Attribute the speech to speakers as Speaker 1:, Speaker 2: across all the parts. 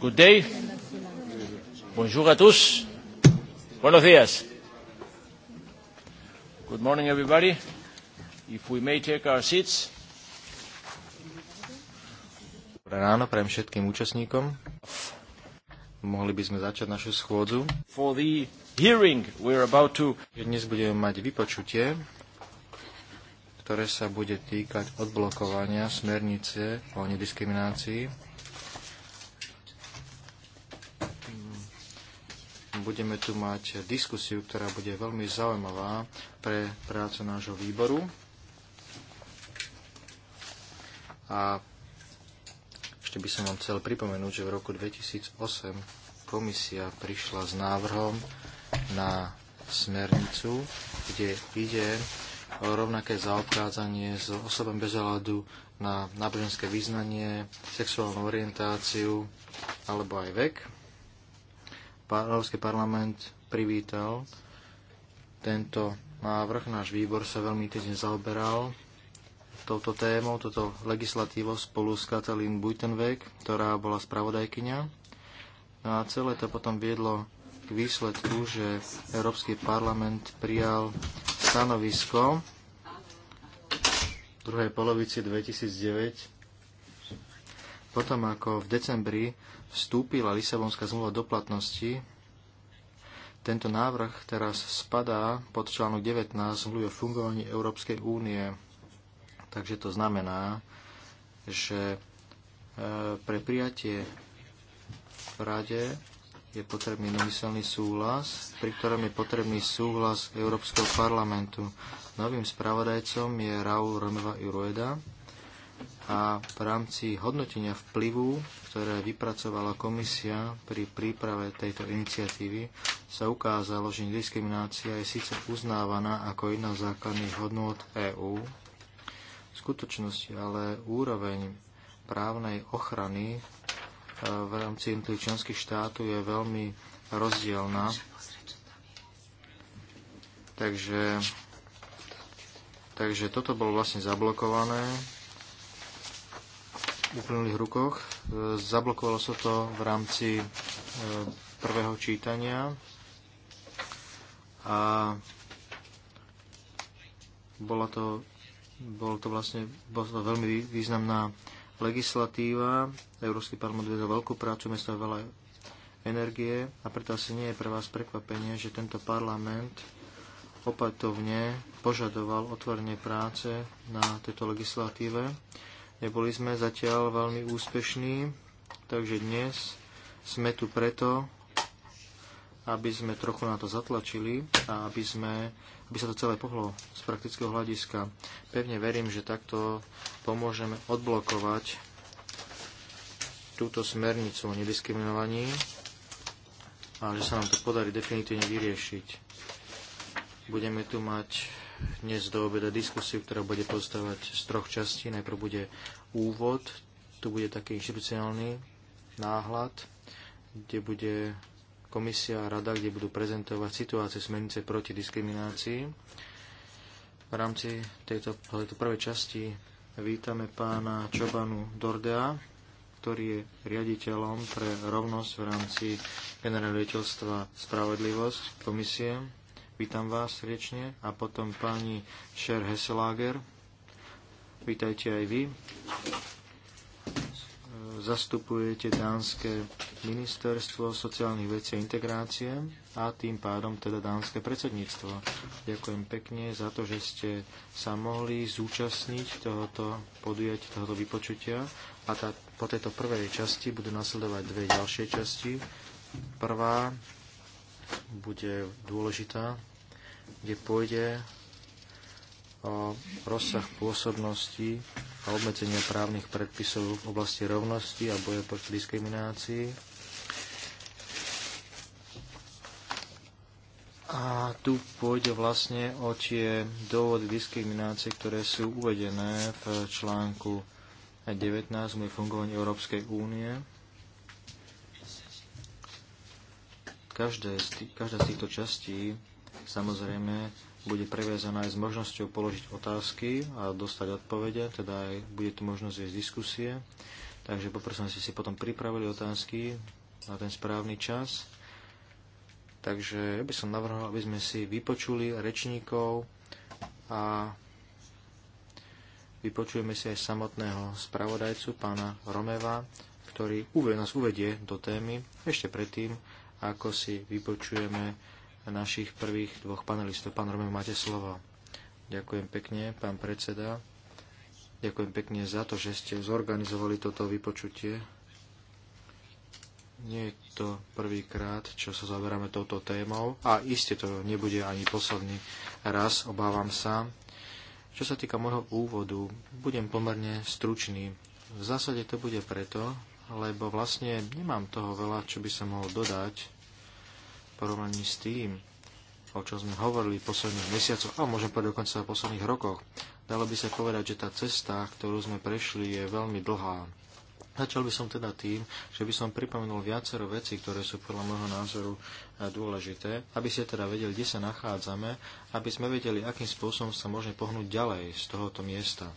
Speaker 1: Good day. Bonjour à tous. Buenos días. Good morning, everybody. If we may take our seats.
Speaker 2: Dobré ráno prajem všetkým účastníkom. Mohli by sme začať našu schôdzu. For the hearing we're about to... Dnes budeme mať vypočutie ktoré sa bude týkať odblokovania smernice o nediskriminácii. Budeme tu mať diskusiu, ktorá bude veľmi zaujímavá pre prácu nášho výboru. A ešte by som vám chcel pripomenúť, že v roku 2008 komisia prišla s návrhom na smernicu, kde ide rovnaké zaobchádzanie s osobom bez hľadu na náboženské význanie, sexuálnu orientáciu alebo aj vek. Európsky parlament privítal tento návrh. Náš výbor sa veľmi týždeň zaoberal touto témou, toto legislatívo spolu s Katalín Buitenweg, ktorá bola spravodajkyňa. No a celé to potom viedlo k výsledku, že Európsky parlament prijal stanovisko v druhej polovici 2009, potom ako v decembri vstúpila Lisabonská zmluva do platnosti, tento návrh teraz spadá pod článok 19 zmluvy o fungovaní Európskej únie. Takže to znamená, že e, pre prijatie v rade je potrebný nomyselný súhlas, pri ktorom je potrebný súhlas Európskeho parlamentu. Novým spravodajcom je Raúl Romeva Irueda a v rámci hodnotenia vplyvu, ktoré vypracovala komisia pri príprave tejto iniciatívy, sa ukázalo, že diskriminácia je síce uznávaná ako jedna z základných hodnôt EÚ, v skutočnosti ale úroveň právnej ochrany v rámci jednotlivých členských štátov je veľmi rozdielna. Takže, takže toto bolo vlastne zablokované v uplynulých rukoch. Zablokovalo sa to v rámci e, prvého čítania a bola to, bol to vlastne bola to veľmi významná legislatíva. Európsky parlament vedel veľkú prácu, mesto veľa energie a preto asi nie je pre vás prekvapenie, že tento parlament opatovne požadoval otvorenie práce na tejto legislatíve. Neboli sme zatiaľ veľmi úspešní, takže dnes sme tu preto, aby sme trochu na to zatlačili a aby sme aby sa to celé pohlo z praktického hľadiska. Pevne verím, že takto pomôžeme odblokovať túto smernicu o nediskriminovaní a že sa nám to podarí definitívne vyriešiť. Budeme tu mať dnes do obeda diskusiu, ktorá bude postavať z troch častí. Najprv bude úvod, tu bude taký inštitucionálny náhľad, kde bude komisia a rada, kde budú prezentovať situácie smernice proti diskriminácii. V rámci tejto, tejto prvej časti vítame pána Čobanu Dordea, ktorý je riaditeľom pre rovnosť v rámci generáliteľstva Spravodlivosť komisie. Vítam vás srdečne a potom pani Šer Heselager. Vítajte aj vy zastupujete dánske ministerstvo sociálnych vecí a integrácie a tým pádom teda dánske predsedníctvo. Ďakujem pekne za to, že ste sa mohli zúčastniť tohoto podujatia, tohoto vypočutia a tá, po tejto prvej časti budú nasledovať dve ďalšie časti. Prvá bude dôležitá, kde pôjde o rozsah pôsobnosti a obmedzenia právnych predpisov v oblasti rovnosti a boja proti diskriminácii. A tu pôjde vlastne o tie dôvody diskriminácie, ktoré sú uvedené v článku 19 o fungovaní Európskej únie. Každé z tých, každá z týchto častí samozrejme bude previazaná aj s možnosťou položiť otázky a dostať odpovede, teda aj bude tu možnosť viesť diskusie. Takže poprosím, ste si potom pripravili otázky na ten správny čas. Takže ja by som navrhol, aby sme si vypočuli rečníkov a vypočujeme si aj samotného spravodajcu, pána Romeva, ktorý nás uvedie do témy ešte predtým, ako si vypočujeme našich prvých dvoch panelistov. Pán Romeo, máte slovo. Ďakujem pekne, pán predseda. Ďakujem pekne za to, že ste zorganizovali toto vypočutie. Nie je to prvýkrát, čo sa zaberáme touto témou a iste to nebude ani posledný raz, obávam sa. Čo sa týka môjho úvodu, budem pomerne stručný. V zásade to bude preto, lebo vlastne nemám toho veľa, čo by sa mohol dodať porovnaní s tým, o čom sme hovorili v posledných mesiacoch a môžem povedať dokonca v posledných rokoch. Dalo by sa povedať, že tá cesta, ktorú sme prešli, je veľmi dlhá. Začal by som teda tým, že by som pripomenul viacero veci, ktoré sú podľa môjho názoru eh, dôležité, aby ste teda vedeli, kde sa nachádzame, aby sme vedeli, akým spôsobom sa môžeme pohnúť ďalej z tohoto miesta.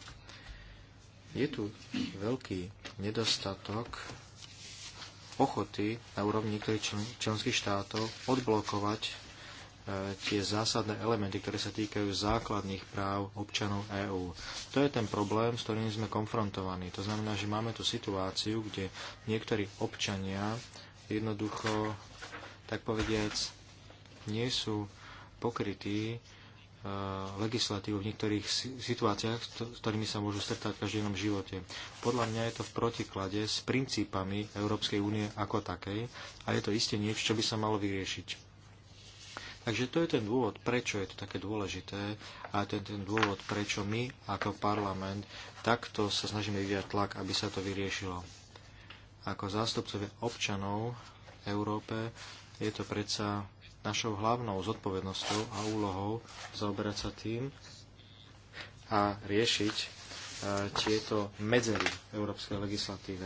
Speaker 2: Je tu veľký nedostatok ochoty na úrovni niektorých člen, členských štátov odblokovať e, tie zásadné elementy, ktoré sa týkajú základných práv občanov EÚ. To je ten problém, s ktorým sme konfrontovaní. To znamená, že máme tu situáciu, kde niektorí občania jednoducho, tak povediac, nie sú pokrytí Eh, legislatívu v niektorých situáciách, s ktorými sa môžu stretať v každodennom živote. Podľa mňa je to v protiklade s princípami Európskej únie ako takej a je to isté niečo, čo by sa malo vyriešiť. Takže to je ten dôvod, prečo je to také dôležité a to je ten dôvod, prečo my ako parlament takto sa snažíme vyviať tlak, aby sa to vyriešilo. Ako zástupcovia občanov v Európe je to predsa našou hlavnou zodpovednosťou a úlohou zaoberať sa tým a riešiť e, tieto medzery v európskej legislatíve.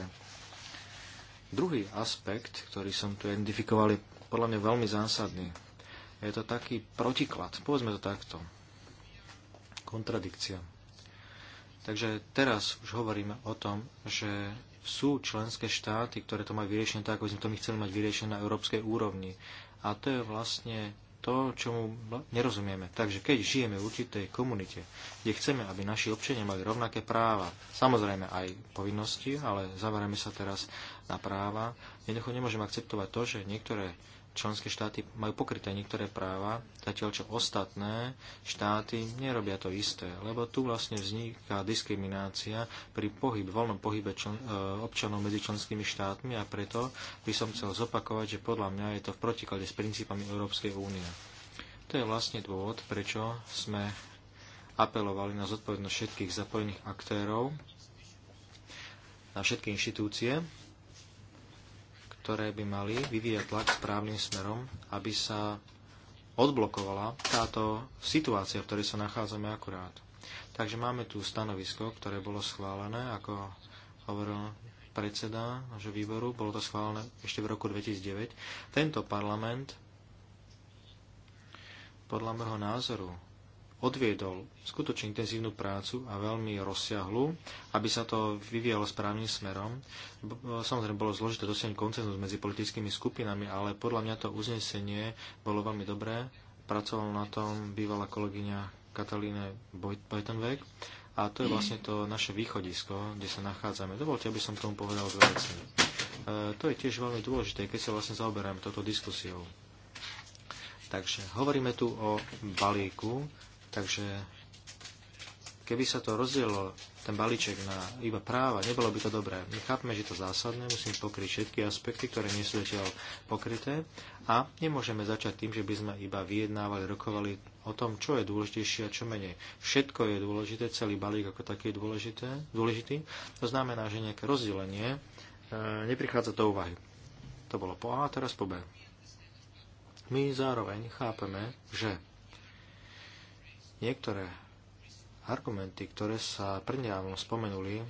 Speaker 2: Druhý aspekt, ktorý som tu identifikoval, je podľa mňa veľmi zásadný. Je to taký protiklad, povedzme to takto. Kontradikcia. Takže teraz už hovoríme o tom, že sú členské štáty, ktoré to majú vyriešené tak, ako sme to my chceli mať vyriešené na európskej úrovni. A to je vlastne to, čomu nerozumieme. Takže keď žijeme v určitej komunite, kde chceme, aby naši občania mali rovnaké práva, samozrejme aj povinnosti, ale zamerame sa teraz na práva, jednoducho nemôžeme akceptovať to, že niektoré členské štáty majú pokryté niektoré práva, zatiaľ čo ostatné štáty nerobia to isté, lebo tu vlastne vzniká diskriminácia pri pohyb, voľnom pohybe člen, e, občanov medzi členskými štátmi a preto by som chcel zopakovať, že podľa mňa je to v protiklade s princípami Európskej únie. To je vlastne dôvod, prečo sme apelovali na zodpovednosť všetkých zapojených aktérov, na všetky inštitúcie, ktoré by mali vyvíjať tlak správnym smerom, aby sa odblokovala táto situácia, v ktorej sa nachádzame akurát. Takže máme tu stanovisko, ktoré bolo schválené, ako hovoril predseda nášho výboru, bolo to schválené ešte v roku 2009. Tento parlament podľa môjho názoru odviedol skutočne intenzívnu prácu a veľmi rozsiahlu, aby sa to vyvíjalo správnym smerom. Samozrejme, bolo zložité dosiahnuť koncenzus medzi politickými skupinami, ale podľa mňa to uznesenie bolo veľmi dobré. Pracovala na tom bývalá kolegyňa Katalíne Bojtenvek a to je vlastne to naše východisko, kde sa nachádzame. Dovolte, aby som k tomu povedal dve veci. E, to je tiež veľmi dôležité, keď sa vlastne zaoberáme toto diskusiou. Takže hovoríme tu o balíku, Takže keby sa to rozdielo, ten balíček na iba práva, nebolo by to dobré. My chápeme, že to zásadné, musíme pokryť všetky aspekty, ktoré nie sú zatiaľ pokryté a nemôžeme začať tým, že by sme iba vyjednávali, rokovali o tom, čo je dôležitejšie a čo menej. Všetko je dôležité, celý balík ako taký je dôležité, dôležitý. To znamená, že nejaké rozdelenie e, neprichádza do úvahy. To bolo po A, teraz po B. My zároveň chápeme, že Niektoré argumenty, ktoré sa prednedávno spomenuli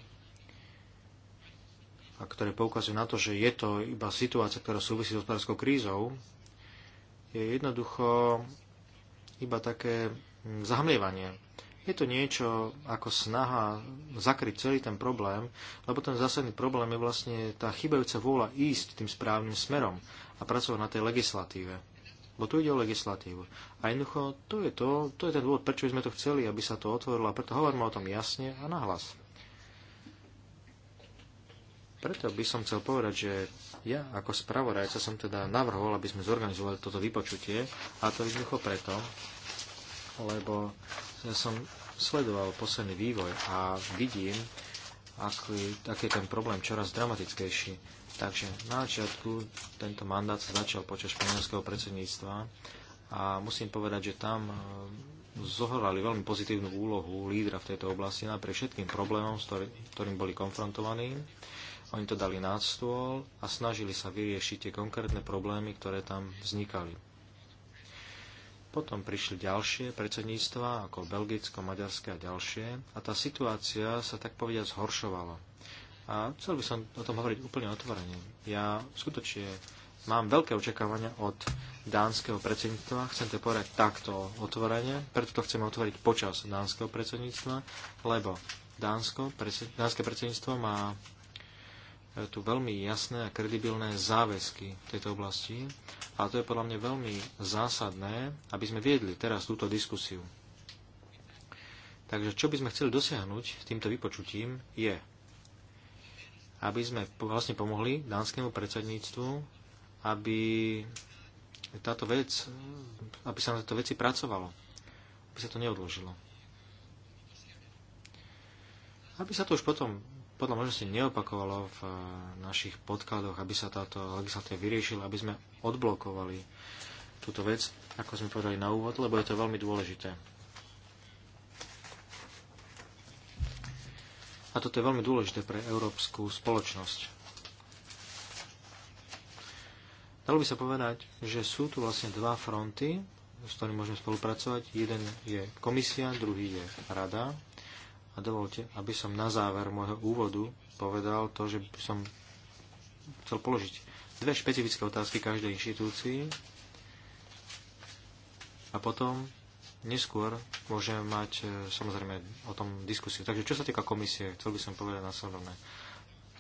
Speaker 2: a ktoré poukazujú na to, že je to iba situácia, ktorá súvisí s hospodárskou krízou, je jednoducho iba také zahmlievanie. Je to niečo ako snaha zakryť celý ten problém, lebo ten zásadný problém je vlastne tá chybajúca vôľa ísť tým správnym smerom a pracovať na tej legislatíve. Bo tu ide o legislatívu. A jednoducho, to je, to, to je ten dôvod, prečo by sme to chceli, aby sa to otvorilo. A preto hovoríme o tom jasne a nahlas. Preto by som chcel povedať, že ja ako spravodajca som teda navrhol, aby sme zorganizovali toto vypočutie. A to jednoducho preto, lebo ja som sledoval posledný vývoj a vidím, aký, aký je ten problém čoraz dramatickejší. Takže na začiatku tento mandát sa začal počas španielského predsedníctva a musím povedať, že tam e, zohrali veľmi pozitívnu úlohu lídra v tejto oblasti napriek všetkým problémom, s ktorým boli konfrontovaní. Oni to dali na stôl a snažili sa vyriešiť tie konkrétne problémy, ktoré tam vznikali. Potom prišli ďalšie predsedníctva, ako Belgicko, Maďarské a ďalšie, a tá situácia sa tak povediať zhoršovala. A chcel by som o tom hovoriť úplne otvorene. Ja skutočne mám veľké očakávania od dánskeho predsedníctva. Chcem to povedať takto otvorene, preto to chceme otvoriť počas dánskeho predsedníctva, lebo Dánsko, predsed, dánske predsedníctvo má e, tu veľmi jasné a kredibilné záväzky v tejto oblasti a to je podľa mňa veľmi zásadné, aby sme viedli teraz túto diskusiu. Takže čo by sme chceli dosiahnuť týmto vypočutím je aby sme vlastne pomohli dánskému predsedníctvu, aby táto vec, aby sa na tieto veci pracovalo, aby sa to neodložilo. Aby sa to už potom podľa možnosti neopakovalo v eh, našich podkladoch, aby sa táto legislatíva vyriešila, aby sme odblokovali túto vec, ako sme povedali na úvod, lebo je to veľmi dôležité. A toto je veľmi dôležité pre európsku spoločnosť. Dalo by sa povedať, že sú tu vlastne dva fronty, s ktorými môžeme spolupracovať. Jeden je komisia, druhý je rada. A dovolte, aby som na záver môjho úvodu povedal to, že by som chcel položiť dve špecifické otázky každej inštitúcii a potom neskôr môžeme mať e, samozrejme o tom diskusiu. Takže čo sa týka komisie, chcel by som povedať následovné.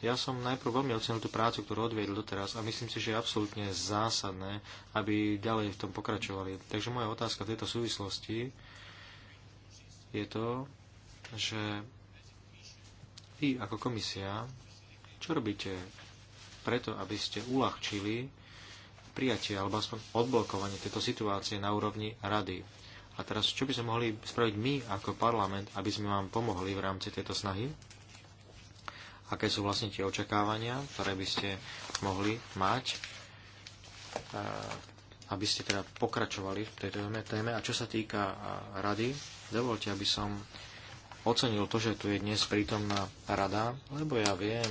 Speaker 2: Ja som najprv veľmi ocenil tú prácu, ktorú odviedli doteraz a myslím si, že je absolútne zásadné, aby ďalej v tom pokračovali. Takže moja otázka v tejto súvislosti je to, že vy ako komisia, čo robíte preto, aby ste uľahčili prijatie alebo aspoň odblokovanie tejto situácie na úrovni rady? A teraz, čo by sme mohli spraviť my ako parlament, aby sme vám pomohli v rámci tejto snahy? Aké sú vlastne tie očakávania, ktoré by ste mohli mať, aby ste teda pokračovali v tejto téme? A čo sa týka rady, dovolte, aby som ocenil to, že tu je dnes prítomná rada, lebo ja viem,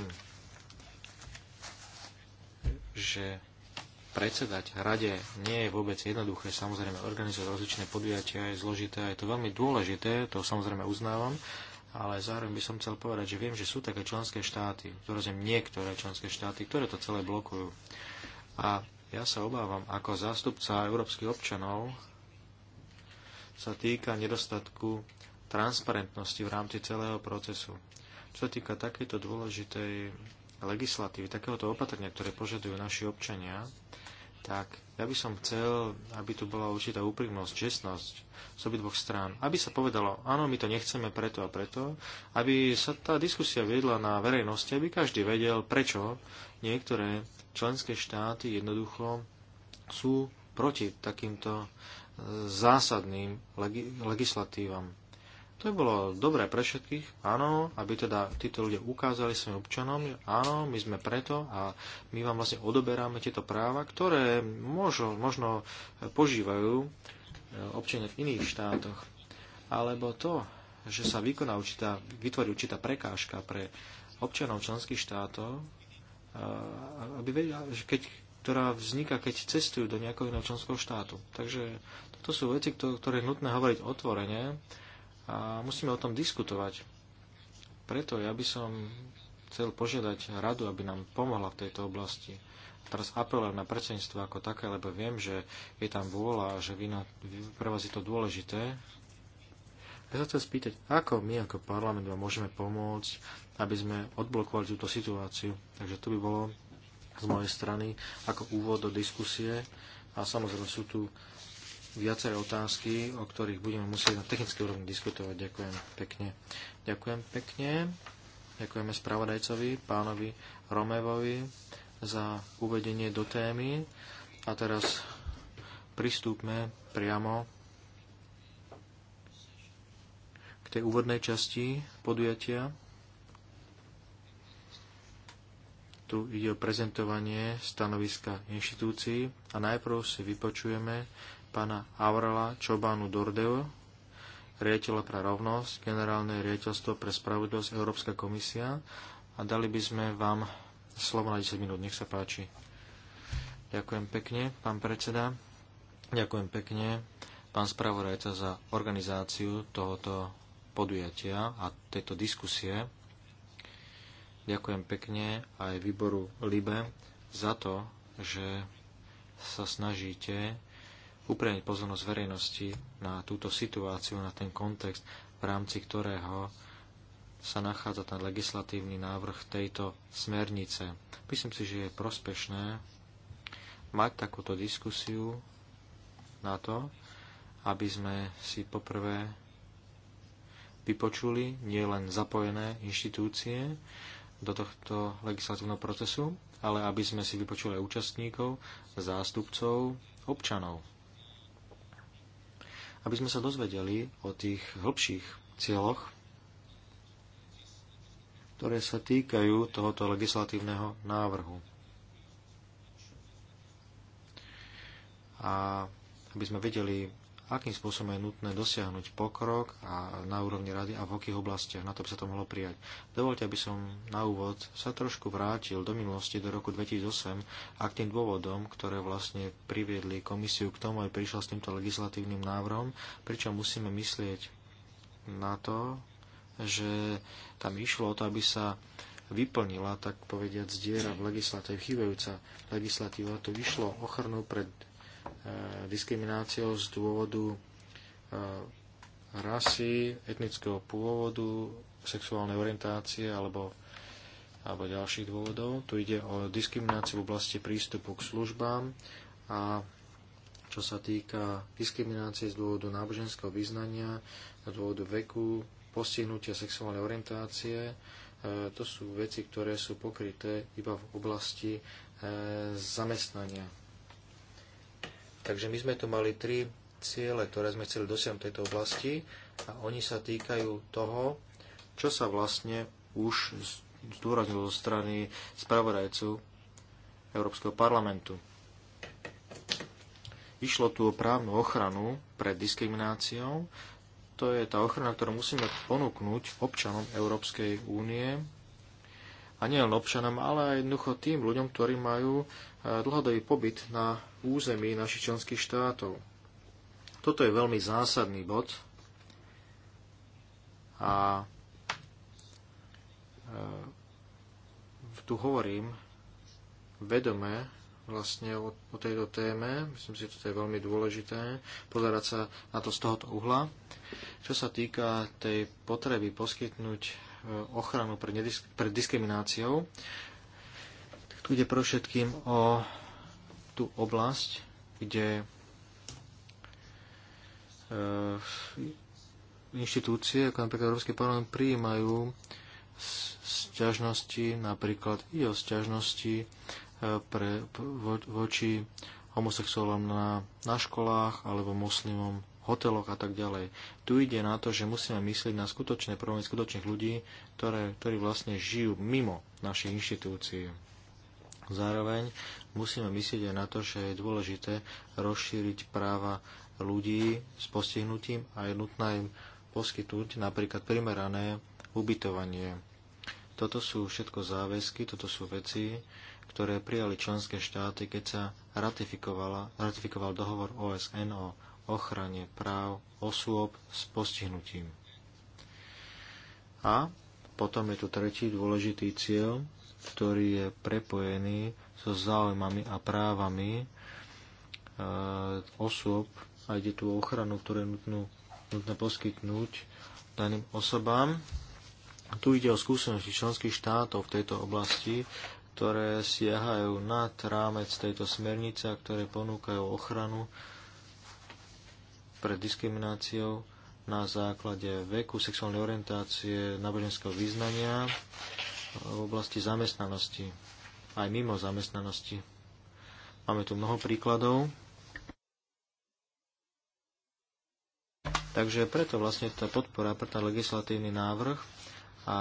Speaker 2: že predsedať rade nie je vôbec jednoduché. Samozrejme, organizovať rozličné podujatia je zložité a je to veľmi dôležité, to samozrejme uznávam, ale zároveň by som chcel povedať, že viem, že sú také členské štáty, zrozumiem niektoré členské štáty, ktoré to celé blokujú. A ja sa obávam, ako zástupca európskych občanov sa týka nedostatku transparentnosti v rámci celého procesu. Čo sa týka takéto dôležitej legislatívy, takéhoto opatrenia, ktoré požadujú naši občania, tak ja by som chcel, aby tu bola určitá úprimnosť, čestnosť z obidvoch strán. Aby sa povedalo, áno, my to nechceme preto a preto, aby sa tá diskusia viedla na verejnosti, aby každý vedel, prečo niektoré členské štáty jednoducho sú proti takýmto e, zásadným legislatívam. To by bolo dobré pre všetkých, áno, aby teda títo ľudia ukázali svojim občanom, áno, my sme preto a my vám vlastne odoberáme tieto práva, ktoré možno, možno požívajú e, občania v iných štátoch. Alebo to, že sa vykoná určitá, vytvorí určitá prekážka pre občanov členských štátov, e, aby vedia, že keď, ktorá vzniká, keď cestujú do nejakého iného členského štátu. Takže toto sú veci, ktoré je nutné hovoriť otvorene, a musíme o tom diskutovať. Preto ja by som chcel požiadať radu, aby nám pomohla v tejto oblasti. A teraz apelujem na predsedníctvo ako také, lebo viem, že je tam vôľa a že vy na, pre vás je to dôležité. Ja sa chcem spýtať, ako my ako parlament vám môžeme pomôcť, aby sme odblokovali túto situáciu. Takže to by bolo z mojej strany ako úvod do diskusie. A samozrejme sú tu viaceré otázky, o ktorých budeme musieť na technické úrovni diskutovať. Ďakujem pekne. Ďakujem pekne. Ďakujeme spravodajcovi, pánovi Romevovi za uvedenie do témy. A teraz pristúpme priamo k tej úvodnej časti podujatia. Tu ide o prezentovanie stanoviska inštitúcií a najprv si vypočujeme pána Aurela Čobánu Dordeu, riaditeľa pre rovnosť, generálne riaditeľstvo pre spravodlivosť Európska komisia a dali by sme vám slovo na 10 minút. Nech sa páči. Ďakujem pekne, pán predseda. Ďakujem pekne, pán spravodajca, za organizáciu tohoto podujatia a tejto diskusie. Ďakujem pekne aj výboru LIBE za to, že sa snažíte upriamiť pozornosť verejnosti na túto situáciu, na ten kontext, v rámci ktorého sa nachádza ten legislatívny návrh tejto smernice. Myslím si, že je prospešné mať takúto diskusiu na to, aby sme si poprvé vypočuli nielen zapojené inštitúcie do tohto legislatívneho procesu, ale aby sme si vypočuli aj účastníkov, zástupcov, občanov aby sme sa dozvedeli o tých hĺbších cieľoch, ktoré sa týkajú tohoto legislatívneho návrhu. A aby sme vedeli, akým spôsobom je nutné dosiahnuť pokrok a na úrovni rady a v akých oblastiach. Na to by sa to mohlo prijať. Dovolte, aby som na úvod sa trošku vrátil do minulosti, do roku 2008 a k tým dôvodom, ktoré vlastne priviedli komisiu k tomu, aby prišla s týmto legislatívnym návrhom, pričom musíme myslieť na to, že tam išlo o to, aby sa vyplnila, tak povediať, diera v legislatíve, chýbajúca legislatíva. Tu vyšlo ochrnu pred Eh, diskrimináciou z dôvodu eh, rasy, etnického pôvodu, sexuálnej orientácie alebo, alebo ďalších dôvodov. Tu ide o diskrimináciu v oblasti prístupu k službám a čo sa týka diskriminácie z dôvodu náboženského vyznania, z dôvodu veku, postihnutia sexuálnej orientácie, eh, to sú veci, ktoré sú pokryté iba v oblasti zamestnania. Takže my sme tu mali tri ciele, ktoré sme chceli dosiahnuť v tejto oblasti a oni sa týkajú toho, čo sa vlastne už zdôraznilo zo strany spravodajcu Európskeho parlamentu. Išlo tu o právnu ochranu pred diskrimináciou. To je tá ochrana, ktorú musíme ponúknuť občanom Európskej únie a nielen občanom, ale aj jednoducho tým ľuďom, ktorí majú e, dlhodobý pobyt na území našich členských štátov. Toto je veľmi zásadný bod a e, tu hovorím vedome vlastne o, o tejto téme. Myslím si, že to je veľmi dôležité pozerať sa na to z tohoto uhla. Čo sa týka tej potreby poskytnúť Eh, ochranu pred, diskrimináciou, pred diskrimináciou. Tu ide pro všetkým o tú oblasť, kde eh, inštitúcie, ako napríklad Európsky parlament, prijímajú sťažnosti, napríklad i o sťažnosti eh, pre, vo, voči homosexuálom na, na školách alebo muslimom hoteloch a tak ďalej. Tu ide na to, že musíme myslieť na skutočné problémy skutočných ľudí, ktoré, ktorí vlastne žijú mimo našich inštitúcií. Zároveň musíme myslieť aj na to, že je dôležité rozšíriť práva ľudí s postihnutím a je nutné im poskytnúť napríklad primerané ubytovanie. Toto sú všetko záväzky, toto sú veci, ktoré prijali členské štáty, keď sa ratifikovala ratifikoval dohovor OSN o ochrane práv osôb s postihnutím. A potom je tu tretí dôležitý cieľ, ktorý je prepojený so záujmami a právami e, osôb a ide tu o ochranu, ktorú je nutnú, nutné poskytnúť daným osobám. Tu ide o skúsenosti členských štátov v tejto oblasti, ktoré siahajú nad rámec tejto smernice a ktoré ponúkajú ochranu pred diskrimináciou na základe veku, sexuálnej orientácie, náboženského význania e, v oblasti zamestnanosti, aj mimo zamestnanosti. Máme tu mnoho príkladov. Takže preto vlastne tá podpora pre ten legislatívny návrh a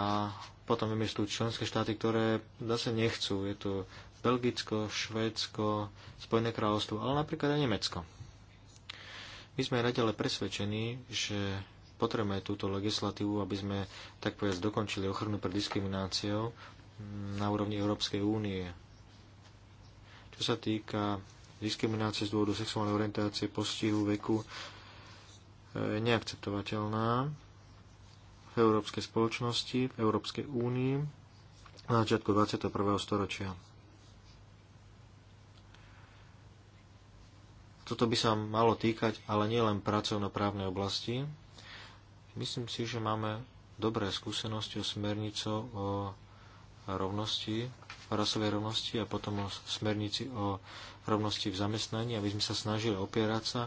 Speaker 2: potom vieme, sú členské štáty, ktoré zase nechcú. Je tu Belgicko, Švédsko, Spojené kráľovstvo, ale napríklad aj Nemecko. My sme ale presvedčení, že potrebujeme túto legislatívu, aby sme tak povedať dokončili ochranu pred diskrimináciou na úrovni Európskej únie. Čo sa týka diskriminácie z dôvodu sexuálnej orientácie, postihu, veku, je neakceptovateľná v európskej spoločnosti, v Európskej únii na začiatku 21. storočia. toto by sa malo týkať, ale nielen pracovnoprávnej oblasti. Myslím si, že máme dobré skúsenosti o smernico o rovnosti, o rasovej rovnosti a potom o smernici o rovnosti v zamestnaní, aby sme sa snažili opierať sa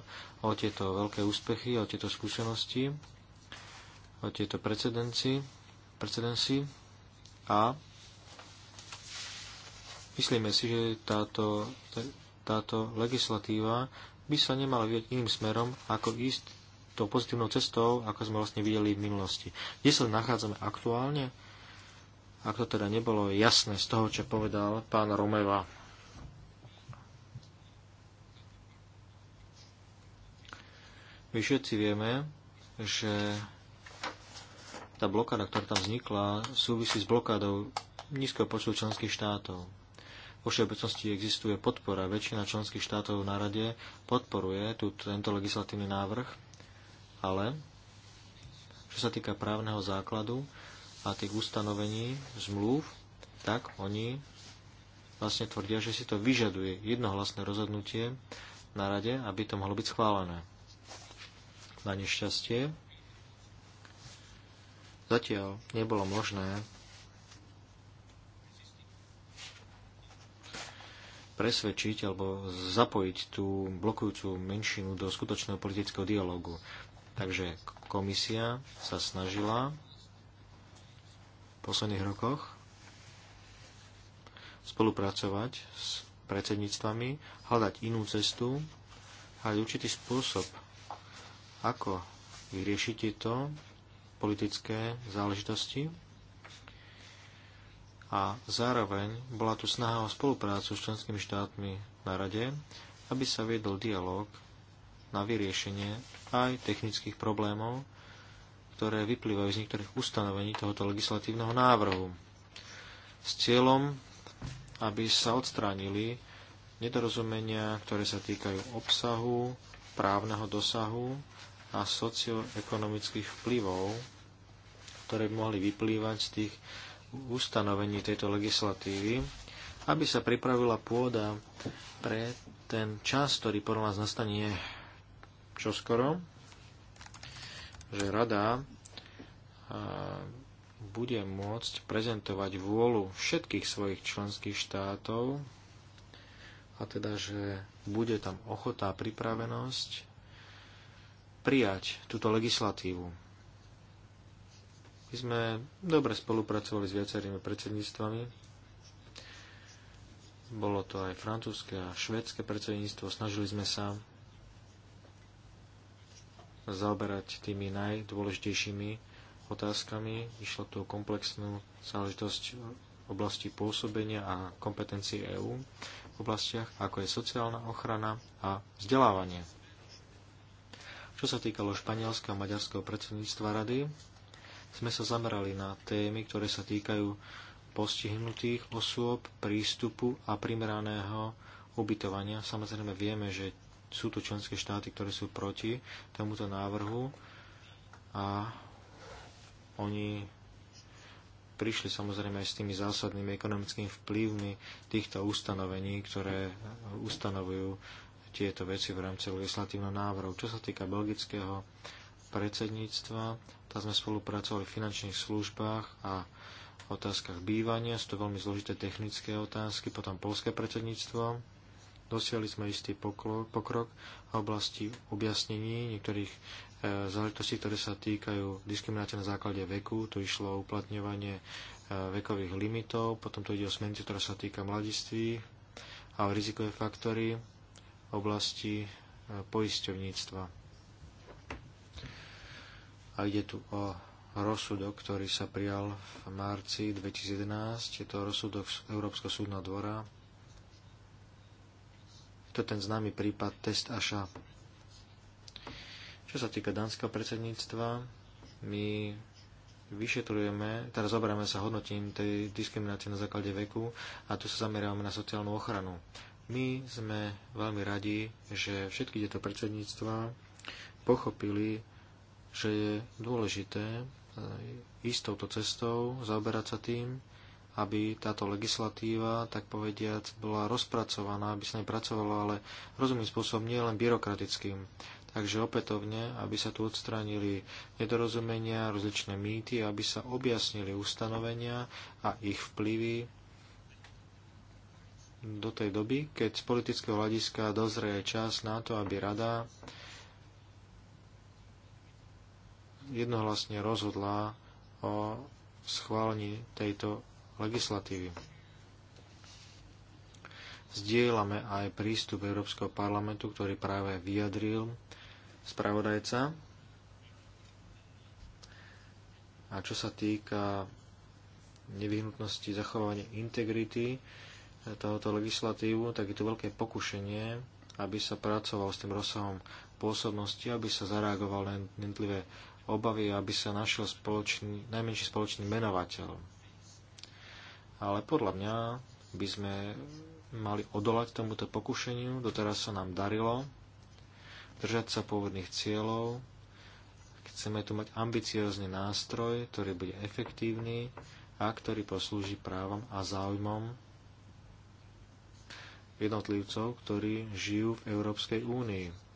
Speaker 2: o tieto veľké úspechy, o tieto skúsenosti, o tieto precedenci, precedenci a myslíme si, že táto, táto legislatíva by sa nemala vyjať iným smerom, ako ísť tou pozitívnou cestou, ako sme vlastne videli v minulosti. Kde sa nachádzame aktuálne? Ak to teda nebolo jasné z toho, čo povedal pán Romeva. My všetci vieme, že tá blokáda, ktorá tam vznikla, súvisí s blokádou nízkeho počtu členských štátov. Vo všeobecnosti existuje podpora. Väčšina členských štátov na rade podporuje tú, tento legislatívny návrh, ale čo sa týka právneho základu a tých ustanovení zmluv, tak oni vlastne tvrdia, že si to vyžaduje jednohlasné rozhodnutie na rade, aby to mohlo byť schválené. Na nešťastie zatiaľ nebolo možné presvedčiť alebo zapojiť tú blokujúcu menšinu do skutočného politického dialogu. Takže komisia sa snažila v posledných rokoch spolupracovať s predsedníctvami, hľadať inú cestu, a určitý spôsob, ako vyriešiť tieto politické záležitosti a zároveň bola tu snaha o spoluprácu s členskými štátmi na rade, aby sa viedol dialog na vyriešenie aj technických problémov, ktoré vyplývajú z niektorých ustanovení tohoto legislatívneho návrhu. S cieľom, aby sa odstránili nedorozumenia, ktoré sa týkajú obsahu, právneho dosahu a socioekonomických vplyvov, ktoré by mohli vyplývať z tých ustanovení tejto legislatívy, aby sa pripravila pôda pre ten čas, ktorý podľa nás nastane čoskoro, že rada bude môcť prezentovať vôľu všetkých svojich členských štátov a teda, že bude tam ochota a pripravenosť prijať túto legislatívu. My sme dobre spolupracovali s viacerými predsedníctvami. Bolo to aj francúzske a švedské predsedníctvo. Snažili sme sa zaoberať tými najdôležitejšími otázkami. Išlo tu o komplexnú záležitosť oblasti pôsobenia a kompetencií EÚ v oblastiach, ako je sociálna ochrana a vzdelávanie. Čo sa týkalo španielského a maďarského predsedníctva rady, sme sa zamerali na témy, ktoré sa týkajú postihnutých osôb, prístupu a primeraného ubytovania. Samozrejme vieme, že sú tu členské štáty, ktoré sú proti tomuto návrhu a oni prišli samozrejme aj s tými zásadnými ekonomickými vplyvmi týchto ustanovení, ktoré ustanovujú tieto veci v rámci legislatívneho návrhu. Čo sa týka belgického predsedníctva. Tam sme spolupracovali v finančných službách a otázkach bývania. Sú to veľmi zložité technické otázky. Potom polské predsedníctvo. Dosiahli sme istý pokrok v oblasti objasnení niektorých e, záležitostí, ktoré sa týkajú diskriminácie na základe veku. Tu išlo o uplatňovanie e, vekových limitov, potom tu ide o smernicu, ktorá sa týka mladiství a o rizikové faktory v oblasti e, poisťovníctva a ide tu o rozsudok, ktorý sa prijal v marci 2011. Je to rozsudok Európskeho súdna dvora. Je to ten známy prípad Test Aša. Čo sa týka dánskeho predsedníctva, my vyšetrujeme, teraz zaberáme sa hodnotím tej diskriminácie na základe veku a tu sa zameriavame na sociálnu ochranu. My sme veľmi radi, že všetky tieto predsedníctva pochopili že je dôležité e, ísť touto cestou, zaoberať sa tým, aby táto legislatíva, tak povediac, bola rozpracovaná, aby sa nej pracovalo, ale rozumným spôsobom nie len byrokratickým. Takže opätovne, aby sa tu odstránili nedorozumenia, rozličné mýty, aby sa objasnili ustanovenia a ich vplyvy do tej doby, keď z politického hľadiska dozrie čas na to, aby rada jednohlasne rozhodla o schválení tejto legislatívy. Zdieľame aj prístup Európskeho parlamentu, ktorý práve vyjadril spravodajca. A čo sa týka nevyhnutnosti zachovania integrity eh, tohoto legislatívu, tak je to veľké pokušenie, aby sa pracoval s tým rozsahom pôsobnosti, aby sa zareagoval na jednotlivé obavy, aby sa našiel spoločný, najmenší spoločný menovateľ. Ale podľa mňa by sme mali odolať tomuto pokušeniu. Doteraz sa nám darilo držať sa pôvodných cieľov. Chceme tu mať ambiciózny nástroj, ktorý bude efektívny a ktorý poslúži právam a záujmom jednotlivcov, ktorí žijú v Európskej únii.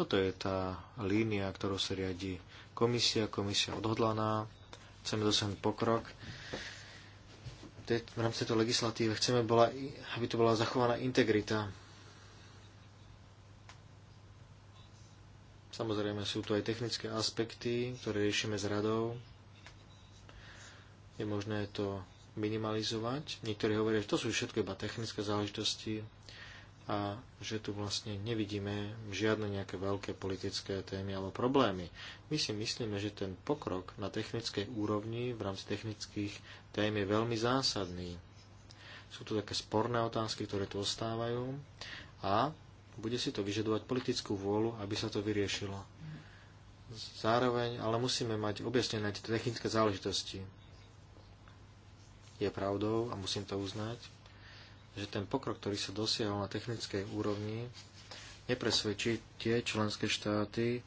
Speaker 2: Toto je tá línia, ktorou sa riadi komisia, komisia odhodlaná, chceme dosiahnuť pokrok. V rámci tejto legislatívy chceme, bola, aby tu bola zachovaná integrita. Samozrejme sú tu aj technické aspekty, ktoré riešime s radou. Je možné to minimalizovať. Niektorí hovoria, že to sú všetko iba technické záležitosti a že tu vlastne nevidíme žiadne nejaké veľké politické témy alebo problémy. My si myslíme, že ten pokrok na technickej úrovni v rámci technických tém je veľmi zásadný. Sú tu také sporné otázky, ktoré tu ostávajú a bude si to vyžadovať politickú vôľu, aby sa to vyriešilo. Zároveň ale musíme mať objasnené tieto technické záležitosti. Je pravdou, a musím to uznať, že ten pokrok, ktorý sa dosiahol na technickej úrovni, nepresvedčí tie členské štáty,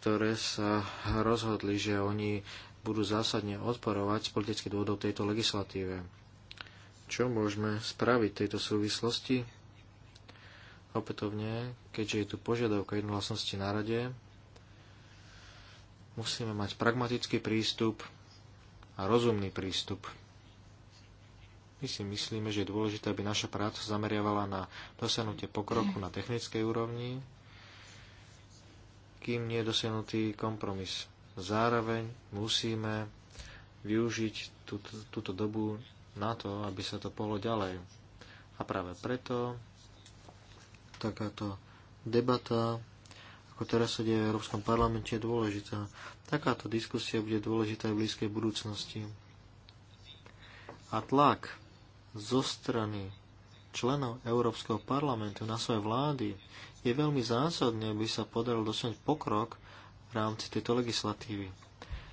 Speaker 2: ktoré sa rozhodli, že oni budú zásadne odporovať z politických dôvodov tejto legislatíve. Čo môžeme spraviť v tejto súvislosti? Opätovne, keďže je tu požiadavka jednohlasnosti na rade, musíme mať pragmatický prístup a rozumný prístup my si myslíme, že je dôležité, aby naša práca zameriavala na dosiahnutie pokroku na technickej úrovni, kým nie je dosiahnutý kompromis. Zároveň musíme využiť túto, túto dobu na to, aby sa to pohlo ďalej. A práve preto takáto debata, ako teraz sa deje v Európskom parlamente, je dôležitá. Takáto diskusia bude dôležitá aj v blízkej budúcnosti. A tlak zo strany členov Európskeho parlamentu na svoje vlády, je veľmi zásadné, aby sa podaril dosiahnuť pokrok v rámci tejto legislatívy.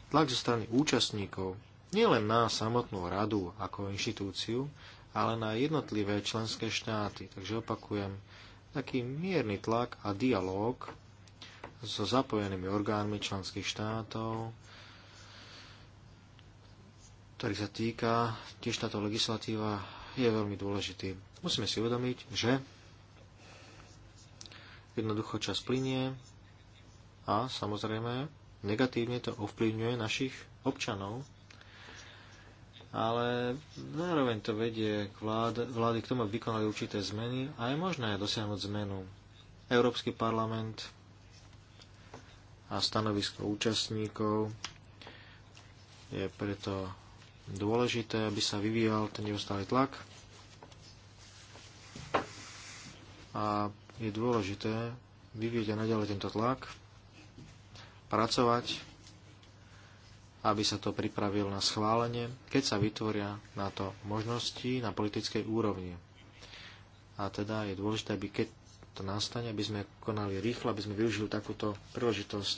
Speaker 2: Tlak zo strany účastníkov, nielen na samotnú radu ako inštitúciu, ale na jednotlivé členské štáty. Takže opakujem, taký mierny tlak a dialog so zapojenými orgánmi členských štátov, ktorý sa týka, tiež táto legislatíva je veľmi dôležitý. Musíme si uvedomiť, že jednoducho čas plinie a samozrejme negatívne to ovplyvňuje našich občanov, ale zároveň to vedie k vlád, vlády k tomu, vykonali určité zmeny a je možné dosiahnuť zmenu. Európsky parlament a stanovisko účastníkov je preto dôležité, aby sa vyvíjal ten neustály tlak. A je dôležité vyvíjať aj naďalej tento tlak, pracovať, aby sa to pripravilo na schválenie, keď sa vytvoria na to možnosti na politickej úrovni. A teda je dôležité, aby keď to nastane, aby sme konali rýchlo, aby sme využili takúto príležitosť.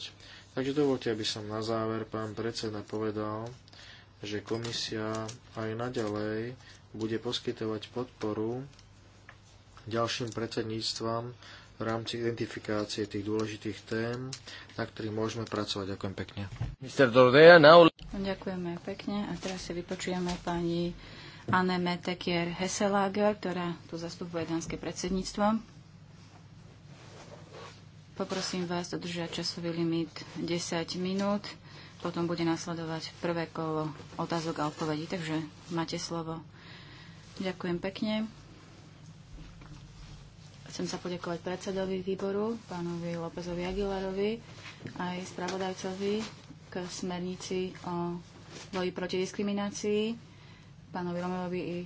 Speaker 2: Takže dovolte, aby som na záver, pán predseda, povedal, že komisia aj naďalej bude poskytovať podporu ďalším predsedníctvam v rámci identifikácie tých dôležitých tém, na ktorých môžeme pracovať. Ďakujem pekne.
Speaker 3: Ďakujeme pekne a teraz si vypočujeme pani Anne Metekier Heselager, ktorá tu zastupuje dánske predsedníctvo. Poprosím vás dodržať časový limit 10 minút potom bude nasledovať prvé kolo otázok a odpovedí, takže máte slovo. Ďakujem pekne. Chcem sa poďakovať predsedovi výboru, pánovi Lópezovi Aguilarovi, aj spravodajcovi k smernici o boji proti diskriminácii, pánovi Romelovi i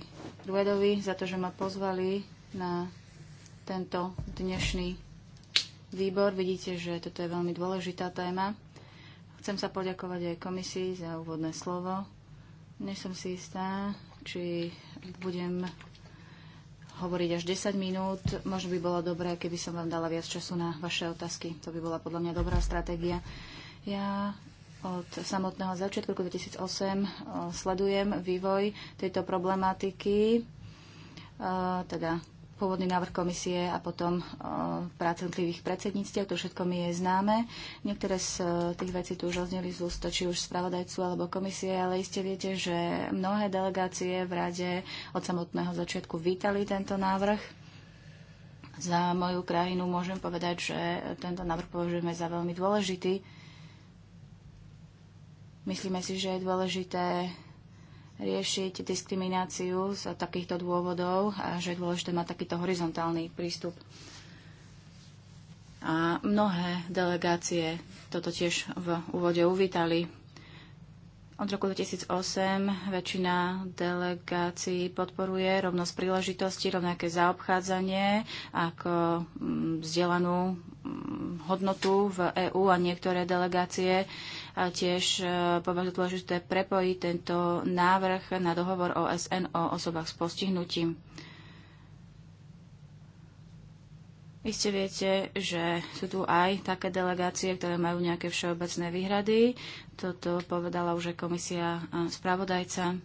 Speaker 3: Ruedovi, za to, že ma pozvali na tento dnešný výbor. Vidíte, že toto je veľmi dôležitá téma Chcem sa poďakovať aj komisii za úvodné slovo. Nie som si istá, či budem hovoriť až 10 minút. Možno by bolo dobré, keby som vám dala viac času na vaše otázky. To by bola podľa mňa dobrá stratégia. Ja od samotného začiatku roku 2008 eh, sledujem vývoj tejto problematiky, eh, teda pôvodný návrh komisie a potom e, práce predsedníctiev. To všetko mi je známe. Niektoré z e, tých vecí tu už ozneli z ústa, či už spravodajcu alebo komisie, ale iste viete, že mnohé delegácie v rade od samotného začiatku vítali tento návrh. Za moju krajinu môžem povedať, že tento návrh považujeme za veľmi dôležitý. Myslíme si, že je dôležité riešiť diskrimináciu z takýchto dôvodov a že je dôležité mať takýto horizontálny prístup. A mnohé delegácie toto tiež v úvode uvítali. Od roku 2008 väčšina delegácií podporuje rovnosť príležitosti, rovnaké zaobchádzanie ako mm, vzdelanú mm, hodnotu v EÚ a niektoré delegácie tiež e, považujú dôležité prepojiť tento návrh na dohovor OSN o osobách s postihnutím. ste viete, že sú tu aj také delegácie, ktoré majú nejaké všeobecné výhrady. Toto povedala už komisia e, spravodajca.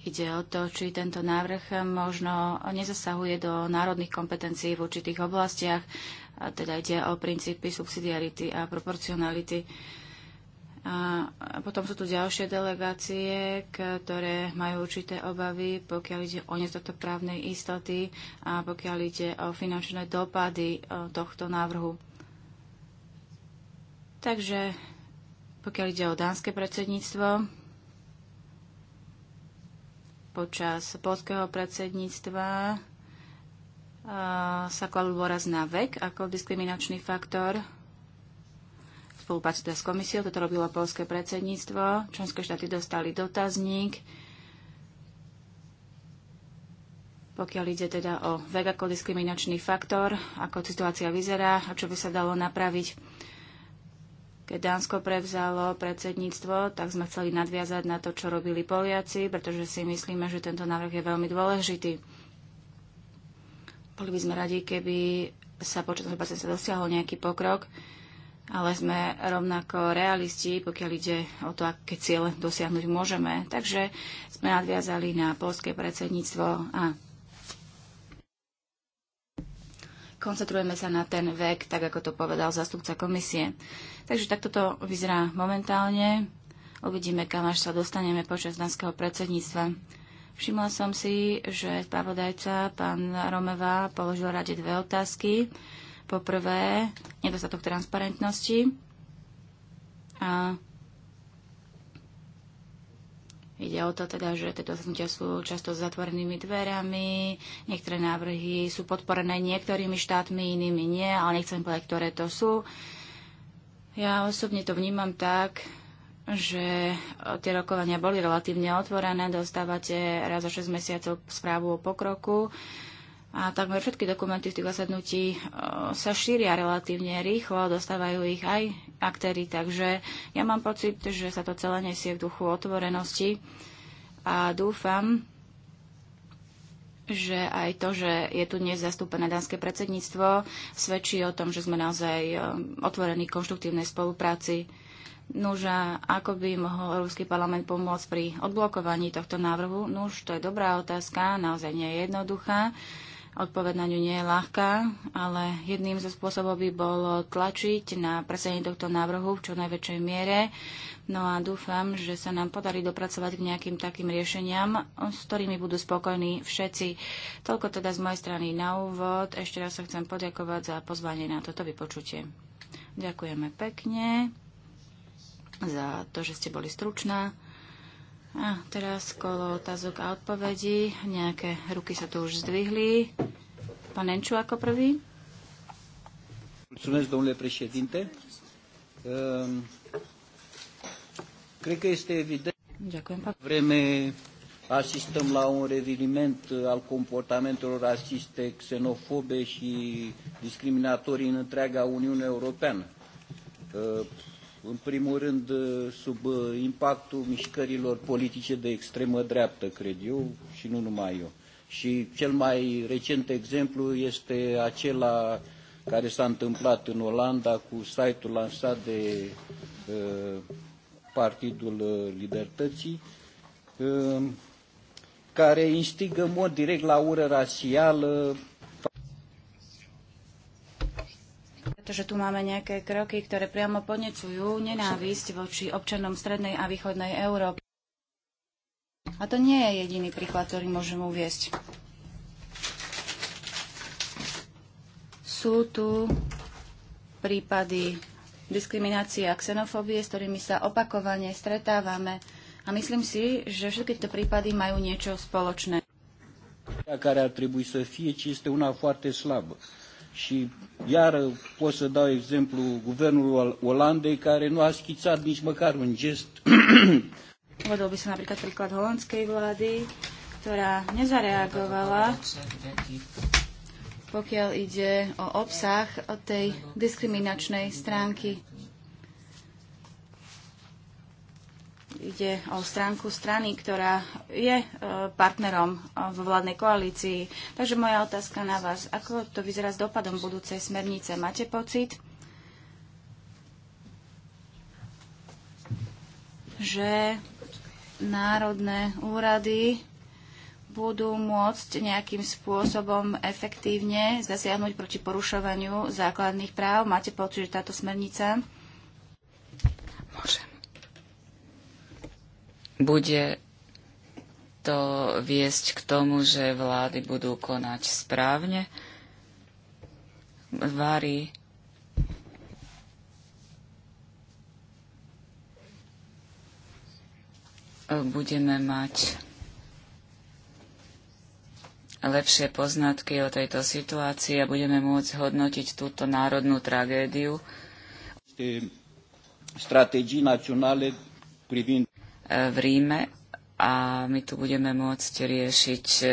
Speaker 3: Ide o to, či tento návrh možno nezasahuje do národných kompetencií v určitých oblastiach, a teda ide o princípy subsidiarity a proporcionality. A potom sú tu ďalšie delegácie, ktoré majú určité obavy, pokiaľ ide o nedostatok právnej istoty a pokiaľ ide o finančné dopady e, tohto návrhu. Takže pokiaľ ide o dánske predsedníctvo, počas polského predsedníctva e, sa kladú dôraz na vek ako diskriminačný faktor spolupráci teda s komisiou, toto robilo polské predsedníctvo, členské štáty dostali dotazník, pokiaľ ide teda o vek ako diskriminačný faktor, ako situácia vyzerá a čo by sa dalo napraviť. Keď Dánsko prevzalo predsedníctvo, tak sme chceli nadviazať na to, čo robili Poliaci, pretože si myslíme, že tento návrh je veľmi dôležitý. Boli by sme radi, keby sa počas sa dosiahol nejaký pokrok ale sme rovnako realisti, pokiaľ ide o to, aké cieľe dosiahnuť môžeme. Takže sme nadviazali na polské predsedníctvo a koncentrujeme sa na ten vek, tak ako to povedal zastupca komisie. Takže takto to vyzerá momentálne. Uvidíme, kam až sa dostaneme počas danského predsedníctva. Všimla som si, že spravodajca pán Romeva položil rade dve otázky Poprvé, nedostatok transparentnosti a Ide o to teda, že tieto zasadnutia sú často s zatvorenými dverami, niektoré návrhy sú podporené niektorými štátmi, inými nie, ale nechcem povedať, ktoré to sú. Ja osobne to vnímam tak, že tie rokovania boli relatívne otvorené, dostávate raz za 6 mesiacov správu o pokroku. Uh, a takmer všetky dokumenty z tých zasadnutí e, sa šíria relatívne rýchlo, dostávajú ich aj aktéry, takže ja mám pocit, že sa to celé nesie v duchu otvorenosti a dúfam, že aj to, že je tu dnes zastúpené dánske predsedníctvo, svedčí o tom, že sme naozaj e, otvorení konštruktívnej spolupráci. Nuža, ako by mohol Európsky parlament pomôcť pri odblokovaní tohto návrhu? Nuž, to je dobrá otázka, naozaj nie je jednoduchá. Odpoveď na ňu nie je ľahká, ale jedným zo spôsobov by bolo tlačiť na presenie tohto návrhu v čo najväčšej miere. No a dúfam, že sa nám podarí dopracovať k nejakým takým riešeniam, s ktorými budú spokojní všetci. Toľko teda z mojej strany na úvod. Ešte raz sa chcem poďakovať za pozvanie na toto vypočutie. Ďakujeme pekne za to, že ste boli stručná. A teraz kolo otázok a odpovedí. Nejaké ruky sa tu už zdvihli. Pán Enču ako prvý.
Speaker 1: Mulțumesc, domnule președinte. Ehm, cred că este evident. că pán. Vreme asistăm la un reviliment al comportamentelor rasiste, xenofobe și discriminatorii în întreaga Uniune Europeană. Ehm, în primul rând sub impactul mișcărilor politice de extremă dreaptă, cred eu, și nu numai eu. Și cel mai recent exemplu este acela care s-a întâmplat în Olanda cu site-ul lansat de uh, Partidul Libertății, uh, care instigă în mod direct la ură rasială,
Speaker 3: pretože tu máme nejaké kroky, ktoré priamo podnecujú nenávisť voči občanom strednej a východnej Európy. A to nie je jediný príklad, ktorý môžem uviesť. Sú tu prípady diskriminácie a xenofóbie, s ktorými sa opakovane stretávame. A myslím si, že všetky tieto prípady majú niečo
Speaker 1: spoločné. care ar trebui una foarte Și iar pot să dau exemplu guvernului Olandei care nu a schițat nici măcar un gest.
Speaker 3: Uvedol by som napríklad príklad holandskej vlády, ktorá nezareagovala, pokiaľ ide o obsah tej diskriminačnej stránky ide o stránku strany, ktorá je e, partnerom e, vo vládnej koalícii. Takže moja otázka na vás, ako to vyzerá s dopadom budúcej smernice? Máte pocit, že národné úrady budú môcť nejakým spôsobom efektívne zasiahnuť proti porušovaniu základných práv? Máte pocit, že táto smernica?
Speaker 4: Môžem. Bude to viesť k tomu, že vlády budú konať správne. Vári budeme mať lepšie poznatky o tejto situácii a budeme môcť hodnotiť túto národnú tragédiu. Strategii naționale privind v Ríme a my tu budeme môcť riešiť e,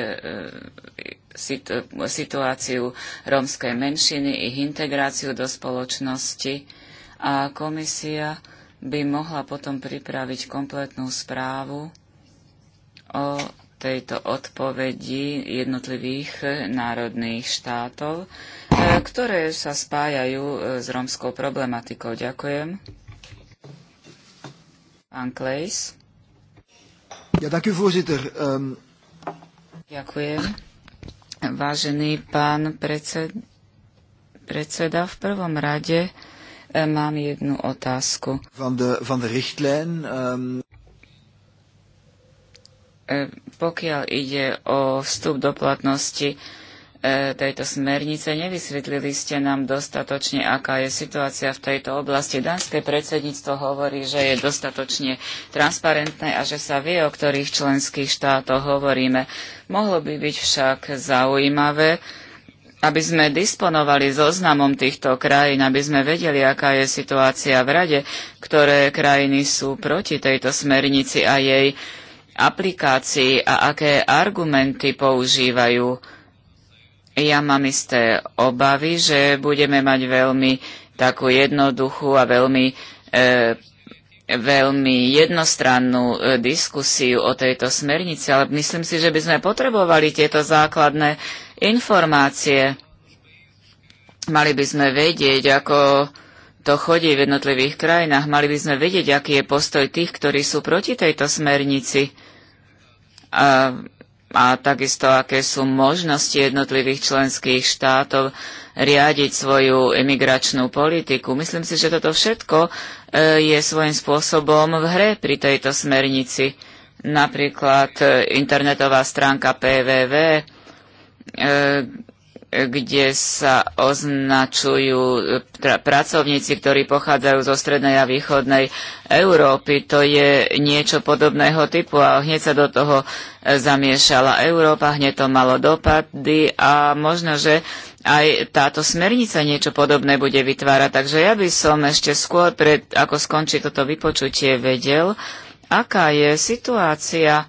Speaker 4: situáciu rómskej menšiny, ich integráciu do spoločnosti a komisia by mohla potom pripraviť kompletnú správu o tejto odpovedi jednotlivých národných štátov, e, ktoré sa spájajú e, s rómskou problematikou. Ďakujem. Pán Klejs.
Speaker 2: Ja, dank u, voorzitter. Um...
Speaker 4: Ďakujem. Vážený pán predsed... predseda, v prvom rade eh, mám jednu otázku. Van de, van de richtlijn, um... Pokiaľ ide o vstup do platnosti E, tejto smernice. Nevysvetlili ste nám dostatočne, aká je situácia v tejto oblasti. Dánske predsedníctvo hovorí, že je dostatočne transparentné a že sa vie, o ktorých členských štátoch hovoríme. Mohlo by byť však zaujímavé, aby sme disponovali zoznamom týchto krajín, aby sme vedeli, aká je situácia v Rade, ktoré krajiny sú proti tejto smernici a jej aplikácii a aké argumenty používajú ja mám isté obavy, že budeme mať veľmi takú jednoduchú a veľmi, e, veľmi jednostrannú e, diskusiu o tejto smernici, ale myslím si, že by sme potrebovali tieto základné informácie. Mali by sme vedieť, ako to chodí v jednotlivých krajinách. Mali by sme vedieť, aký je postoj tých, ktorí sú proti tejto smernici. A a takisto aké sú možnosti jednotlivých členských štátov riadiť svoju imigračnú politiku. Myslím si, že toto všetko e, je svojím spôsobom v hre pri tejto smernici. Napríklad e, internetová stránka PVV, kde sa označujú pracovníci, ktorí pochádzajú zo strednej a východnej Európy. To je niečo podobného typu a hneď sa do toho e, zamiešala Európa, hneď to malo dopady a možno, že aj táto smernica niečo podobné bude vytvárať. Takže ja by som ešte skôr, pred, ako skončí toto vypočutie, vedel, aká je situácia,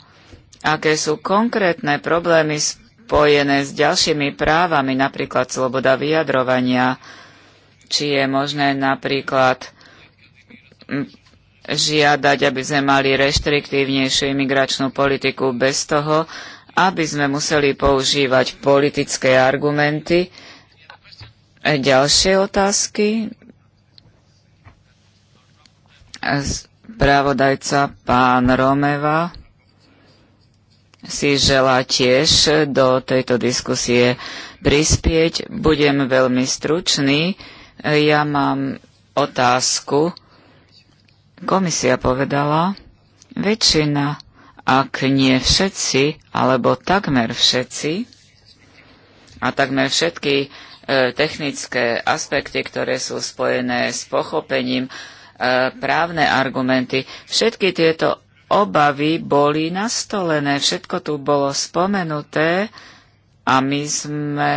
Speaker 4: aké sú konkrétne problémy s spojené s ďalšími právami, napríklad sloboda vyjadrovania, či je možné napríklad žiadať, aby sme mali reštriktívnejšiu imigračnú politiku bez toho, aby sme museli používať politické argumenty. E, ďalšie otázky? Spravodajca pán Romeva si želá tiež do tejto diskusie prispieť. Budem veľmi stručný. Ja mám otázku. Komisia povedala, väčšina, ak nie všetci, alebo takmer všetci, a takmer všetky e, technické aspekty, ktoré sú spojené s pochopením, e, právne argumenty, všetky tieto obavy boli nastolené. Všetko tu bolo spomenuté a my sme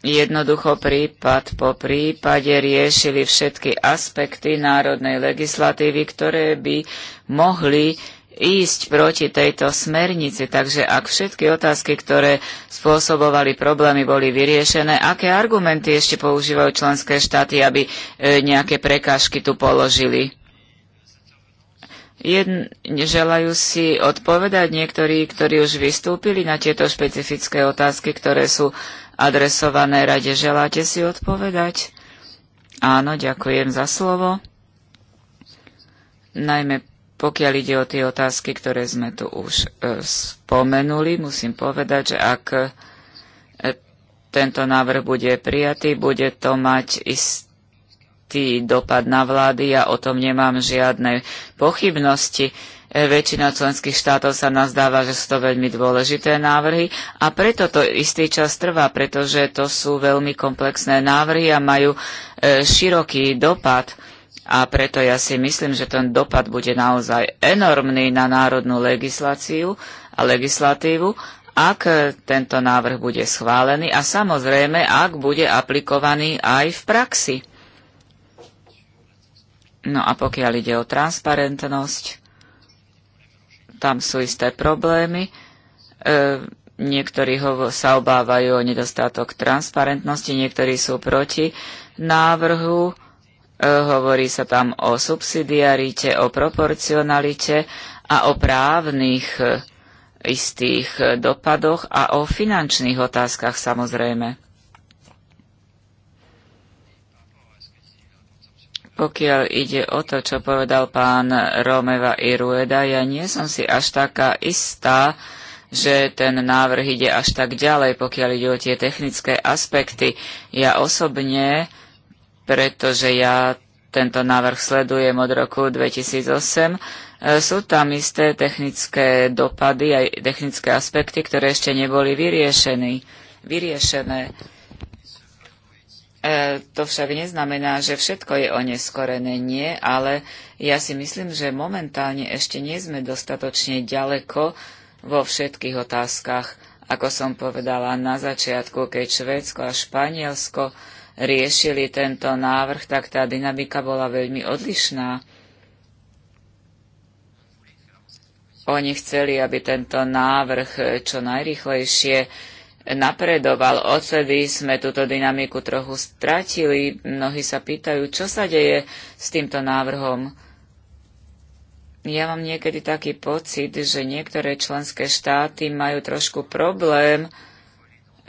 Speaker 4: jednoducho prípad po prípade riešili všetky aspekty národnej legislatívy, ktoré by mohli ísť proti tejto smernici. Takže ak všetky otázky, ktoré spôsobovali problémy, boli vyriešené, aké argumenty ešte používajú členské štáty, aby e, nejaké prekážky tu položili? Jedn, želajú si odpovedať niektorí, ktorí už vystúpili na tieto špecifické otázky, ktoré sú adresované rade. Želáte si odpovedať? Áno, ďakujem za slovo. Najmä pokiaľ ide o tie otázky, ktoré sme tu už e, spomenuli, musím povedať, že ak e, tento návrh bude prijatý, bude to mať isté určitý dopad na vlády, ja o tom nemám žiadne pochybnosti. E, väčšina členských štátov sa nazdáva, že sú to veľmi dôležité návrhy a preto to istý čas trvá, pretože to sú veľmi komplexné návrhy a majú e, široký dopad. A preto ja si myslím, že ten dopad bude naozaj enormný na národnú legisláciu a legislatívu, ak tento návrh bude schválený a samozrejme, ak bude aplikovaný aj v praxi. No a pokiaľ ide o transparentnosť, tam sú isté problémy. E, niektorí ho, sa obávajú o nedostatok transparentnosti, niektorí sú proti návrhu. E, hovorí sa tam o subsidiarite, o proporcionalite a o právnych e, istých e, dopadoch a o finančných otázkach samozrejme. Pokiaľ ide o to, čo povedal pán Romeva Irueda, ja nie som si až taká istá, že ten návrh ide až tak ďalej, pokiaľ ide o tie technické aspekty. Ja osobne, pretože ja tento návrh sledujem od roku 2008, e, sú tam isté technické dopady aj technické aspekty, ktoré ešte neboli vyriešené. E, to však neznamená, že všetko je oneskorené, nie, ale ja si myslím, že momentálne ešte nie sme dostatočne ďaleko vo všetkých otázkach. Ako som povedala na začiatku, keď Švédsko a Španielsko riešili tento návrh, tak tá dynamika bola veľmi odlišná. Oni chceli, aby tento návrh čo najrychlejšie napredoval. Odvtedy sme túto dynamiku trochu stratili. Mnohí sa pýtajú, čo sa deje s týmto návrhom. Ja mám niekedy taký pocit, že niektoré členské štáty majú trošku problém,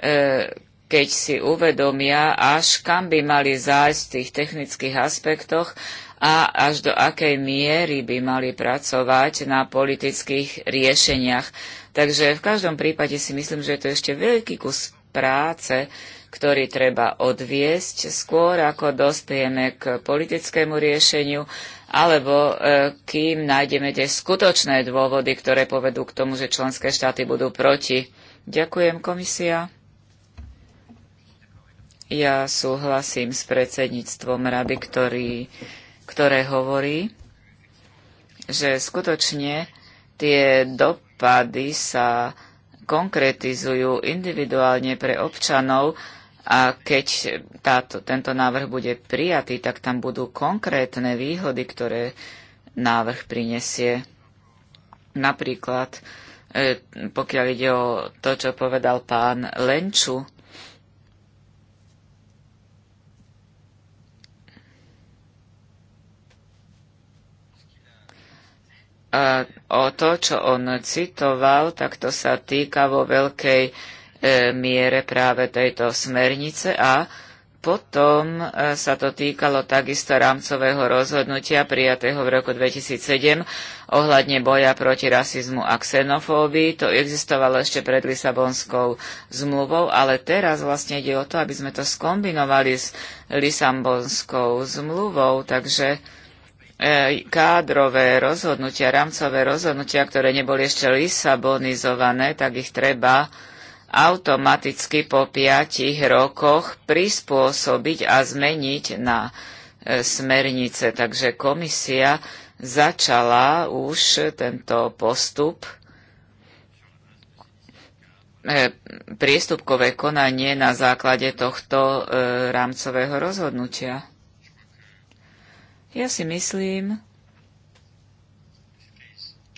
Speaker 4: e, keď si uvedomia, až kam by mali zájsť v tých technických aspektoch a až do akej miery by mali pracovať na politických riešeniach. Takže v každom prípade si myslím, že je to ešte veľký kus práce, ktorý treba odviesť skôr, ako dospieme k politickému riešeniu, alebo e, kým nájdeme tie skutočné dôvody, ktoré povedú k tomu, že členské štáty budú proti. Ďakujem, komisia. Ja súhlasím s predsedníctvom rady, ktorý, ktoré hovorí, že skutočne tie dopady, prípady sa konkretizujú individuálne pre občanov a keď táto, tento návrh bude prijatý, tak tam budú konkrétne výhody, ktoré návrh prinesie. Napríklad, e, pokiaľ ide o to, čo povedal pán Lenču, o to, čo on citoval, tak to sa týka vo veľkej e, miere práve tejto smernice a potom e, sa to týkalo takisto rámcového rozhodnutia prijatého v roku 2007 ohľadne boja proti rasizmu a xenofóbii. To existovalo ešte pred Lisabonskou zmluvou, ale teraz vlastne ide o to, aby sme to skombinovali s Lisabonskou zmluvou, takže E, kádrové rozhodnutia, rámcové rozhodnutia, ktoré neboli ešte lisabonizované, tak ich treba automaticky po piatich rokoch prispôsobiť a zmeniť na e, smernice. Takže komisia začala už tento postup e, priestupkové konanie na základe tohto rámcového rozhodnutia. Ja si myslím,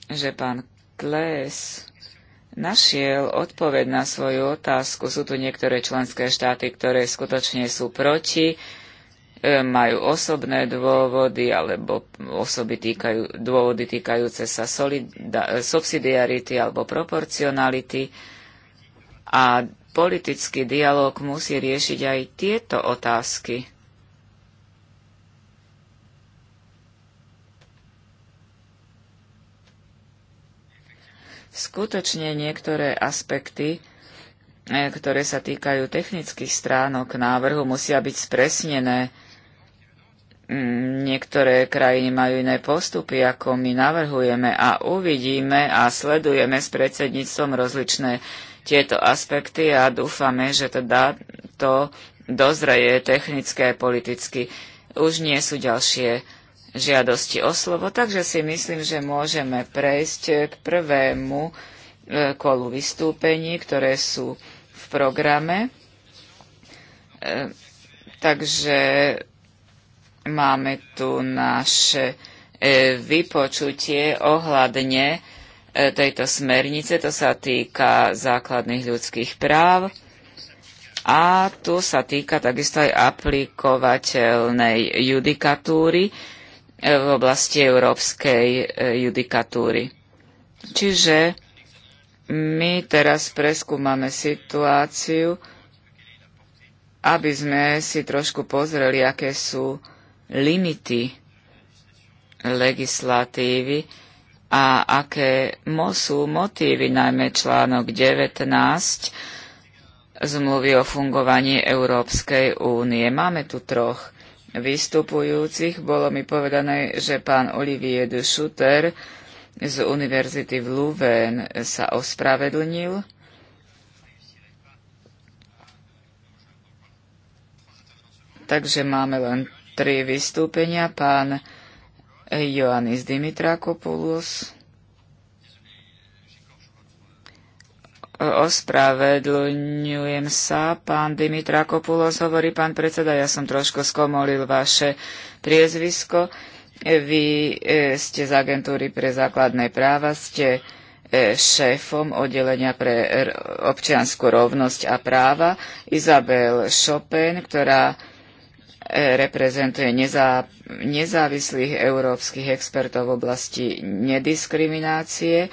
Speaker 4: že pán Kles našiel odpoveď na svoju otázku. Sú tu niektoré členské štáty, ktoré skutočne sú proti, e, majú osobné dôvody alebo osoby týkajú, dôvody týkajúce sa solida, subsidiarity alebo proporcionality. A politický dialog musí riešiť aj tieto otázky. skutočne niektoré aspekty, e, ktoré sa týkajú technických stránok návrhu, musia byť spresnené. Mm, niektoré krajiny majú iné postupy, ako my navrhujeme a uvidíme a sledujeme s predsedníctvom rozličné tieto aspekty a dúfame, že teda to dozreje technické a politicky. Už nie sú ďalšie žiadosti o slovo, takže si myslím, že môžeme prejsť k prvému e, kolu vystúpení, ktoré sú v programe. E, takže máme tu naše e, vypočutie ohľadne tejto smernice. To sa týka základných ľudských práv a tu sa týka takisto aj aplikovateľnej judikatúry, E, v oblasti európskej e, judikatúry. Čiže my teraz preskúmame situáciu, aby sme si trošku pozreli, aké sú limity legislatívy a aké sú motívy, najmä článok 19 zmluvy o fungovaní Európskej únie. Máme tu troch vystupujúcich. Bolo mi povedané, že pán Olivier de Schutter z Univerzity v Louvain sa ospravedlnil. Takže máme len tri vystúpenia. Pán Ioannis Dimitrakopoulos. Ospravedlňujem sa, pán Dimitra Kopulos, hovorí pán predseda, ja som trošku skomolil vaše priezvisko. Vy e, ste z agentúry pre základné práva, ste e, šéfom oddelenia pre občiansku rovnosť a práva Izabel Chopin, ktorá e, reprezentuje nezá, nezávislých európskych expertov v oblasti nediskriminácie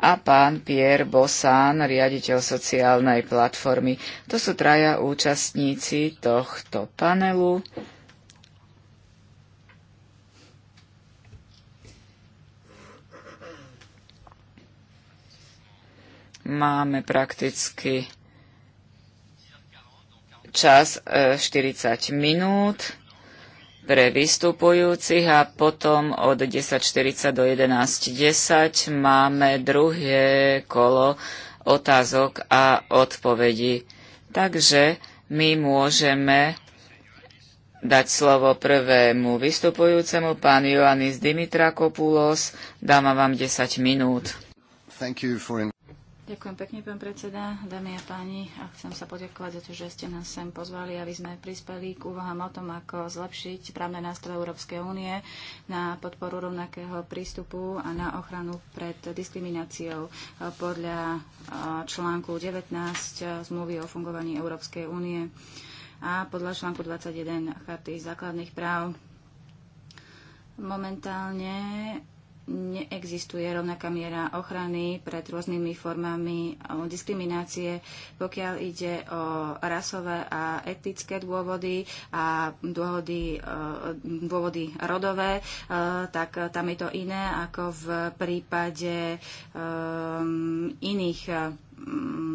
Speaker 4: a pán Pierre Bossan, riaditeľ sociálnej platformy. To sú traja účastníci tohto panelu. Máme prakticky čas 40 eh, minút pre vystupujúcich a potom od 10.40 do 11.10 máme druhé kolo otázok a odpovedí. Takže my môžeme dať slovo prvému vystupujúcemu, pán Ioannis Dimitra Kopulos. Dáma vám 10 minút.
Speaker 2: For...
Speaker 3: Ďakujem pekne, pán predseda, dámy a páni. A chcem sa poďakovať za to, že ste nás sem pozvali, aby sme prispeli k úvahám o tom, ako zlepšiť právne nástroje Európskej únie na podporu rovnakého prístupu a na ochranu pred diskrimináciou podľa článku 19 zmluvy o fungovaní Európskej únie a podľa článku 21 Charty základných práv. Momentálne neexistuje rovnaká miera ochrany pred rôznymi formami diskriminácie, pokiaľ ide o rasové a etické dôvody a dôvody, e, dôvody rodové, e, tak tam je to iné ako v prípade e, iných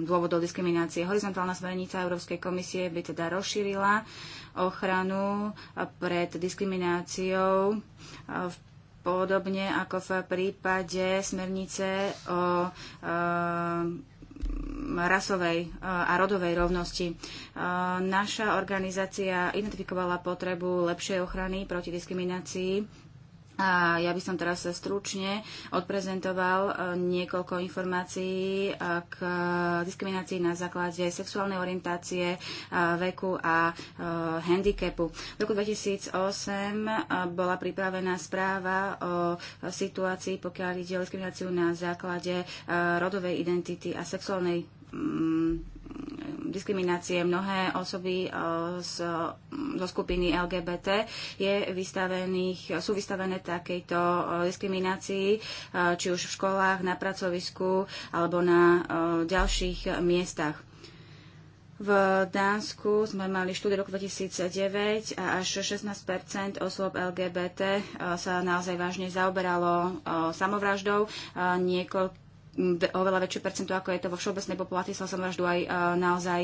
Speaker 3: dôvodov diskriminácie. Horizontálna smernica Európskej komisie by teda rozšírila ochranu pred diskrimináciou v podobne ako v prípade smernice o e, rasovej e, a rodovej rovnosti. E, naša organizácia identifikovala potrebu lepšej ochrany proti diskriminácii a ja by som teraz stručne odprezentoval e, niekoľko informácií e, k diskriminácii na základe sexuálnej orientácie, e, veku a handicapu. V roku 2008 bola pripravená správa o situácii, pokiaľ ide o diskrimináciu na základe rodovej identity a sexuálnej Mm, diskriminácie mnohé osoby eh, z, zo skupiny LGBT je vystavených, sú vystavené takejto eh, diskriminácii, eh, či už v školách, na pracovisku alebo na ďalších miestach. V Dánsku sme mali štúdiu roku 2009 a až 16 osôb LGBT sa naozaj vážne zaoberalo samovraždou. Niekoľko oveľa väčšie percento, ako je to vo všeobecnej populácii, sa samovraždu aj naozaj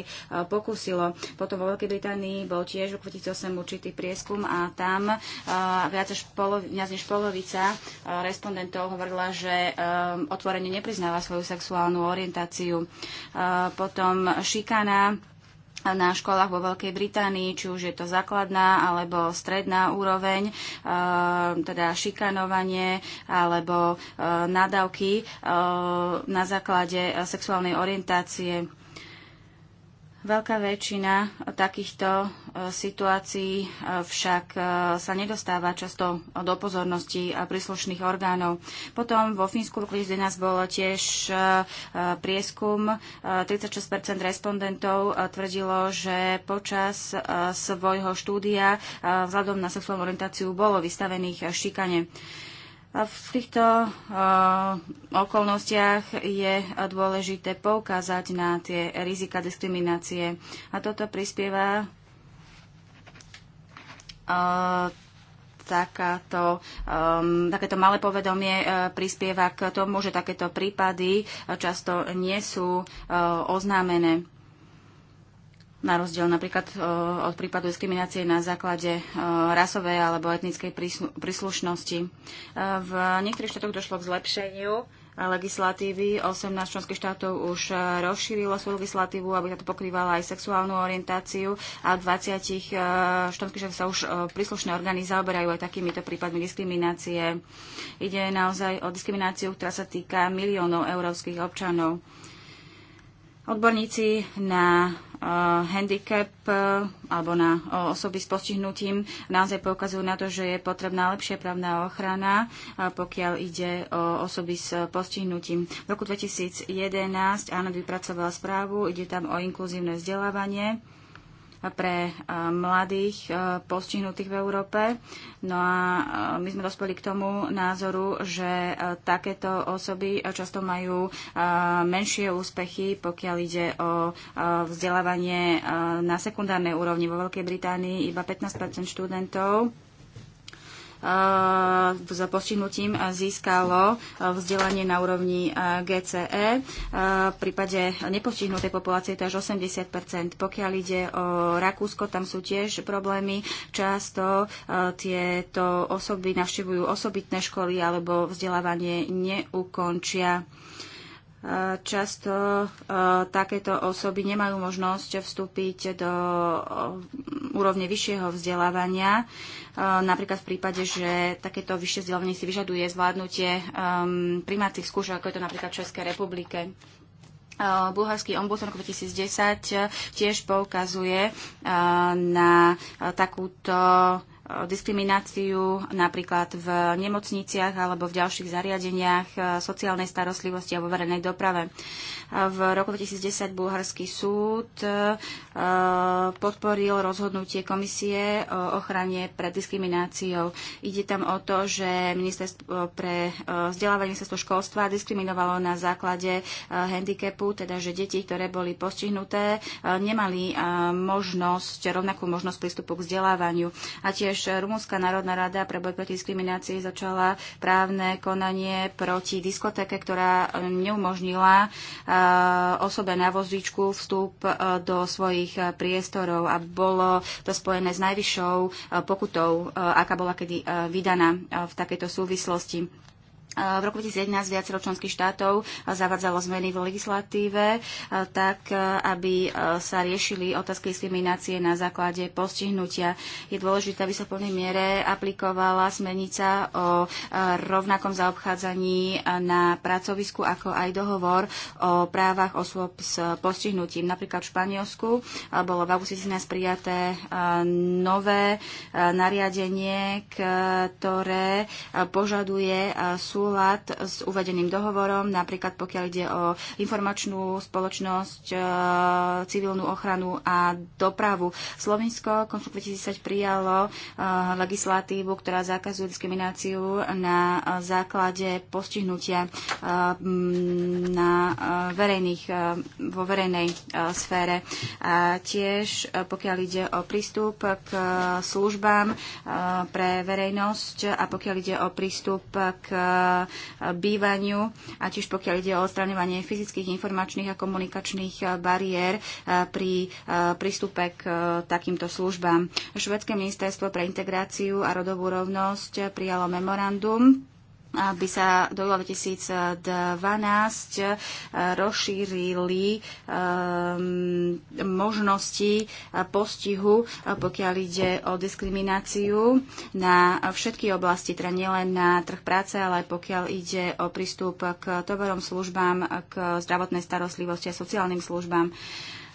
Speaker 3: pokúsilo. Potom vo Veľkej Británii bol tiež v 2008 určitý prieskum a tam viac, než, polovi, viac než polovica respondentov hovorila, že otvorene nepriznáva svoju sexuálnu orientáciu. Potom šikana na školách vo Veľkej Británii, či už je to základná alebo stredná úroveň, e, teda šikanovanie alebo e, nadávky nadavky e, na základe sexuálnej orientácie. Veľká väčšina takýchto e, situácií e, však e, sa nedostáva často do pozornosti príslušných orgánov. Potom vo Fínsku v nás bol tiež prieskum. 36 respondentov tvrdilo, že počas svojho štúdia vzhľadom na sexuálnu orientáciu bolo vystavených šikane v týchto uh, okolnostiach je dôležité poukázať na tie rizika diskriminácie. A toto prispieva uh, takáto, um, takéto malé povedomie uh, prispieva k tomu, že takéto prípady e, často nie sú uh, oznámené na rozdiel napríklad e, od prípadu diskriminácie na základe e, rasovej alebo etnickej príslušnosti. E, v niektorých štátoch došlo k zlepšeniu legislatívy. 18 členských štátov už rozšírilo svoju legislatívu, aby to pokrývala aj sexuálnu orientáciu a 20 členských štátov sa už príslušné orgány zaoberajú aj takýmito prípadmi diskriminácie. Ide naozaj o diskrimináciu, ktorá sa týka miliónov európskych občanov. Odborníci na handicap e, alebo na osoby s postihnutím naozaj poukazujú na to, že je potrebná lepšia právna ochrana, e, pokiaľ ide o osoby s postihnutím. V roku 2011 Áno vypracovala správu, ide tam o inkluzívne vzdelávanie pre e, mladých e, postihnutých v Európe. No a e, my sme dospeli k tomu názoru, že takéto osoby často majú menšie úspechy, pokiaľ ide o vzdelávanie na sekundárnej úrovni. Vo Veľkej Británii iba 15 študentov za postihnutím získalo vzdelanie na úrovni GCE. V prípade nepostihnutej populácie to až 80 Pokiaľ ide o Rakúsko, tam sú tiež problémy. Často tieto osoby navštevujú osobitné školy alebo vzdelávanie neukončia často e, takéto osoby nemajú možnosť vstúpiť do e, úrovne vyššieho vzdelávania. E, napríklad v prípade, že takéto vyššie vzdelávanie si vyžaduje zvládnutie primárnych skúšok, ako je to napríklad v Českej republike. Bulharský ombudsman 2010 tiež poukazuje na takúto diskrimináciu napríklad v nemocniciach alebo v ďalších zariadeniach eh, sociálnej starostlivosti alebo verejnej doprave. V roku 2010 Bulharský súd eh, podporil rozhodnutie komisie o ochrane pred diskrimináciou. Ide tam o to, že ministerstvo eh, pre vzdelávanie ministerstvo školstva diskriminovalo na základe handicapu, teda že deti, ktoré boli postihnuté, nemali možnosť, rovnakú možnosť prístupu k vzdelávaniu. A tiež tiež Rumunská národná rada pre boj proti diskriminácii začala právne konanie proti diskotéke, ktorá e, neumožnila e, osobe na vozíčku vstup e, do svojich priestorov a bolo to spojené s najvyššou pokutou, aká bola kedy vydaná v takejto súvislosti. V roku 2011 viacero členských štátov e, zavadzalo zmeny vo legislatíve e, tak, e, aby sa riešili otázky diskriminácie na základe postihnutia. Je dôležité, aby sa v plnej miere aplikovala smernica o rovnakom zaobchádzaní na pracovisku, ako aj dohovor o právach osôb s postihnutím. Napríklad v Španielsku bolo v augusti 2011 prijaté nové nariadenie, ktoré požaduje sú súlad s uvedeným dohovorom, napríklad pokiaľ ide o informačnú spoločnosť, e, civilnú ochranu a dopravu. Slovinsko Koncu 2010 prijalo e, legislatívu, ktorá zakazuje diskrimináciu na základe postihnutia e, na verejných, vo verejnej sfére. A tiež pokiaľ ide o prístup k službám pre verejnosť a pokiaľ ide o prístup k bývaniu a tiež pokiaľ ide o odstraňovanie fyzických, informačných a komunikačných eh, bariér eh, pri eh, prístupe k takýmto službám. Švedské ministerstvo pre integráciu a rodovú rovnosť prijalo memorandum aby sa do júla 2012 rozšírili ehm, možnosti postihu, pokiaľ ide o diskrimináciu na všetky oblasti, teda nielen na trh práce, ale aj pokiaľ ide o prístup k tovarom, službám, k zdravotnej starostlivosti a sociálnym službám.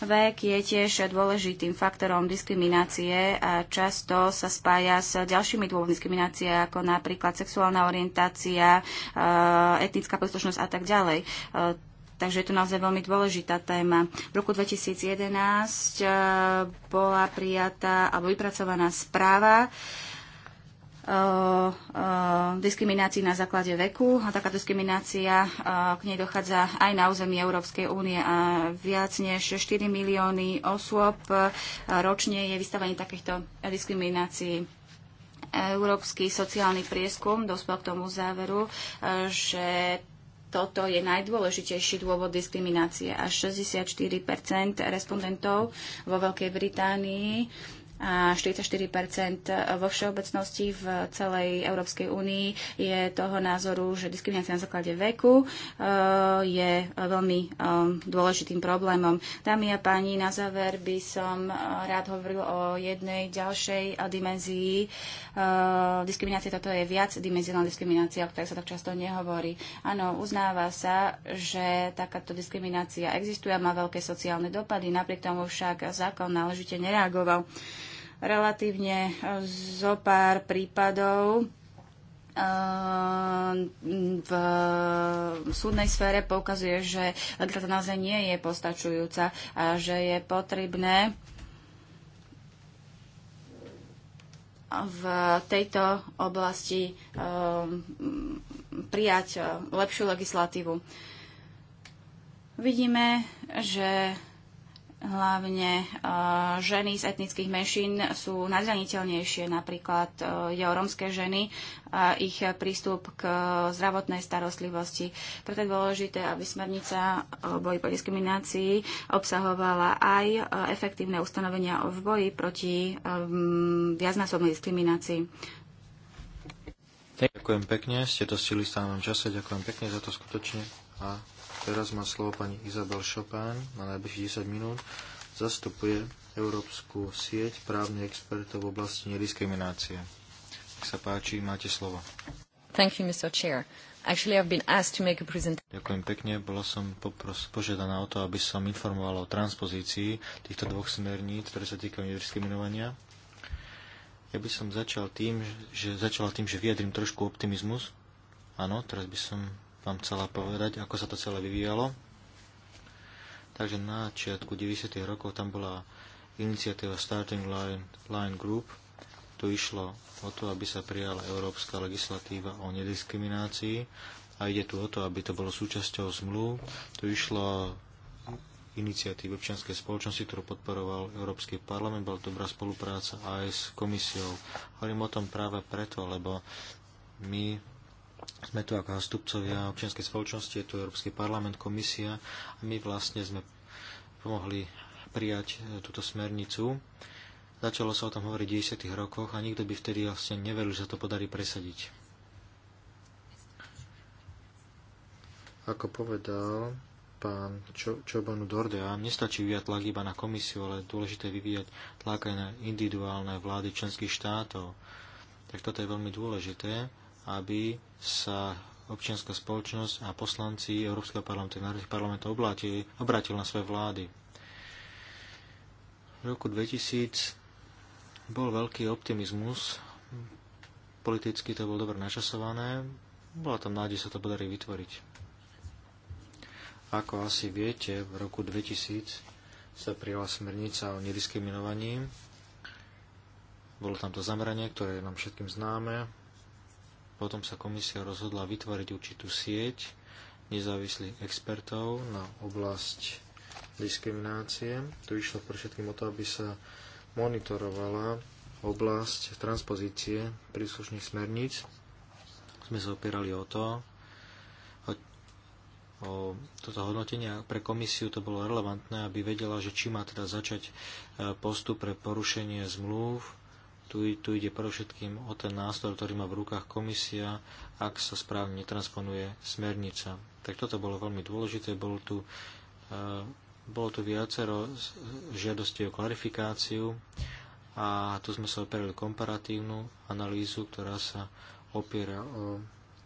Speaker 3: Vek je tiež dôležitým faktorom diskriminácie a často sa spája s ďalšími dôvodmi diskriminácie, ako napríklad sexuálna orientácia, e, etnická príslušnosť a tak ďalej. E, takže je to naozaj veľmi dôležitá téma. V roku 2011 e, bola prijatá alebo vypracovaná správa, Eh, eh, diskriminácii na základe veku a taká diskriminácia eh, k nej dochádza aj na území Európskej únie a viac než 4 milióny osôb ročne je vystavenie takýchto diskriminácií. Európsky sociálny prieskum dospel k tomu záveru, že toto je najdôležitejší dôvod diskriminácie. Až 64 respondentov vo Veľkej Británii a 44 vo všeobecnosti v celej Európskej únii je toho názoru, že diskriminácia na základe veku e, je veľmi e, dôležitým problémom. Dámy a páni, na záver by som e, rád hovoril o jednej ďalšej dimenzii diskriminácie. Toto je viac dimenzionálna diskriminácia, o ktorej sa tak často nehovorí. Áno, uznáva sa, že takáto diskriminácia existuje a má veľké sociálne dopady. Napriek tomu však zákon náležite nereagoval relatívne e, zo pár prípadov e, v súdnej sfére poukazuje, že legislatíva nie je postačujúca a že je potrebné v tejto oblasti e, prijať lepšiu legislatívu. Vidíme, že hlavne e, ženy z etnických menšín sú najzraniteľnejšie, napríklad je o romské ženy a ich prístup k zdravotnej starostlivosti. Preto je dôležité, aby smernica o boji po diskriminácii obsahovala aj e, efektívne ustanovenia v boji proti e, viacnásobnej diskriminácii.
Speaker 2: Ďakujem pekne, ste to dostili v čase, ďakujem pekne za to skutočne a Teraz má slovo pani Izabel Šopán na najbližších 10 minút. Zastupuje Európsku sieť právnych expertov v oblasti nediskriminácie. Nech sa páči, máte slovo. Thank
Speaker 1: you, Mr. Chair. Actually, I've been asked to make a presentation.
Speaker 2: Ďakujem pekne. Bola som popros- požiadaná o to, aby som informovala o transpozícii týchto dvoch smerníc, ktoré sa týkajú nediskriminovania. Ja by som začal tým, že, začala tým, že vyjadrím trošku optimizmus. Áno, teraz by som vám chcela povedať, ako sa to celé vyvíjalo. Takže na začiatku 90. rokov tam bola iniciatíva Starting Line, Line Group. Tu išlo o to, aby sa prijala európska legislatíva o nediskriminácii a ide tu o to, aby to bolo súčasťou zmluv. Tu išlo iniciatívy občianskej spoločnosti, ktorú podporoval Európsky parlament. Bola dobrá spolupráca aj s komisiou. Hovorím o tom práve preto, lebo my sme tu ako zastupcovia občianskej spoločnosti, je tu Európsky parlament, komisia a my vlastne sme pomohli prijať e, túto smernicu. Začalo sa o tom hovoriť v 10. rokoch a nikto by vtedy vlastne neveril, že sa to podarí presadiť. Ako povedal pán Čo- Čobanu Dordea, nestačí vyvíjať tlak iba na komisiu, ale dôležité vyvíjať tlak aj na individuálne vlády členských štátov. Tak toto je veľmi dôležité aby sa občianská spoločnosť a poslanci Európskeho parlamentu a národných parlamentov obrátili, obrátili na svoje vlády. V roku 2000 bol veľký optimizmus, politicky to bolo dobre načasované, bola tam nádej sa to podarí vytvoriť. Ako asi viete, v roku 2000 sa prijala smernica o nediskriminovaní. Bolo tam to zameranie, ktoré je nám všetkým známe, potom sa komisia rozhodla vytvoriť určitú sieť nezávislých expertov na oblasť diskriminácie. Tu išlo pre všetkým o to, aby sa monitorovala oblasť transpozície príslušných smerníc. Sme sa opierali o to, o toto hodnotenie pre komisiu to bolo relevantné, aby vedela, že či má teda začať e, postup pre porušenie zmluv tu, tu ide predovšetkým o ten nástroj, ktorý má v rukách komisia, ak sa správne netransponuje smernica. Tak toto bolo veľmi dôležité. Bolo tu, e, bolo tu viacero žiadostí o klarifikáciu a tu sme sa operili komparatívnu analýzu, ktorá sa opiera o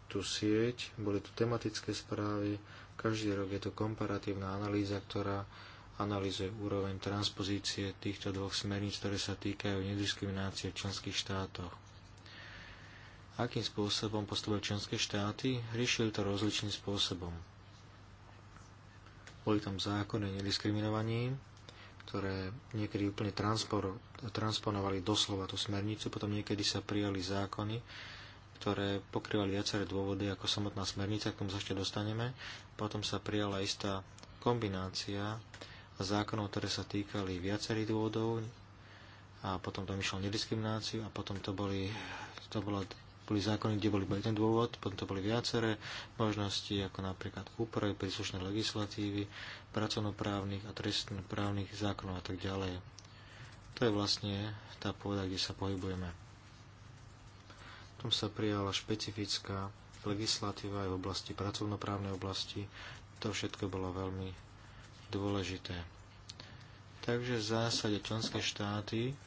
Speaker 2: tú sieť. Boli tu tematické správy. Každý rok je to komparatívna analýza, ktorá analýze úroveň transpozície týchto dvoch smerníc, ktoré sa týkajú nediskriminácie v členských štátoch. Akým spôsobom postupujú členské štáty? Riešili to rozličným spôsobom. Boli tam zákony o nediskriminovaní, ktoré niekedy úplne transponovali doslova tú smernicu, potom niekedy sa prijali zákony, ktoré pokrývali viaceré dôvody ako samotná smernica, k tomu sa ešte dostaneme. Potom sa prijala istá kombinácia zákonov, ktoré sa týkali viacerých dôvodov a potom tam išlo nediskrimináciu a potom to boli, to bolo, boli zákony, kde boli ten jeden dôvod, potom to boli viaceré možnosti, ako napríklad úpravy príslušnej legislatívy, pracovnoprávnych a trestnoprávnych zákonov a tak ďalej. To je vlastne tá pôda, kde sa pohybujeme. V Tom sa prijala špecifická legislatíva aj v oblasti pracovnoprávnej oblasti. To všetko bolo veľmi dôležité. Takže v zásade členské štáty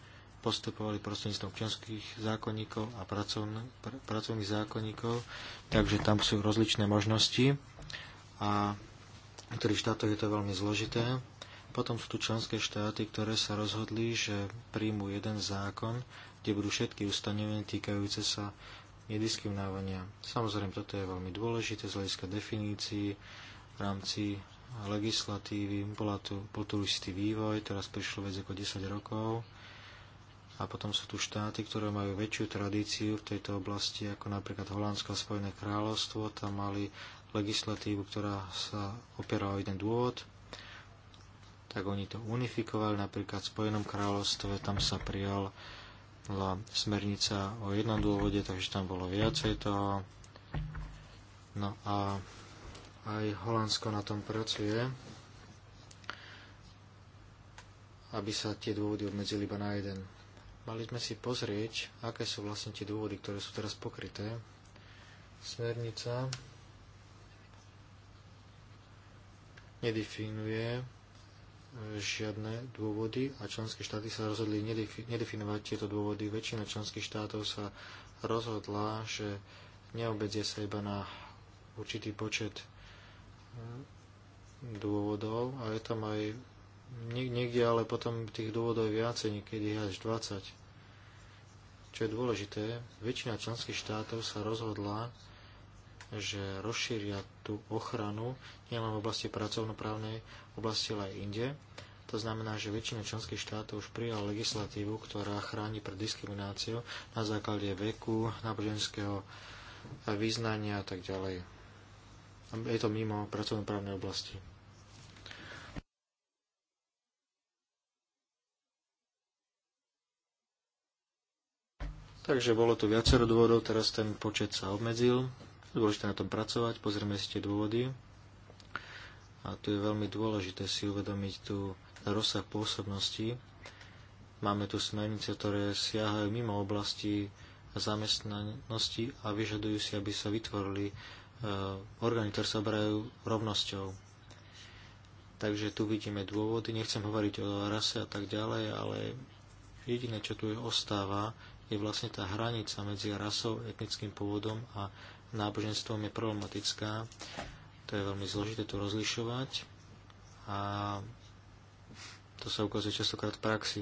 Speaker 2: postupovali prostredníctvom členských zákonníkov a pracovn- pr- pracovných zákonníkov, takže tam sú rozličné možnosti a v ktorých štátoch je to veľmi zložité. Potom sú tu členské štáty, ktoré sa rozhodli, že príjmu jeden zákon, kde budú všetky ustanovenia týkajúce sa nediskriminovania. Samozrejme, toto je veľmi dôležité z hľadiska definícií v rámci legislatívy, bola tu, bol tu istý vývoj, teraz prišlo vec ako 10 rokov a potom sú tu štáty, ktoré majú väčšiu tradíciu v tejto oblasti, ako napríklad Holandsko a Spojené kráľovstvo, tam mali legislatívu, ktorá sa opierala o jeden dôvod, tak oni to unifikovali, napríklad v Spojenom kráľovstve tam sa prijal smernica o jednom dôvode, takže tam bolo viacej toho. No a aj Holandsko na tom pracuje, aby sa tie dôvody obmedzili iba na jeden. Mali sme si pozrieť, aké sú vlastne tie dôvody, ktoré sú teraz pokryté. Smernica nedefinuje e, žiadne dôvody a členské štáty sa rozhodli nedefinovať tieto dôvody. Väčšina členských štátov sa rozhodla, že neobedzie sa iba na určitý počet dôvodov a je tam aj niekde, ale potom tých dôvodov je viacej, niekedy až 20. Čo je dôležité, väčšina členských štátov sa rozhodla, že rozšíria tú ochranu nielen v oblasti pracovnoprávnej oblasti, ale aj inde. To znamená, že väčšina členských štátov už prijala legislatívu, ktorá chráni pred diskrimináciou na základe veku, náboženského význania a tak ďalej je to mimo pracovnoprávnej oblasti. Takže bolo tu viacero dôvodov, teraz ten počet sa obmedzil. Dôležité na tom pracovať, pozrieme si tie dôvody. A tu je veľmi dôležité si uvedomiť tu rozsah pôsobnosti. Máme tu smernice, ktoré siahajú mimo oblasti zamestnanosti a vyžadujú si, aby sa vytvorili Eh, orgány, ktoré sa oberajú rovnosťou. Takže tu vidíme dôvody, nechcem hovoriť o rase a tak ďalej, ale jediné, čo tu je ostáva, je vlastne tá hranica medzi rasou, etnickým pôvodom a náboženstvom je problematická. To je veľmi zložité tu rozlišovať a to sa ukazuje častokrát v praxi.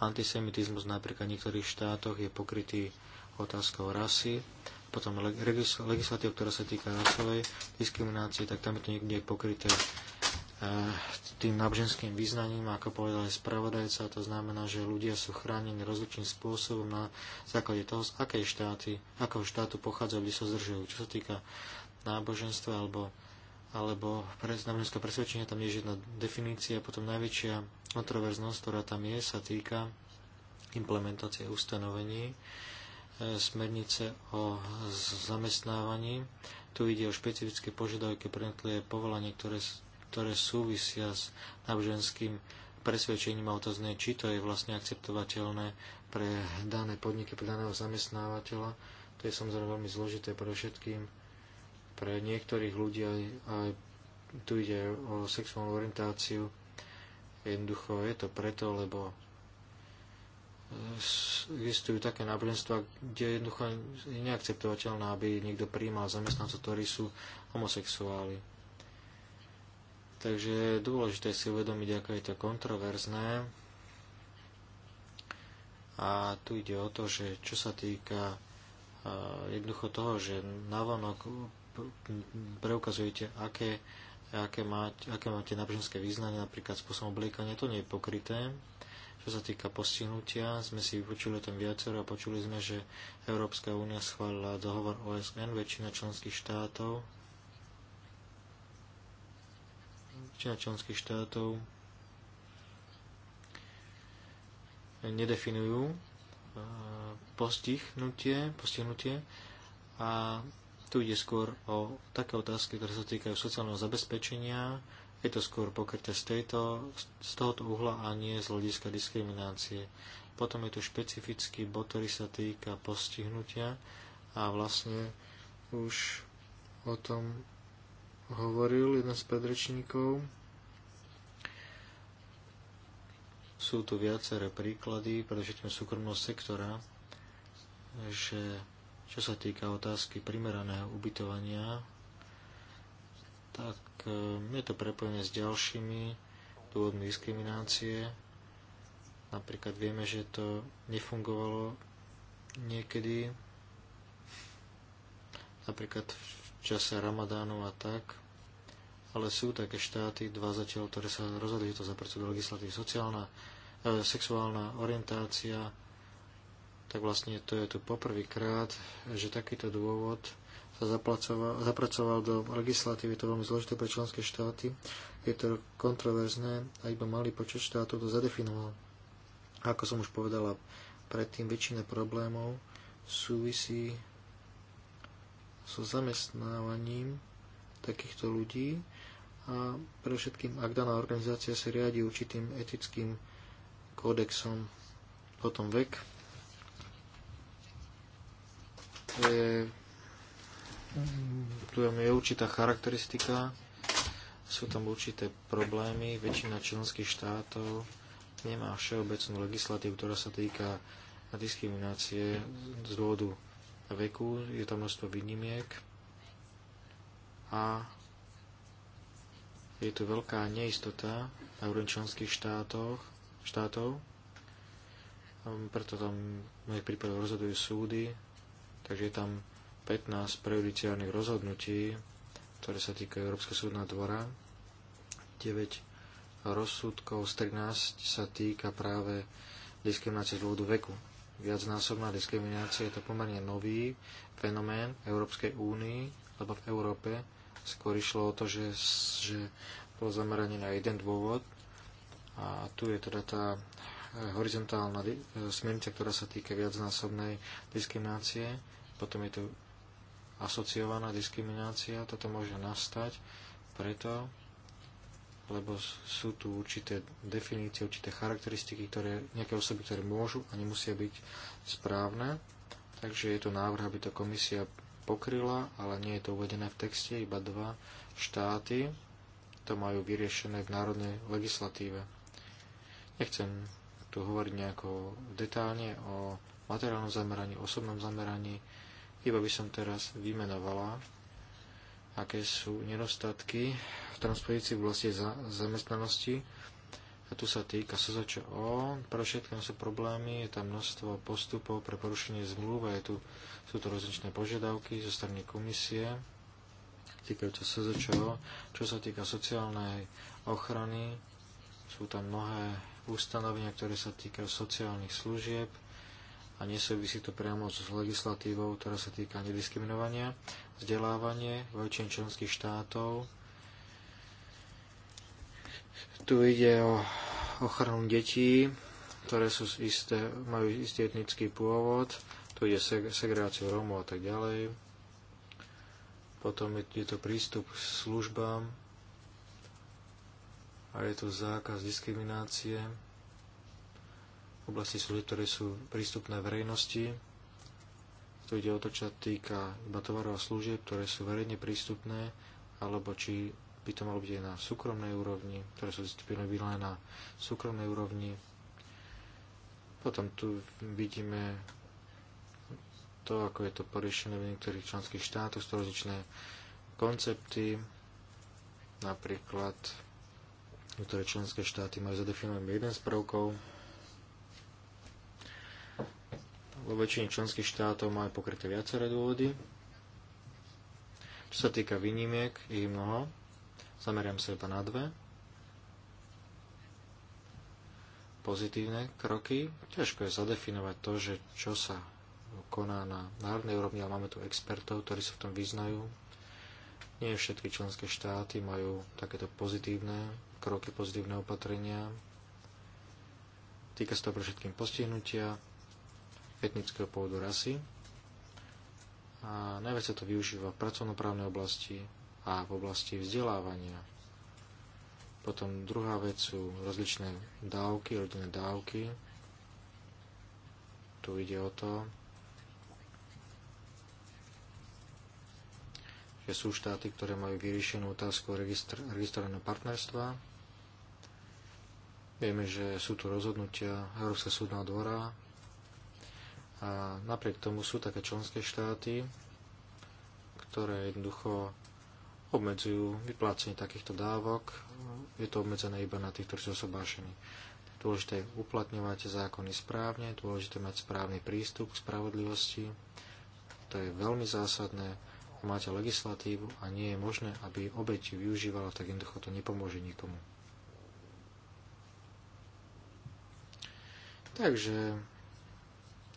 Speaker 2: Antisemitizmus napríklad v niektorých štátoch je pokrytý otázkou rasy potom legislatív, ktorá sa týka rasovej diskriminácie, tak tam je to niekde pokryté eh, tým náboženským význaním, ako povedal aj spravodajca, to znamená, že ľudia sú chránení rozličným spôsobom na základe toho, z akej štáty, akého štátu pochádzajú, kde sa zdržujú. Čo sa týka náboženstva alebo, alebo náboženského presvedčenia, tam je jedna definícia. Potom najväčšia kontroverznosť, ktorá tam je, sa týka implementácie ustanovení, smernice o zamestnávaní. Tu ide o špecifické požiadavky pre jednotlivé povolanie, ktoré, ktoré súvisia s náboženským presvedčením a otázne, či to je vlastne akceptovateľné pre dané podniky, pre daného zamestnávateľa. To je samozrejme veľmi zložité pre všetkým. Pre niektorých ľudí aj, aj tu ide o sexuálnu orientáciu. Jednoducho je to preto, lebo existujú také náboženstva, kde jednoducho je neakceptovateľné, aby niekto prijímal zamestnancov, ktorí sú homosexuáli. Takže je dôležité si uvedomiť, ako je to kontroverzné. A tu ide o to, že čo sa týka jednoducho toho, že navonok preukazujete, aké, aké, máte, aké máte náboženské význanie, napríklad spôsobom obliekania, to nie je pokryté. Čo sa týka postihnutia, sme si vypočuli tam viacero a počuli sme, že Európska únia schválila dohovor OSN, väčšina členských štátov väčšina členských štátov nedefinujú e, postihnutie, postihnutie a tu ide skôr o také otázky, ktoré sa týkajú sociálneho zabezpečenia, je to skôr pokryté z, tejto, z tohoto uhla a nie z hľadiska diskriminácie. Potom je tu špecifický bod, ktorý sa týka postihnutia a vlastne už o tom hovoril jeden z predrečníkov. Sú tu viaceré príklady, predovšetkým súkromného sektora, že čo sa týka otázky primeraného ubytovania tak e, je to prepojené s ďalšími dôvodmi diskriminácie. Napríklad vieme, že to nefungovalo niekedy, napríklad v čase Ramadánu a tak, ale sú také štáty, dva zatiaľ, ktoré sa rozhodli, že to zapracujú do legislatívy sociálna, e, sexuálna orientácia, tak vlastne to je tu poprvýkrát, že takýto dôvod sa zapracoval, zapracoval do legislatívy. To veľmi zložité pre členské štáty. Je to kontroverzné a iba malý počet štátov to zadefinoval. Ako som už povedala predtým, väčšina problémov súvisí so zamestnávaním takýchto ľudí a pre všetkým, ak daná organizácia sa riadi určitým etickým kódexom, potom vek, to je tu je určitá charakteristika, sú tam určité problémy, väčšina členských štátov nemá všeobecnú legislatívu, ktorá sa týka diskriminácie z dôvodu veku, je tam množstvo výnimiek a je tu veľká neistota na úrovni členských štátoch, štátov, preto tam v mojich prípadoch rozhodujú súdy, takže je tam 15 prejudiciálnych rozhodnutí, ktoré sa týkajú Európskeho súdna dvora. 9 rozsudkov z 13 sa týka práve diskriminácie z dôvodu veku. Viacnásobná diskriminácia je to pomerne nový fenomén Európskej únii, lebo v Európe skôr išlo o to, že, že bolo zameranie na jeden dôvod a tu je teda tá e, horizontálna e, smernica, ktorá sa týka viacnásobnej diskriminácie. Potom je tu asociovaná diskriminácia. Toto môže nastať preto, lebo sú tu určité definície, určité charakteristiky, ktoré, nejaké osoby, ktoré môžu a nemusia byť správne. Takže je to návrh, aby to komisia pokryla, ale nie je to uvedené v texte, iba dva štáty to majú vyriešené v národnej legislatíve. Nechcem tu hovoriť nejako detálne o materiálnom zameraní, osobnom zameraní, iba by som teraz vymenovala, aké sú nedostatky v transpozícii v oblasti zamestnanosti. A tu sa týka SZČO, pre všetkým sú problémy, je tam množstvo postupov pre porušenie zmluv a je tu, sú tu rozličné požiadavky zo strany komisie týkajúce SZČO, čo sa týka sociálnej ochrany, sú tam mnohé ustanovenia, ktoré sa týkajú sociálnych služieb, a nesúvisí to priamo s legislatívou, ktorá sa týka nediskriminovania, vzdelávanie väčšin členských štátov. Tu ide o ochranu detí, ktoré sú isté, majú istý etnický pôvod, tu ide segregáciu Rómov a tak ďalej. Potom je to prístup k službám a je tu zákaz diskriminácie oblasti služieb, ktoré sú prístupné verejnosti. Tu ide o to, čo týka iba tovarov a služieb, ktoré sú verejne prístupné, alebo či by to malo byť aj na súkromnej úrovni, ktoré sú disciplinované na súkromnej úrovni. Potom tu vidíme to, ako je to poriešené v niektorých členských štátoch, sú rozličné koncepty, napríklad niektoré členské štáty majú zadefinovaný jeden z prvkov, vo väčšine členských štátov majú pokryté viaceré dôvody. Čo sa týka výnimiek, ich mnoho. Zameriam sa iba na dve. Pozitívne kroky. Ťažko je zadefinovať to, že čo sa koná na národnej úrovni, ale máme tu expertov, ktorí sa v tom vyznajú. Nie všetky členské štáty majú takéto pozitívne kroky, pozitívne opatrenia. Týka sa to pre všetkým postihnutia, etnického pôvodu rasy. A najviac sa to využíva v pracovnoprávnej oblasti a v oblasti vzdelávania. Potom druhá vec sú rozličné dávky, rodinné dávky. Tu ide o to, že sú štáty, ktoré majú vyriešenú otázku registr- registrovaného partnerstva. Vieme, že sú tu rozhodnutia Európskeho súdneho dvora, a napriek tomu sú také členské štáty, ktoré jednoducho obmedzujú vyplácenie takýchto dávok. Je to obmedzené iba na tých, ktorí sú osobášení. Dôležité je uplatňovať zákony správne, dôležité mať správny prístup k spravodlivosti. To je veľmi zásadné. Máte legislatívu a nie je možné, aby obeť využívala, tak jednoducho to nepomôže nikomu. Takže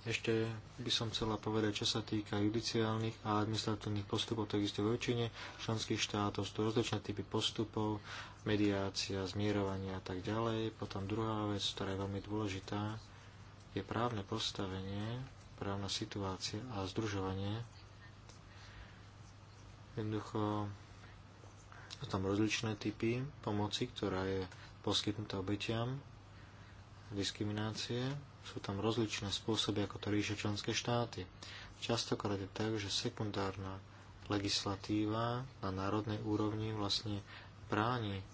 Speaker 2: ešte by som chcela povedať, čo sa týka judiciálnych a administratívnych postupov, takisto v väčšine členských štátov sú rozličné typy postupov, mediácia, zmierovanie a tak ďalej. Potom druhá vec, ktorá je veľmi dôležitá, je právne postavenie, právna situácia a združovanie. Jednoducho sú tam rozličné typy pomoci, ktorá je poskytnutá obetiam diskriminácie sú tam rozličné spôsoby, ako to ríše členské štáty. Častokrát je tak, že sekundárna legislatíva na národnej úrovni vlastne bráni eh,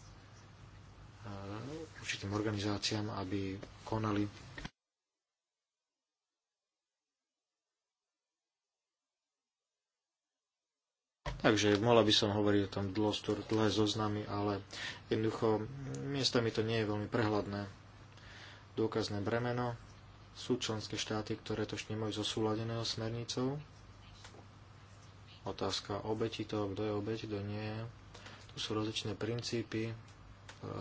Speaker 2: určitým organizáciám, aby konali Takže mohla by som hovoriť o tom dlostor, dlhé zoznamy, ale jednoducho miestami to nie je veľmi prehľadné. Dôkazné bremeno sú členské štáty, ktoré to ešte nemajú zosúladeného smernicou. Otázka obeti toho, kto je obeť, kto nie. Tu sú rozličné princípy,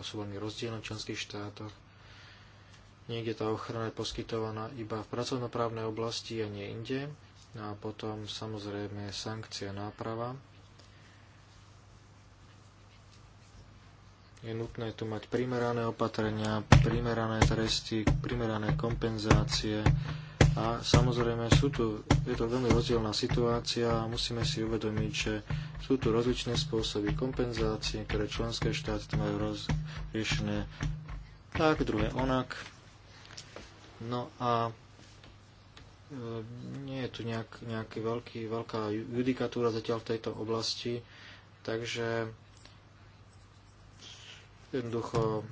Speaker 2: sú veľmi rozdielne v členských štátoch. Niekde tá ochrana je poskytovaná iba v pracovnoprávnej oblasti a nie inde. No a potom samozrejme sankcia náprava. Je nutné tu mať primerané opatrenia, primerané tresty, primerané kompenzácie a samozrejme sú tu, je to veľmi rozdielna situácia a musíme si uvedomiť, že sú tu rozličné spôsoby kompenzácie, ktoré členské štáty majú rozriešené tak, druhé onak. No a e, nie je tu nejak, nejaký veľký, veľká judikatúra zatiaľ v tejto oblasti, takže Jednoducho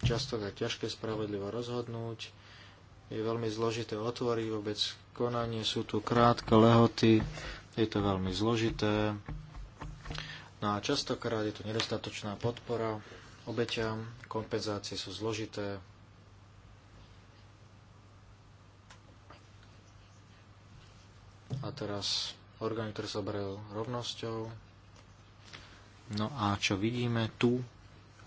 Speaker 2: často je ťažké spravodlivo rozhodnúť. Je veľmi zložité otvoriť vôbec konanie, sú tu krátke lehoty, je to veľmi zložité. No a častokrát je tu nedostatočná podpora obeťam, kompenzácie sú zložité, a teraz orgán, ktorý sa rovnosťou. No a čo vidíme tu,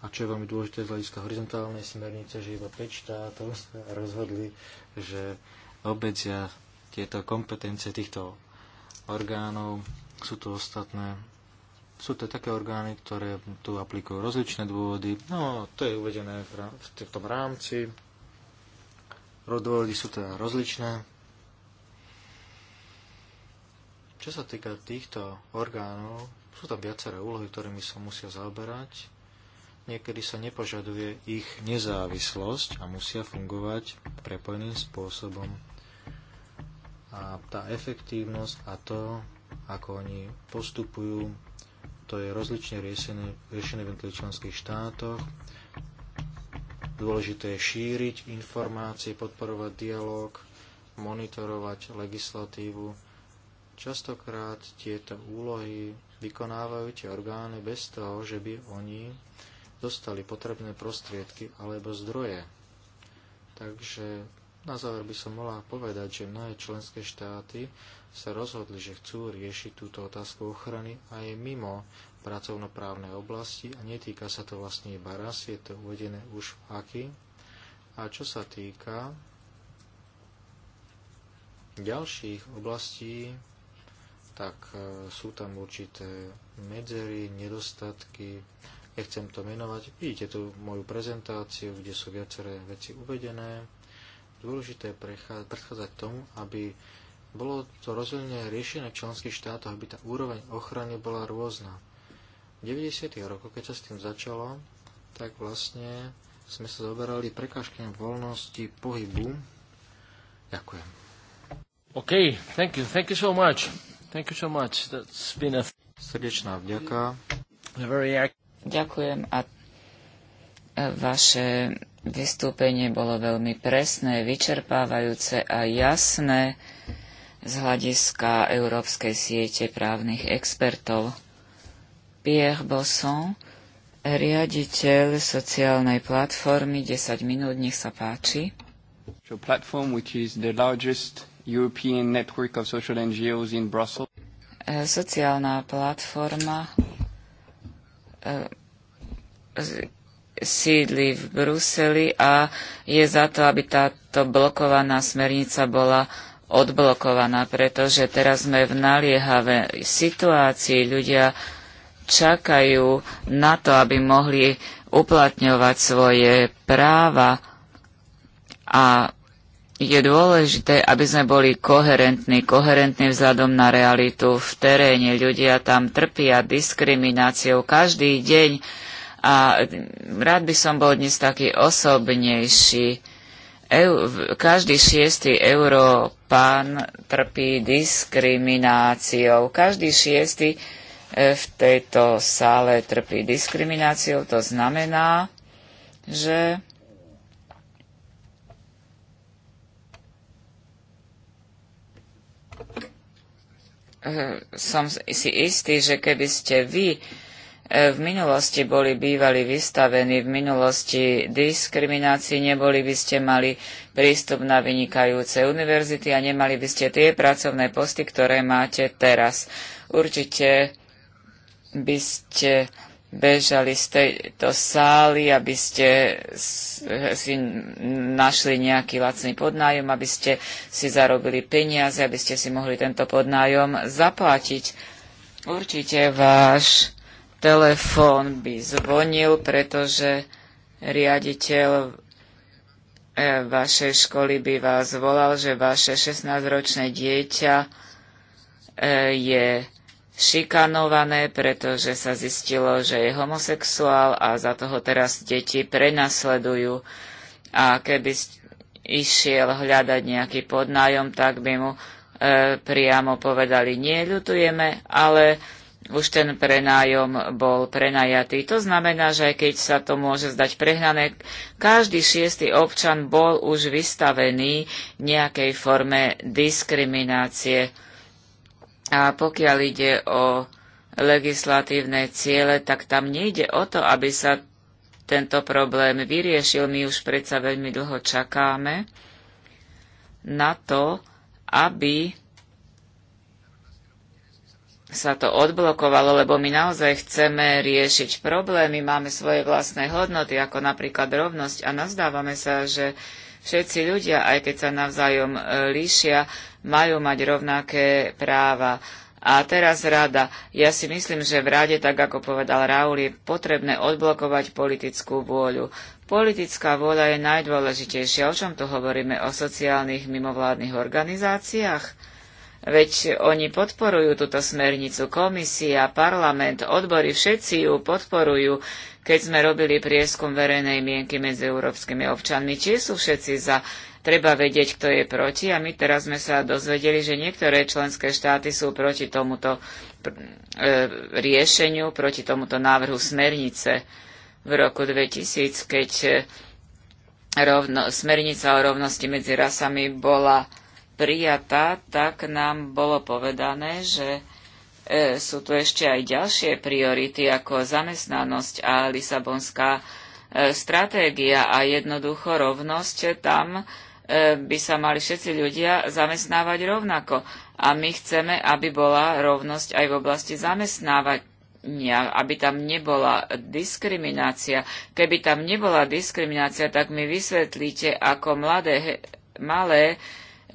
Speaker 2: a čo je veľmi dôležité z hľadiska horizontálnej smernice, že iba 5 štátov sa rozhodli, že obmedzia tieto kompetencie týchto orgánov. Sú to ostatné sú to také orgány, ktoré tu aplikujú rozličné dôvody. No, to je uvedené v tom rámci. Dôvody sú teda rozličné. Čo sa týka týchto orgánov, sú tam viaceré úlohy, ktorými sa musia zaoberať. Niekedy sa nepožaduje ich nezávislosť a musia fungovať prepojeným spôsobom. A tá efektívnosť a to, ako oni postupujú, to je rozlične riešené, riešené v jednotlivých členských štátoch. Dôležité je šíriť informácie, podporovať dialog, monitorovať legislatívu. Častokrát tieto úlohy vykonávajú tie orgány bez toho, že by oni dostali potrebné prostriedky alebo zdroje. Takže na záver by som mohla povedať, že mnohé členské štáty sa rozhodli, že chcú riešiť túto otázku ochrany aj mimo pracovnoprávnej oblasti a netýka sa to vlastne iba raz, je to uvedené už v AKI. A čo sa týka ďalších oblastí, tak e, sú tam určité medzery, nedostatky, nechcem to menovať. Vidíte tu moju prezentáciu, kde sú viaceré veci uvedené. Dôležité je predchádzať tomu, aby bolo to rozdielne riešené v členských štátoch, aby tá úroveň ochrany bola rôzna. V 90. rokoch, keď sa s tým začalo, tak vlastne sme sa zoberali prekážkami voľnosti pohybu. Ďakujem. OK, thank you, thank you so much. Thank you so much. That's been a... Srdečná vďaka. A very Ďakujem a
Speaker 4: vaše vystúpenie bolo veľmi presné, vyčerpávajúce a jasné z hľadiska Európskej siete právnych expertov. Pierre Bosson, riaditeľ sociálnej platformy 10 minút, nech sa páči.
Speaker 1: Platform, which is the largest European network of social NGOs in Brussels.
Speaker 4: Sociálna platforma
Speaker 1: E, sídli
Speaker 4: v Bruseli a je za to, aby táto blokovaná smernica bola odblokovaná, pretože teraz sme v naliehavej situácii. Ľudia čakajú na to, aby mohli uplatňovať svoje práva a je dôležité, aby sme boli koherentní, koherentní vzhľadom na realitu v teréne. Ľudia tam trpia diskrimináciou každý deň a rád by som bol dnes taký osobnejší. Eu, každý šiestý Európán trpí diskrimináciou. Každý šiestý e, v tejto sále trpí diskrimináciou. To znamená, že Eh, som si istý, že keby ste vy eh, v minulosti boli bývali vystavení v minulosti diskriminácii, neboli by ste mali prístup na vynikajúce univerzity a nemali by ste tie pracovné posty, ktoré máte teraz. Určite by ste bežali z tejto sály, aby ste si našli nejaký lacný podnájom, aby ste si zarobili peniaze, aby ste si mohli tento podnájom zaplatiť. Určite váš telefón by zvonil, pretože riaditeľ e, vašej školy by vás volal, že vaše 16-ročné dieťa e, je šikanované, pretože sa zistilo, že je homosexuál a za toho teraz deti prenasledujú. A keby išiel hľadať nejaký podnájom, tak by mu e, priamo povedali, nie, ľutujeme, ale už ten prenájom bol prenajatý. To znamená, že aj keď sa to môže zdať prehnané, každý šiestý občan bol už vystavený nejakej forme diskriminácie. A pokiaľ ide o legislatívne ciele, tak tam nejde o to, aby sa tento problém vyriešil. My už predsa veľmi dlho čakáme na to, aby sa to odblokovalo, lebo my naozaj chceme riešiť problémy, máme svoje vlastné hodnoty, ako napríklad rovnosť a nazdávame sa, že Všetci ľudia, aj keď sa navzájom e, líšia, majú mať rovnaké práva. A teraz rada. Ja si myslím, že v rade, tak ako povedal Raul, je potrebné odblokovať politickú vôľu. Politická vôľa je najdôležitejšia. O čom tu hovoríme? O sociálnych mimovládnych organizáciách? Veď oni podporujú túto smernicu, komisia, parlament, odbory, všetci ju podporujú keď sme robili prieskum verejnej mienky medzi európskymi občanmi, či sú všetci za treba vedieť, kto je proti a my teraz sme sa dozvedeli, že niektoré členské štáty sú proti tomuto e, riešeniu, proti tomuto návrhu smernice v roku 2000, keď e, rovno, smernica o rovnosti medzi rasami bola prijatá, tak nám bolo povedané, že E, sú tu ešte aj ďalšie priority ako zamestnanosť a Lisabonská e, stratégia a jednoducho rovnosť. Tam e, by sa mali všetci ľudia zamestnávať rovnako. A my chceme, aby bola rovnosť aj v oblasti zamestnávania aby tam nebola diskriminácia. Keby tam nebola diskriminácia, tak mi vysvetlíte, ako mladé, malé,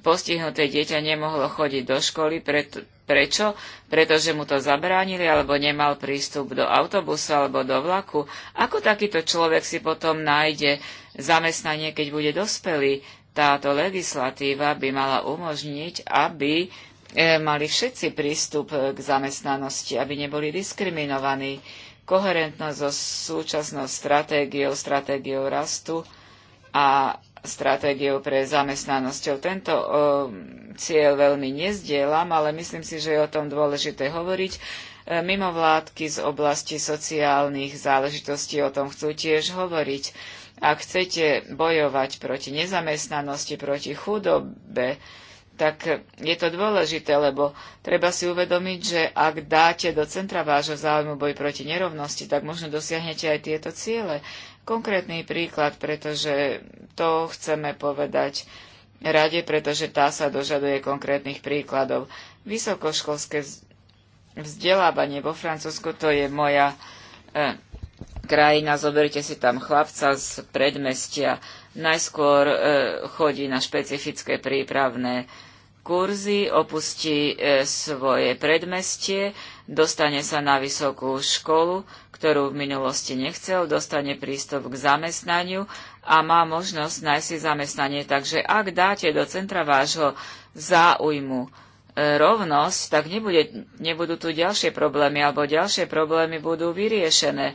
Speaker 4: postihnuté dieťa nemohlo chodiť do školy, preto, Prečo? Pretože mu to zabránili, alebo nemal prístup do autobusu alebo do vlaku. Ako takýto človek si potom nájde zamestnanie, keď bude dospelý? Táto legislatíva by mala umožniť, aby e, mali všetci prístup e, k zamestnanosti, aby neboli diskriminovaní. Koherentnosť so súčasnou stratégiou, stratégiou rastu a stratégiou pre zamestnanosťou. Tento o, eh, cieľ veľmi nezdielam, ale myslím si, že je o tom dôležité hovoriť. Eh, mimovládky z oblasti sociálnych záležitostí o tom chcú tiež hovoriť. Ak chcete bojovať proti nezamestnanosti, proti chudobe, tak je to dôležité, lebo treba si uvedomiť, že ak dáte do centra vášho záujmu boj proti nerovnosti, tak možno dosiahnete aj tieto ciele konkrétny príklad, pretože to chceme povedať rade, pretože tá sa dožaduje konkrétnych príkladov. Vysokoškolské vzdelávanie vo Francúzsku, to je moja e, krajina, zoberte si tam chlapca z predmestia. Najskôr e, chodí na špecifické prípravné kurzy, opustí e, svoje predmestie, dostane sa na vysokú školu, ktorú v minulosti nechcel, dostane prístup k zamestnaniu a má možnosť nájsť si zamestnanie. Takže ak dáte do centra vášho záujmu e, rovnosť, tak nebude, nebudú tu ďalšie problémy, alebo ďalšie problémy budú vyriešené. E,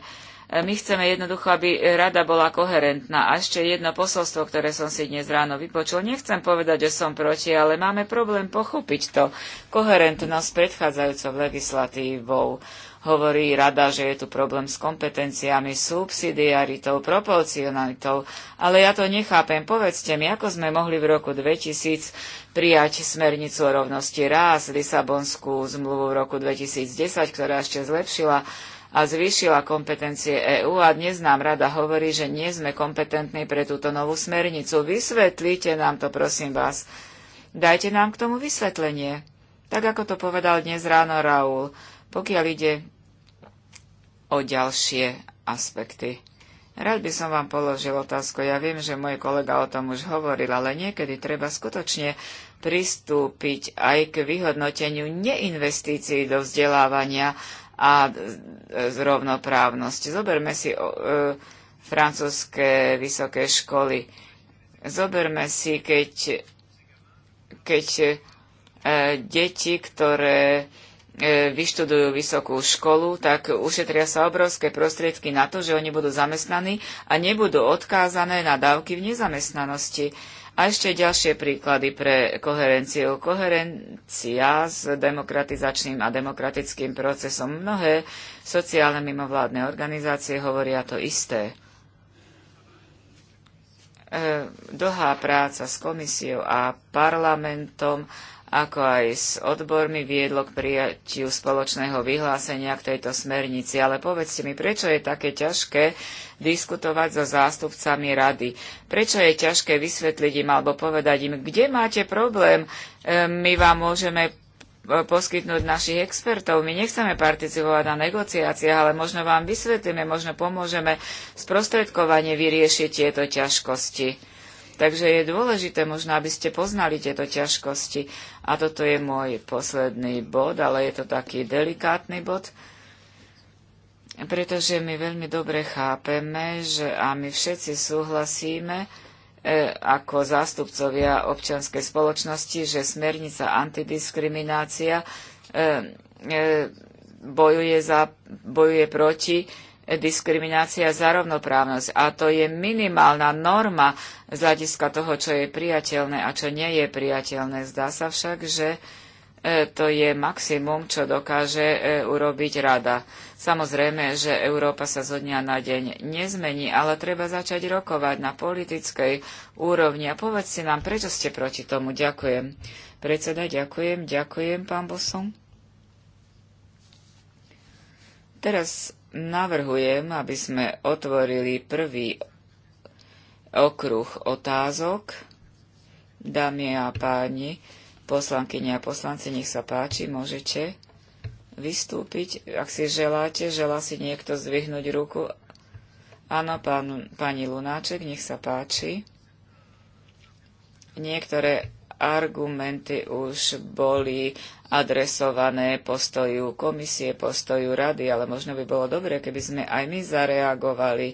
Speaker 4: my chceme jednoducho, aby rada bola koherentná. A ešte jedno posolstvo, ktoré som si dnes ráno vypočul. Nechcem povedať, že som proti, ale máme problém pochopiť to. Koherentnosť predchádzajúcou legislatívou. Hovorí rada, že je tu problém s kompetenciami, subsidiaritou, proporcionalitou, ale ja to nechápem. Povedzte mi, ako sme mohli v roku 2000 prijať smernicu o rovnosti rás, Lisabonskú zmluvu v roku 2010, ktorá ešte zlepšila a zvýšila kompetencie EÚ a dnes nám rada hovorí, že nie sme kompetentní pre túto novú smernicu. Vysvetlite nám to, prosím vás. Dajte nám k tomu vysvetlenie. Tak ako to povedal dnes ráno Raúl, pokiaľ ide o ďalšie aspekty. Rád by som vám položil otázku. Ja viem, že môj kolega o tom už hovoril, ale niekedy treba skutočne pristúpiť aj k vyhodnoteniu neinvestícií do vzdelávania a zrovnoprávnosti. Zoberme si e, francúzske vysoké školy. Zoberme si, keď, keď e, deti, ktoré E, vyštudujú vysokú školu, tak ušetria sa obrovské prostriedky na to, že oni budú zamestnaní a nebudú odkázané na dávky v nezamestnanosti. A ešte ďalšie príklady pre koherenciu. Koherencia s demokratizačným a demokratickým procesom. Mnohé sociálne mimovládne organizácie hovoria to isté. E, dlhá práca s komisiou a parlamentom ako aj s odbormi viedlo k prijatiu spoločného vyhlásenia k tejto smernici. Ale povedzte mi, prečo je také ťažké diskutovať so zástupcami rady? Prečo je ťažké vysvetliť im alebo povedať im, kde máte problém? My vám môžeme e, poskytnúť našich expertov. My nechceme participovať na negociáciách, ale možno vám vysvetlíme, možno pomôžeme sprostredkovanie vyriešiť tieto ťažkosti. Takže je dôležité možno, aby ste poznali tieto ťažkosti. A toto je môj posledný bod, ale je to taký delikátny bod, pretože my veľmi dobre chápeme, že a my všetci súhlasíme e, ako zástupcovia občianskej spoločnosti, že smernica antidiskriminácia e, e, bojuje, za, bojuje proti diskriminácia za rovnoprávnosť. A to je minimálna norma z hľadiska toho, čo je priateľné a čo nie je priateľné. Zdá sa však, že e, to je maximum, čo dokáže e, urobiť rada. Samozrejme, že Európa sa zo dňa na deň nezmení, ale treba začať rokovať na politickej úrovni. A si nám, prečo ste proti tomu. Ďakujem. Predseda, ďakujem. Ďakujem, pán Bosom. Teraz navrhujem, aby sme otvorili prvý okruh otázok. Dámy a páni, poslankyne a poslanci, nech sa páči, môžete vystúpiť. Ak si želáte, želá si niekto zdvihnúť ruku. Áno, pán, pani Lunáček, nech sa páči. Niektoré argumenty už boli adresované postoju komisie, postoju rady, ale možno by bolo dobre, keby sme aj my zareagovali.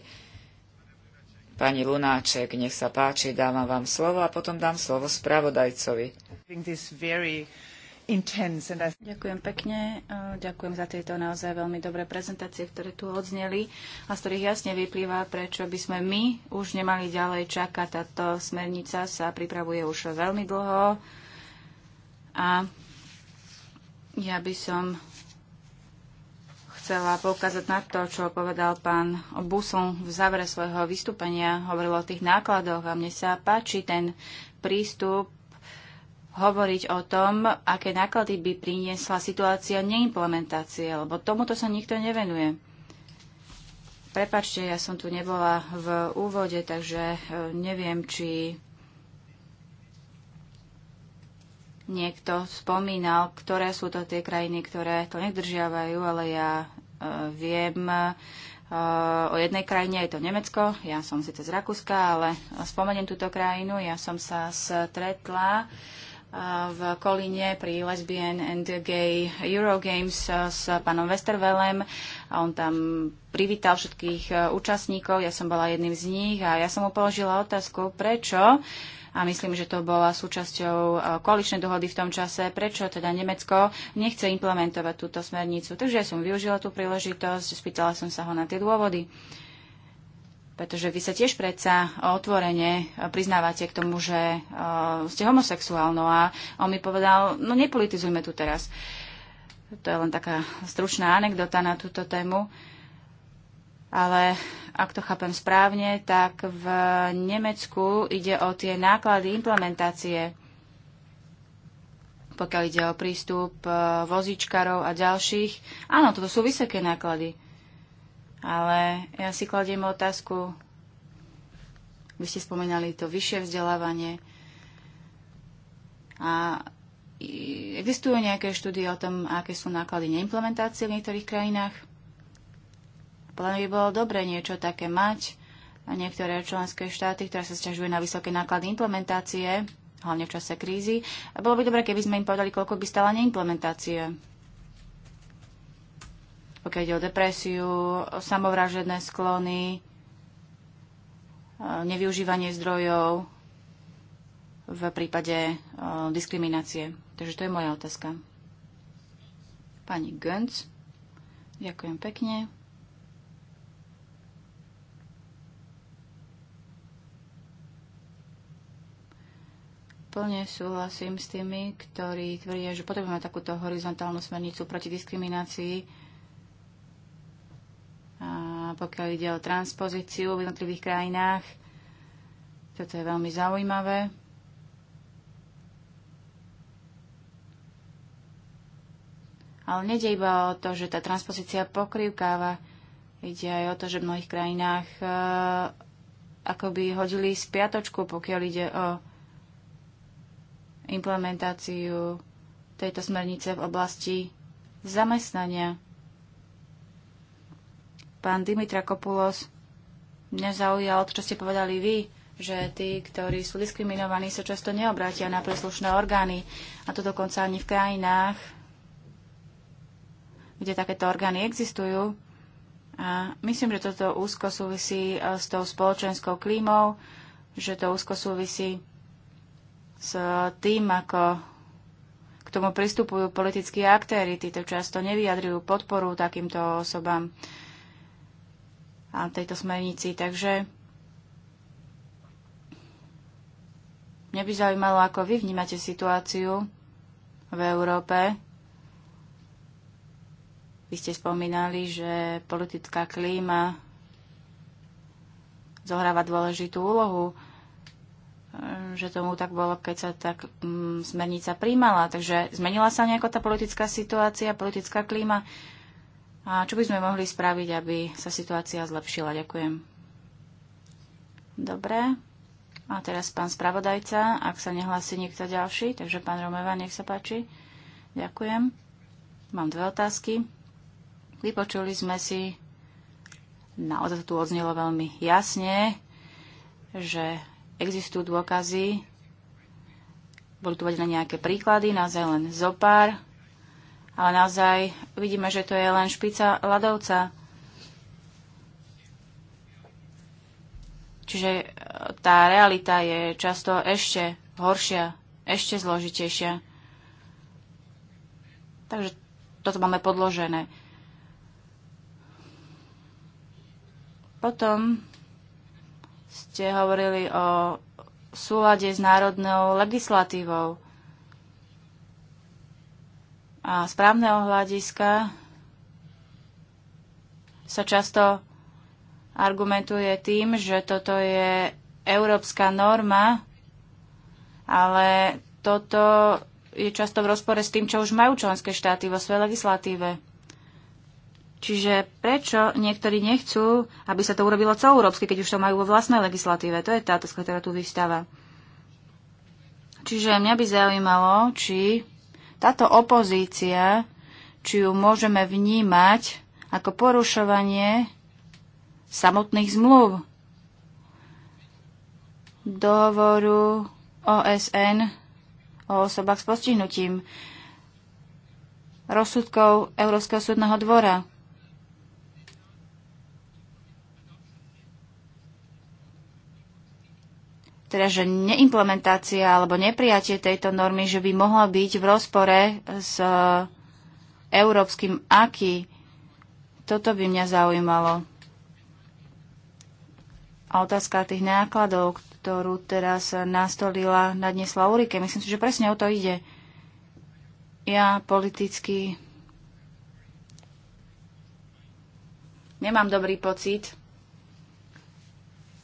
Speaker 4: Pani Lunáček, nech sa páči, dávam vám slovo a potom dám slovo spravodajcovi.
Speaker 3: Ďakujem pekne. Ďakujem za tieto naozaj veľmi dobré prezentácie, ktoré tu odzneli a z ktorých jasne vyplýva, prečo by sme my už nemali ďalej čakať. Táto smernica sa pripravuje už veľmi dlho a ja by som chcela poukázať na to, čo povedal pán Buson v závere svojho vystúpenia. Hovoril o tých nákladoch a mne sa páči ten prístup hovoriť o tom, aké náklady by priniesla situácia neimplementácie, lebo tomuto sa nikto nevenuje. Prepačte, ja som tu nebola v úvode, takže e, neviem, či niekto spomínal, ktoré sú to tie krajiny, ktoré to nedržiavajú, ale ja uh, viem uh, o jednej krajine, je to Nemecko, ja som síce z Rakúska, ale spomeniem túto krajinu, ja som sa stretla e, v Kolíne pri Lesbian and Gay Eurogames s pánom Westervelem. A on tam privítal všetkých účastníkov, ja som bola jedným z nich a ja som mu položila otázku, prečo uh, a myslím, že to bola súčasťou e, koaličnej dohody v tom čase, prečo teda Nemecko nechce implementovať túto smernicu. Takže ja som využila tú príležitosť, spýtala som sa ho na tie dôvody pretože vy sa tiež predsa otvorene priznávate k tomu, že uh, ste homosexuálno a on mi povedal, no nepolitizujme tu teraz. To je len taká stručná anekdota na túto tému. Uh, ale ak to chápem správne, tak v Nemecku ide o tie náklady implementácie, pokiaľ ide o prístup e, vozičkarov a ďalších. Áno, toto sú vysoké náklady. Ale ja si kladiem otázku, vy ste spomínali to vyššie vzdelávanie a existujú nejaké štúdie o tom, aké sú náklady neimplementácie v niektorých krajinách? Len by bolo dobre niečo také mať. A niektoré členské štáty, ktoré sa sťažujú na vysoké náklady implementácie, hlavne v čase krízy. A bolo by dobre, keby sme im povedali, koľko by stala neimplementácie. Pokiaľ ide o depresiu, o samovražedné sklony, e, nevyužívanie zdrojov v prípade e, diskriminácie. Takže to je moja otázka. Pani Gönc, ďakujem pekne. Plne súhlasím s tými, ktorí tvrdia, že potrebujeme takúto horizontálnu smernicu proti diskriminácii. A pokiaľ ide o transpozíciu v jednotlivých krajinách, toto je veľmi zaujímavé. Ale nede iba o to, že tá transpozícia pokrývkáva. Ide aj o to, že v mnohých krajinách e, akoby hodili z piatočku, pokiaľ ide o implementáciu tejto smernice v oblasti zamestnania. Pán Dimitra Kopulos, mňa zaujalo to, čo ste povedali vy, že tí, ktorí sú diskriminovaní, sa často neobrátia na príslušné orgány. A to dokonca ani v krajinách, kde takéto orgány existujú. A myslím, že toto úzko súvisí eh, s tou spoločenskou klímou, že to úzko súvisí s tým, ako k tomu pristupujú politickí aktéry. Títo často nevyjadrujú podporu takýmto osobám a tejto smernici. Takže mňa by zaujímalo, ako vy vnímate situáciu v Európe. Vy ste spomínali, že politická klíma zohráva dôležitú úlohu E, že tomu tak bolo, keď sa tak mm, smernica príjmala. Takže zmenila sa nejako tá politická situácia, politická klíma. A čo by sme mohli spraviť, aby sa situácia zlepšila? Ďakujem. Dobre. A teraz pán spravodajca, ak sa nehlási niekto ďalší, takže pán Romeva, nech sa páči. Ďakujem. Mám dve otázky. Vypočuli sme si, naozaj tu odznelo veľmi jasne, že existujú dôkazy, boli tu vedené nejaké príklady, naozaj len zopár, ale naozaj vidíme, že to je len špica ľadovca. Čiže e, tá realita je často ešte horšia, ešte zložitejšia. Takže toto máme podložené. Potom ste hovorili o súlade s národnou legislatívou. A správneho hľadiska sa často argumentuje tým, že toto je európska norma, ale toto je často v rozpore s tým, čo už majú členské štáty vo svojej legislatíve. Čiže prečo niektorí nechcú, aby sa to urobilo celoeurópsky, keď už to majú vo vlastnej legislatíve? To je tá otázka, ktorá tu vystáva. Čiže mňa by zaujímalo, či táto opozícia, či ju môžeme vnímať ako porušovanie samotných zmluv dohovoru OSN o osobách s postihnutím, rozsudkov Európskeho súdneho dvora. teda že neimplementácia alebo neprijatie tejto normy, že by mohla byť v rozpore s e, európskym aký. Toto by mňa zaujímalo. A otázka tých nákladov, ktorú teraz nastolila, nadnesla Urike. Myslím si, že presne o to ide. Ja politicky nemám dobrý pocit,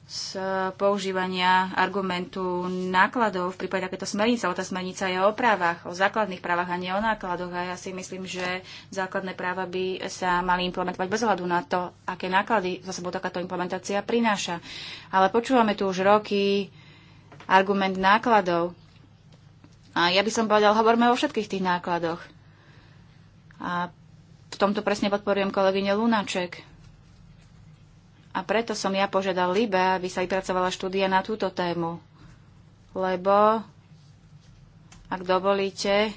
Speaker 3: z používania argumentu nákladov v prípade takéto smernice, lebo tá smernica je o právach, o základných právach a nie o nákladoch. A ja si myslím, že základné práva by sa mali implementovať bez hľadu na to, aké náklady za sebou takáto implementácia prináša. Ale počúvame tu už roky argument nákladov. A ja by som povedal, hovorme o všetkých tých nákladoch. A v tomto presne podporujem kolegyne Lunaček a preto som ja požiadal Libe, aby sa vypracovala štúdia na túto tému. Lebo, ak dovolíte,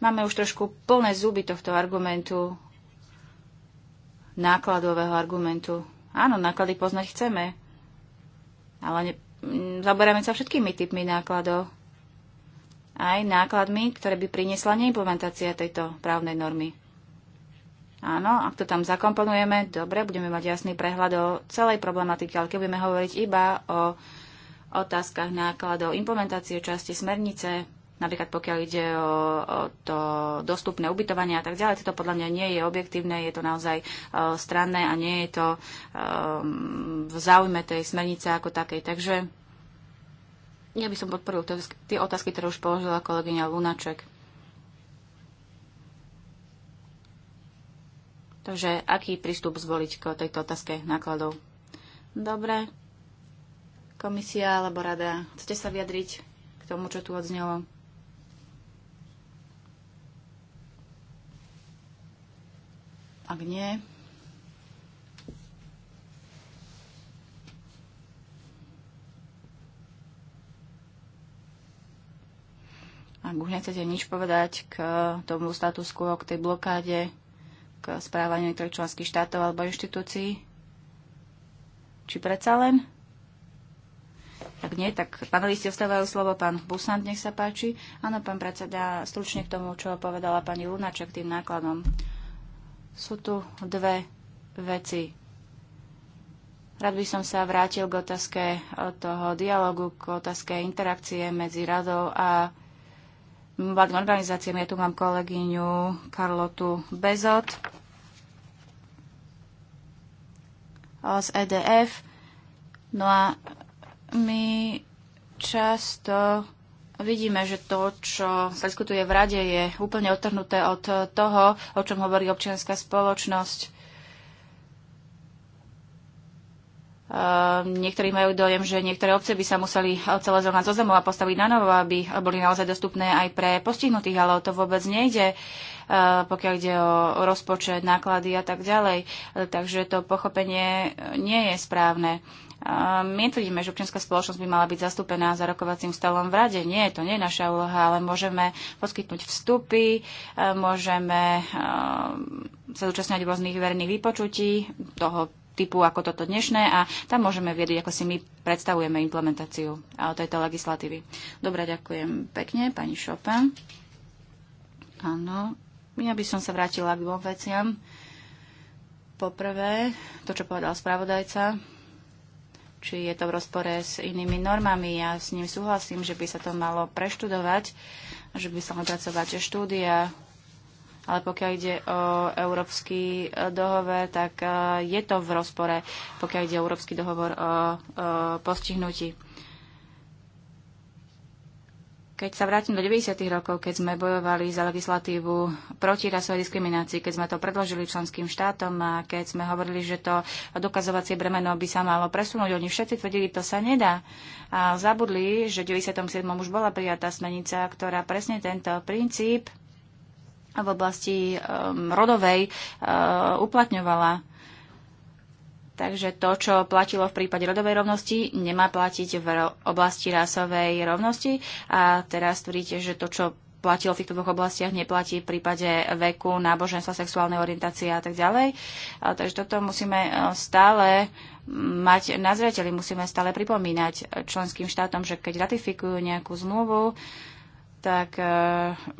Speaker 3: máme už trošku plné zuby tohto argumentu, nákladového argumentu. Áno, náklady poznať chceme, ale ne, zaberáme sa všetkými typmi nákladov. Aj nákladmi, ktoré by priniesla neimplementácia tejto právnej normy. Áno, ak to tam zakomponujeme, dobre, budeme mať jasný prehľad o celej problematike, ale keď budeme hovoriť iba o otázkach nákladov implementácie časti smernice, napríklad pokiaľ ide o, o to dostupné ubytovanie a tak ďalej, toto podľa mňa nie je objektívne, je to naozaj uh, stranné a nie je to um, v záujme tej smernice ako takej. Takže ja by som podporil tie otázky, ktoré už položila kolegyňa Lunaček. Takže aký prístup zvoliť k tejto otázke nákladov? Dobre. Komisia alebo rada, chcete sa vyjadriť k tomu, čo tu odznelo? Ak nie, Ak už nechcete nič povedať k tomu status quo, k tej blokáde, k správaniu niektorých členských štátov alebo inštitúcií? Či predsa len? Ak nie, tak panelisti ostávajú slovo. Pán Busant, nech sa páči. Áno, pán predseda, stručne k tomu, čo povedala pani Lunaček tým nákladom. Sú tu dve veci. Rád by som sa vrátil k otázke toho dialogu, k otázke interakcie medzi radou a mladým organizáciám. Ja tu mám kolegyňu Karlotu Bezot z EDF. No a my často vidíme, že to, čo sa diskutuje v rade, je úplne odtrhnuté od toho, o čom hovorí občianská spoločnosť. Ehm, niektorí majú dojem, že niektoré obce by sa museli eh, celé zrovnať zo zemou a postaviť na novo, aby boli naozaj dostupné aj pre postihnutých, ale o to vôbec nejde, eh, pokiaľ ide o rozpočet, náklady a tak ďalej. Eh, takže to pochopenie nie je správne. Ehm, my tvrdíme, že občianská spoločnosť by mala byť zastúpená za rokovacím stolom v rade. Nie, to nie je naša úloha, ale môžeme poskytnúť vstupy, môžeme ehm, sa zúčastňovať rôznych verejných vypočutí, toho typu ako toto dnešné a tam môžeme viedieť, ako si my predstavujeme implementáciu tejto legislatívy. Dobre, ďakujem pekne, pani Šopa. Áno, ja by som sa vrátila k dvom veciam. Poprvé, to, čo povedal spravodajca, či je to v rozpore s inými normami. Ja s ním súhlasím, že by sa to malo preštudovať, že by sa mal pracovať štúdia ale pokiaľ ide o európsky e, dohovor, tak e, je to v rozpore, pokiaľ ide o európsky dohovor o, postihnutí. Keď sa vrátim do 90. rokov, keď sme bojovali za legislatívu proti rasovej diskriminácii, keď sme to predložili členským štátom a keď sme hovorili, že to dokazovacie bremeno by sa malo presunúť, oni všetci tvrdili, to sa nedá. A zabudli, že v 97. už bola prijatá smenica, ktorá presne tento princíp v oblasti um, rodovej uh, uplatňovala. Takže to, čo platilo v prípade rodovej rovnosti, nemá platiť v oblasti rasovej rovnosti. A teraz tvrdíte, že to, čo platilo v týchto dvoch oblastiach, neplatí v prípade veku, náboženstva, sexuálnej orientácie a tak ďalej. A, takže toto musíme e, stále mať na zreteli, musíme stále pripomínať členským štátom, že keď ratifikujú nejakú zmluvu, uh, tak eh,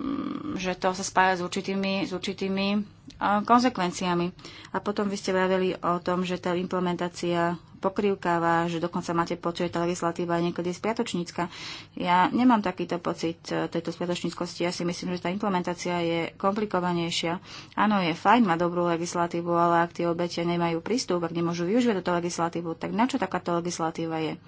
Speaker 3: mm, že to sa spája s určitými, s určitými eh, konsekvenciami. A potom vy ste vraveli o tom, že tá implementácia pokrývkáva, že dokonca máte pocit, že tá legislatíva je niekedy spiatočnícka. Ja nemám takýto pocit eh, tejto spiatočníckosti. Ja si myslím, že tá implementácia je komplikovanejšia. Áno, je fajn má dobrú legislatívu, ale ak tie obete nemajú prístup, ak nemôžu využívať túto legislatívu, tak na čo takáto legislatíva je?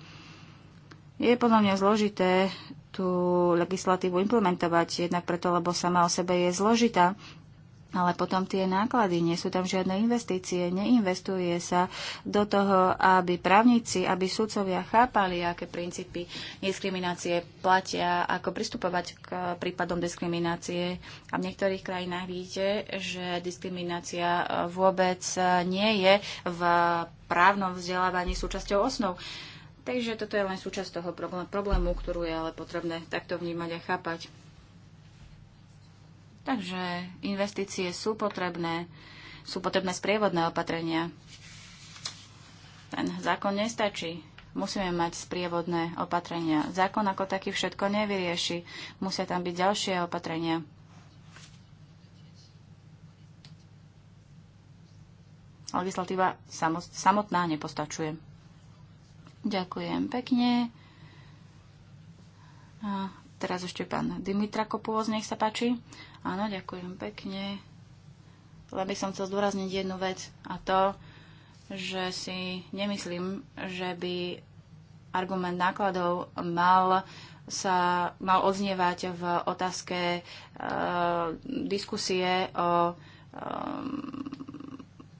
Speaker 3: Je podľa mňa zložité tú legislatívu implementovať, jednak preto, lebo sama o sebe je zložitá. Ale potom tie náklady, nie sú tam žiadne investície, neinvestuje sa do toho, aby právnici, aby sudcovia chápali, aké princípy diskriminácie platia, ako pristupovať k prípadom diskriminácie. A v niektorých krajinách vidíte, že diskriminácia vôbec nie je v právnom vzdelávaní súčasťou osnov. Uh, Takže toto je len súčasť toho problému, ktorú je ale potrebné takto vnímať a chápať. Takže investície sú potrebné, sú potrebné sprievodné opatrenia. Ten zákon nestačí. Musíme mať sprievodné opatrenia. Zákon ako taký všetko nevyrieši. Musia tam byť ďalšie opatrenia. Legislatíva samotná nepostačuje. Ďakujem pekne. A teraz ešte pán Dimitra Kopôz, nech sa páči. Áno, ďakujem pekne. Len by som chcel zdôrazniť jednu vec a to, že si nemyslím, že by argument nákladov mal sa mal odznievať v otázke e, diskusie o e,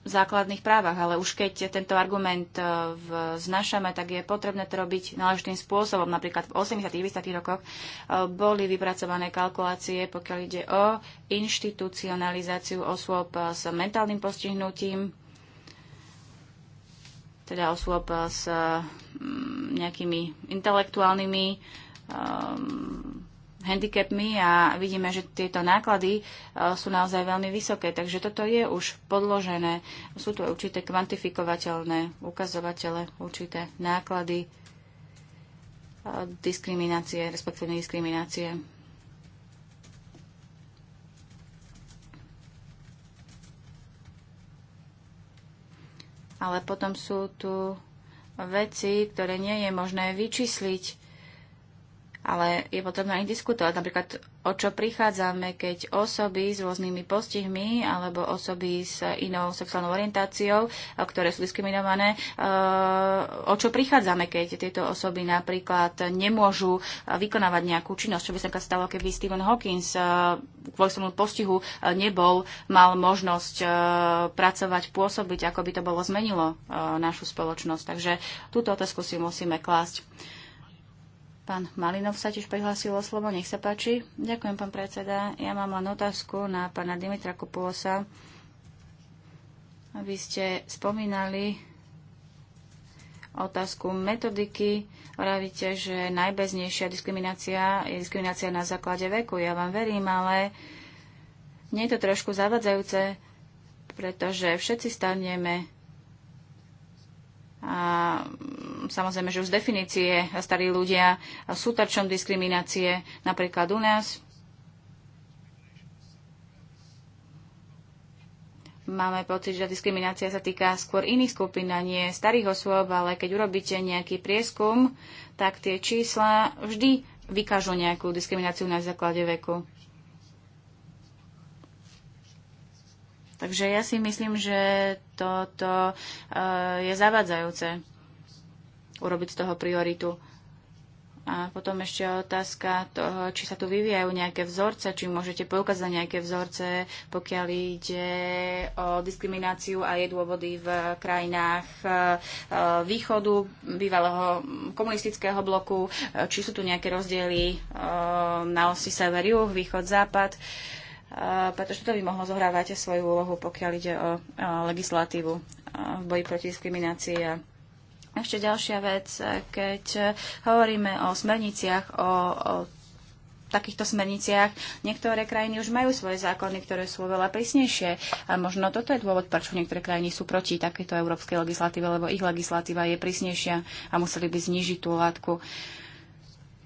Speaker 3: základných právach, ale už keď tento argument e, znašame, tak je potrebné to robiť náležitým spôsobom. Napríklad v 80. 90. rokoch e, boli vypracované kalkulácie, pokiaľ ide o inštitucionalizáciu osôb e, s mentálnym postihnutím, teda osôb s mm, nejakými intelektuálnymi um, handicapmi a vidíme, že tieto náklady e, sú naozaj veľmi vysoké. Takže toto je už podložené. Sú tu určité kvantifikovateľné ukazovatele, určité náklady e, diskriminácie, respektíve diskriminácie. Ale potom sú tu veci, ktoré nie je možné vyčísliť ale je potrebné aj diskutovať. Napríklad, o čo prichádzame, keď osoby s rôznymi postihmi alebo osoby s inou sexuálnou orientáciou, e, ktoré sú diskriminované, e, o čo prichádzame, keď tieto osoby napríklad nemôžu vykonávať nejakú činnosť, čo by sa stalo, keby Stephen Hawkins e, kvôli svojmu postihu nebol, mal možnosť pracovať, pôsobiť, ako by to bolo zmenilo našu spoločnosť. Takže túto otázku si musíme klásť. Pán Malinov sa tiež prihlásil o slovo, nech sa páči. Ďakujem, pán predseda. Ja mám len otázku na pána Dimitra Kupulosa. Vy ste spomínali otázku metodiky. Hovoríte, že najbeznejšia diskriminácia je diskriminácia na základe veku. Ja vám verím, ale nie je to trošku zavadzajúce, pretože všetci starneme a samozrejme, že už z definície starí ľudia sú tarčom diskriminácie napríklad u nás. Máme pocit, že diskriminácia sa týka skôr iných skupín a nie starých osôb, ale keď urobíte nejaký prieskum, tak tie čísla vždy vykážu nejakú diskrimináciu na základe veku. Takže ja si myslím, že toto eh, je zavadzajúce urobiť z toho prioritu. A potom ešte otázka toho, či sa tu vyvíjajú nejaké vzorce, či môžete poukázať nejaké vzorce, pokiaľ ide o diskrimináciu a jej dôvody v krajinách e, e, východu, bývalého komunistického bloku, e, či sú tu nejaké rozdiely na osi sever, juh, východ, západ, pretože to by mohlo zohrávať svoju úlohu, pokiaľ ide o legislatívu v boji proti diskriminácii a ešte ďalšia vec, keď hovoríme o smerniciach, o, o takýchto smerniciach, niektoré krajiny už majú svoje zákony, ktoré sú oveľa prísnejšie. A možno toto je dôvod, prečo niektoré krajiny sú proti takéto európskej legislatíve, lebo ich legislatíva je prísnejšia a museli by znižiť tú látku.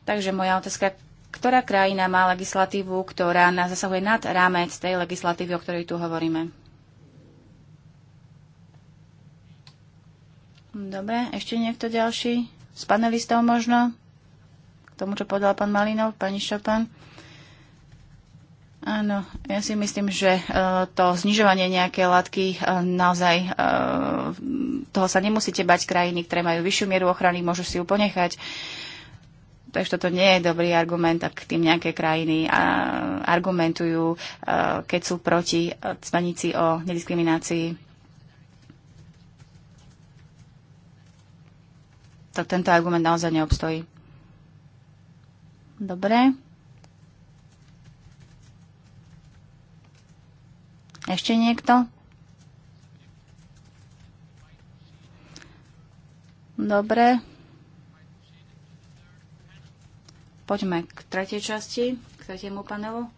Speaker 3: Takže moja otázka, ktorá krajina má legislatívu, ktorá nás zasahuje nad rámec tej legislatívy, o ktorej tu hovoríme? Dobre, ešte niekto ďalší? Z panelistov možno? K tomu, čo povedal pán Malinov, pani Šopan. Áno, ja si myslím, že e, to znižovanie nejaké látky e, naozaj e, toho sa nemusíte bať krajiny, ktoré majú vyššiu mieru ochrany, môžu si ju ponechať. Takže toto nie je dobrý argument, ak tým nejaké krajiny argumentujú, keď sú proti stanici o nediskriminácii. tak tento argument naozaj neobstojí. Dobre. Ešte niekto? Dobre. Poďme k tretej časti, k tretiemu panelu.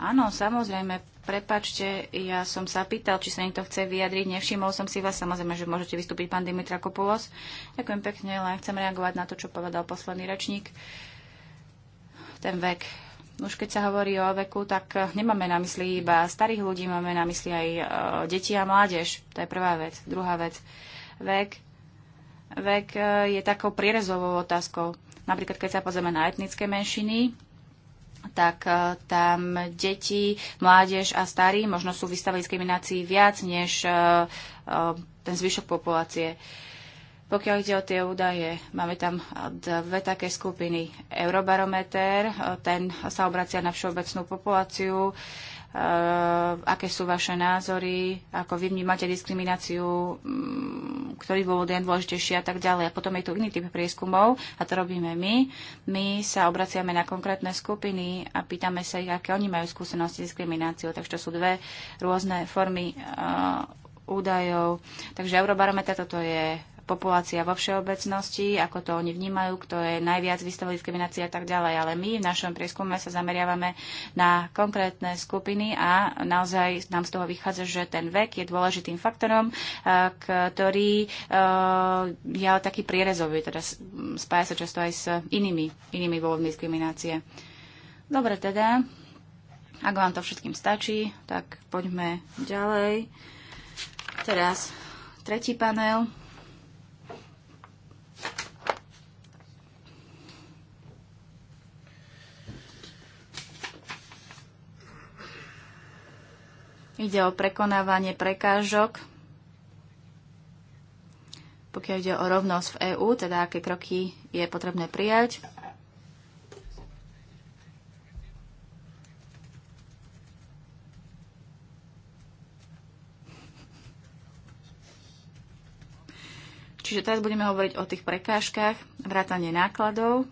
Speaker 3: Áno, samozrejme, Prepačte, ja som sa pýtal, či sa niekto chce vyjadriť. Nevšimol som si vás. Samozrejme, že môžete vystúpiť pán Dimitra Kopulos. Ďakujem pekne, len chcem reagovať na to, čo povedal posledný rečník. Ten vek. Už keď sa hovorí o veku, tak eh, nemáme na mysli iba starých ľudí, máme na mysli aj eh, deti a mládež. To je prvá vec. Druhá vec. Vek. Vek eh, je takou prierezovou otázkou. Napríklad, keď sa pozrieme na etnické menšiny, tak eh, tam deti, mládež a starí možno sú vystavení diskriminácii viac než eh, eh, ten zvyšok populácie. Pokiaľ ide o tie údaje, máme tam dve také skupiny. Eurobarometer, ten sa obracia na všeobecnú populáciu Eh, aké sú vaše názory, ako vy vnímate diskrimináciu, mm, ktorý dôvod je dôležitejší a tak ďalej. A potom je tu iný typ prieskumov a to robíme my. My sa obraciame na konkrétne skupiny a pýtame sa ich, aké oni majú skúsenosti s diskrimináciou. Takže to sú dve rôzne formy eh, údajov. Takže Eurobarometer toto je populácia vo všeobecnosti, ako to oni vnímajú, kto je najviac vystavený diskriminácii a tak ďalej. Ale my v našom prieskume sa zameriavame na konkrétne skupiny a naozaj nám z toho vychádza, že ten vek je dôležitým faktorom, e, ktorý e, je ale taký prierezový, teda spája sa často aj s inými, inými dôvodmi diskriminácie. Dobre teda, ak vám to všetkým stačí, tak poďme ďalej. Teraz tretí panel. Ide o prekonávanie prekážok, pokiaľ ide o rovnosť v EÚ, teda aké kroky je potrebné prijať. Čiže teraz budeme hovoriť o tých prekážkach, vrátanie nákladov.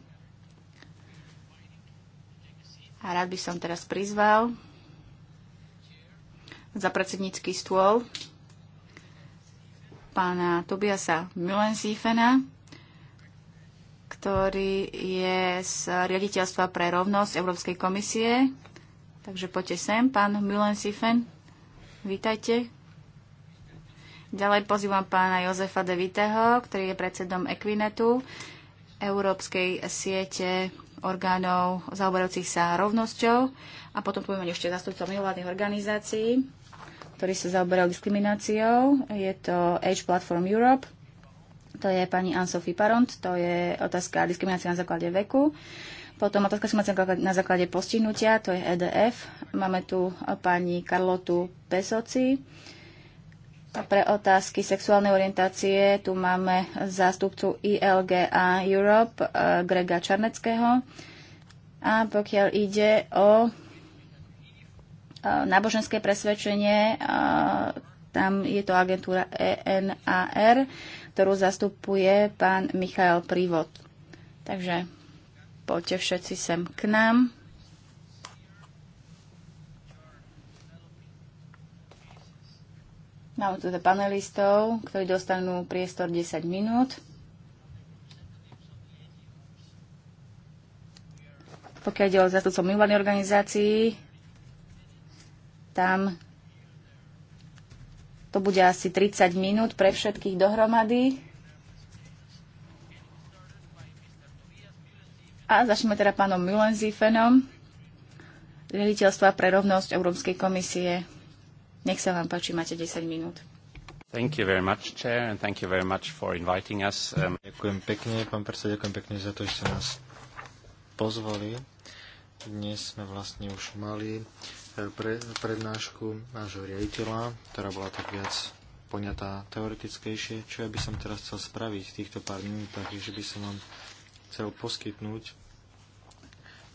Speaker 3: A rád by som teraz prizval za predsednícky stôl pána Tobiasa Müllensífena, ktorý je z riaditeľstva pre rovnosť Európskej komisie. Takže poďte sem, pán Müllensífen. Vítajte. Ďalej pozývam pána Jozefa De Viteho, ktorý je predsedom Equinetu, Európskej siete orgánov zaoberajúcich sa rovnosťou. A potom tu budeme ešte zastupcov mimovládnych organizácií ktorý sa zaoberal diskrimináciou. Je to Age Platform Europe. To je pani Anne-Sophie Paront. To je otázka diskriminácie na základe veku. Potom otázka diskriminácie na základe postihnutia. To je EDF. Máme tu pani Karlotu Pesoci. A pre otázky sexuálnej orientácie tu máme zástupcu ILGA Europe eh, Grega Čarneckého. A pokiaľ ide o Eh, náboženské presvedčenie, eh, tam je to agentúra ENAR, ktorú zastupuje pán Michael Prívod. Takže poďte všetci sem k nám. Máme tu teda panelistov, ktorí dostanú priestor 10 minút. Pokiaľ ide o zastupcov organizácií, tam to bude asi 30 minút pre všetkých dohromady. A začneme teda pánom Müllenzifenom, riaditeľstva pre rovnosť Európskej komisie. Nech sa vám páči, máte 10 minút.
Speaker 2: Thank you very much, Chair, and thank you very much for inviting us. Um... Ďakujem pekne, pán predseda, ďakujem pekne za to, že ste nás pozvali. Dnes sme vlastne už mali pre, prednášku nášho riaditeľa, ktorá bola tak viac poňatá teoretickejšie. Čo ja by som teraz chcel spraviť v týchto pár minútach, že by som vám chcel poskytnúť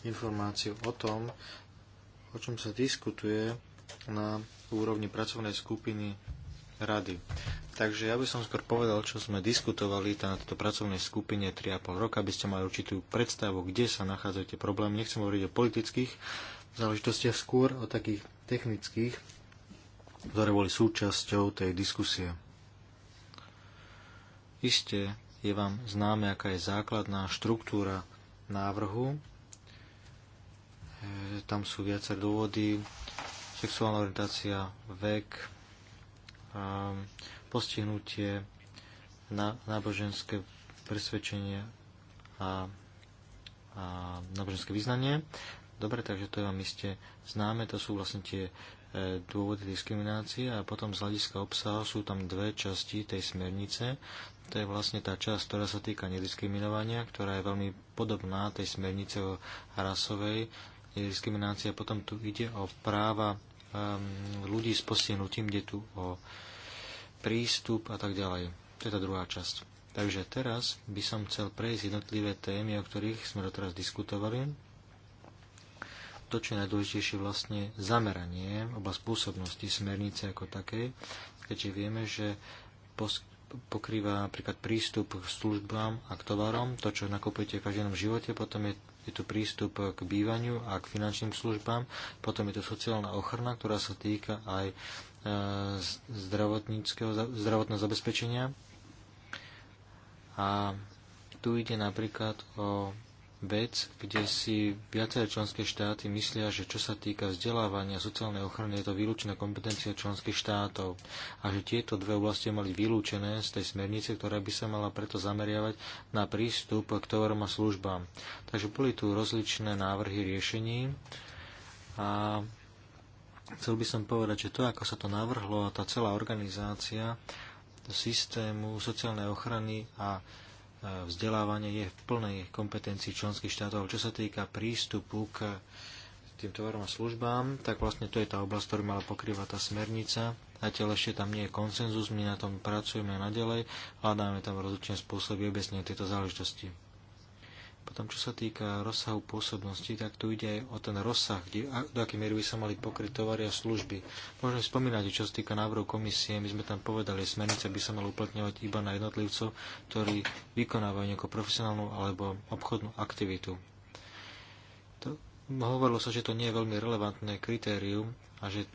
Speaker 2: informáciu o tom, o čom sa diskutuje na úrovni pracovnej skupiny rady. Takže ja by som skôr povedal, čo sme diskutovali na tejto pracovnej skupine 3,5 roka, aby ste mali určitú predstavu, kde sa nachádzajú tie problémy. Nechcem hovoriť o politických záležitostiach, skôr o takých technických, ktoré boli súčasťou tej diskusie. Isté je vám známe, aká je základná štruktúra návrhu. E, tam sú viacer dôvody, sexuálna orientácia, vek, e, postihnutie, na, náboženské presvedčenie a, a náboženské význanie. Dobre, takže to je vám iste známe, to sú vlastne tie e, dôvody diskriminácie a potom z hľadiska obsahu sú tam dve časti tej smernice. To je vlastne tá časť, ktorá sa týka nediskriminovania, ktorá je veľmi podobná tej smernice o rasovej nediskriminácii a potom tu ide o práva um, ľudí s postihnutím, kde tu o prístup a tak ďalej. To je tá druhá časť. Takže teraz by som chcel prejsť jednotlivé témy, o ktorých sme doteraz diskutovali to, čo je najdôležitejšie, vlastne zameranie, oblasť pôsobnosti smernice ako takej, keďže vieme, že pokrýva napríklad prístup k službám a k tovarom, to, čo nakupujete v každom živote, potom je, je tu prístup k bývaniu a k finančným službám, potom je tu sociálna ochrana, ktorá sa týka aj e, zdravotníckého, zdravotného zabezpečenia. A tu ide napríklad o vec, kde si viaceré členské štáty myslia, že čo sa týka vzdelávania a sociálnej ochrany je to výlučná kompetencia členských štátov a že tieto dve oblasti mali vylúčené z tej smernice, ktorá by sa mala preto zameriavať na prístup k tovarom a službám. Takže boli tu rozličné návrhy riešení a chcel by som povedať, že to, ako sa to navrhlo a tá celá organizácia systému sociálnej ochrany a vzdelávanie je v plnej kompetencii členských štátov. Čo sa týka prístupu k tým tovarom a službám, tak vlastne to je tá oblasť, ktorú mala pokrýva tá smernica. Zatiaľ ešte tam nie je konsenzus, my na tom pracujeme naďalej, hľadáme tam rozličné spôsoby objasnenia tejto záležitosti. Potom, čo sa týka rozsahu pôsobnosti, tak tu ide aj o ten rozsah, kde, do akej miery by sa mali pokryť tovary a služby. Môžem spomínať, čo sa týka návrhu komisie, my sme tam povedali, smernica by sa mala uplatňovať iba na jednotlivcov, ktorí vykonávajú nejakú profesionálnu alebo obchodnú aktivitu. To, hovorilo sa, že to nie je veľmi relevantné kritérium a že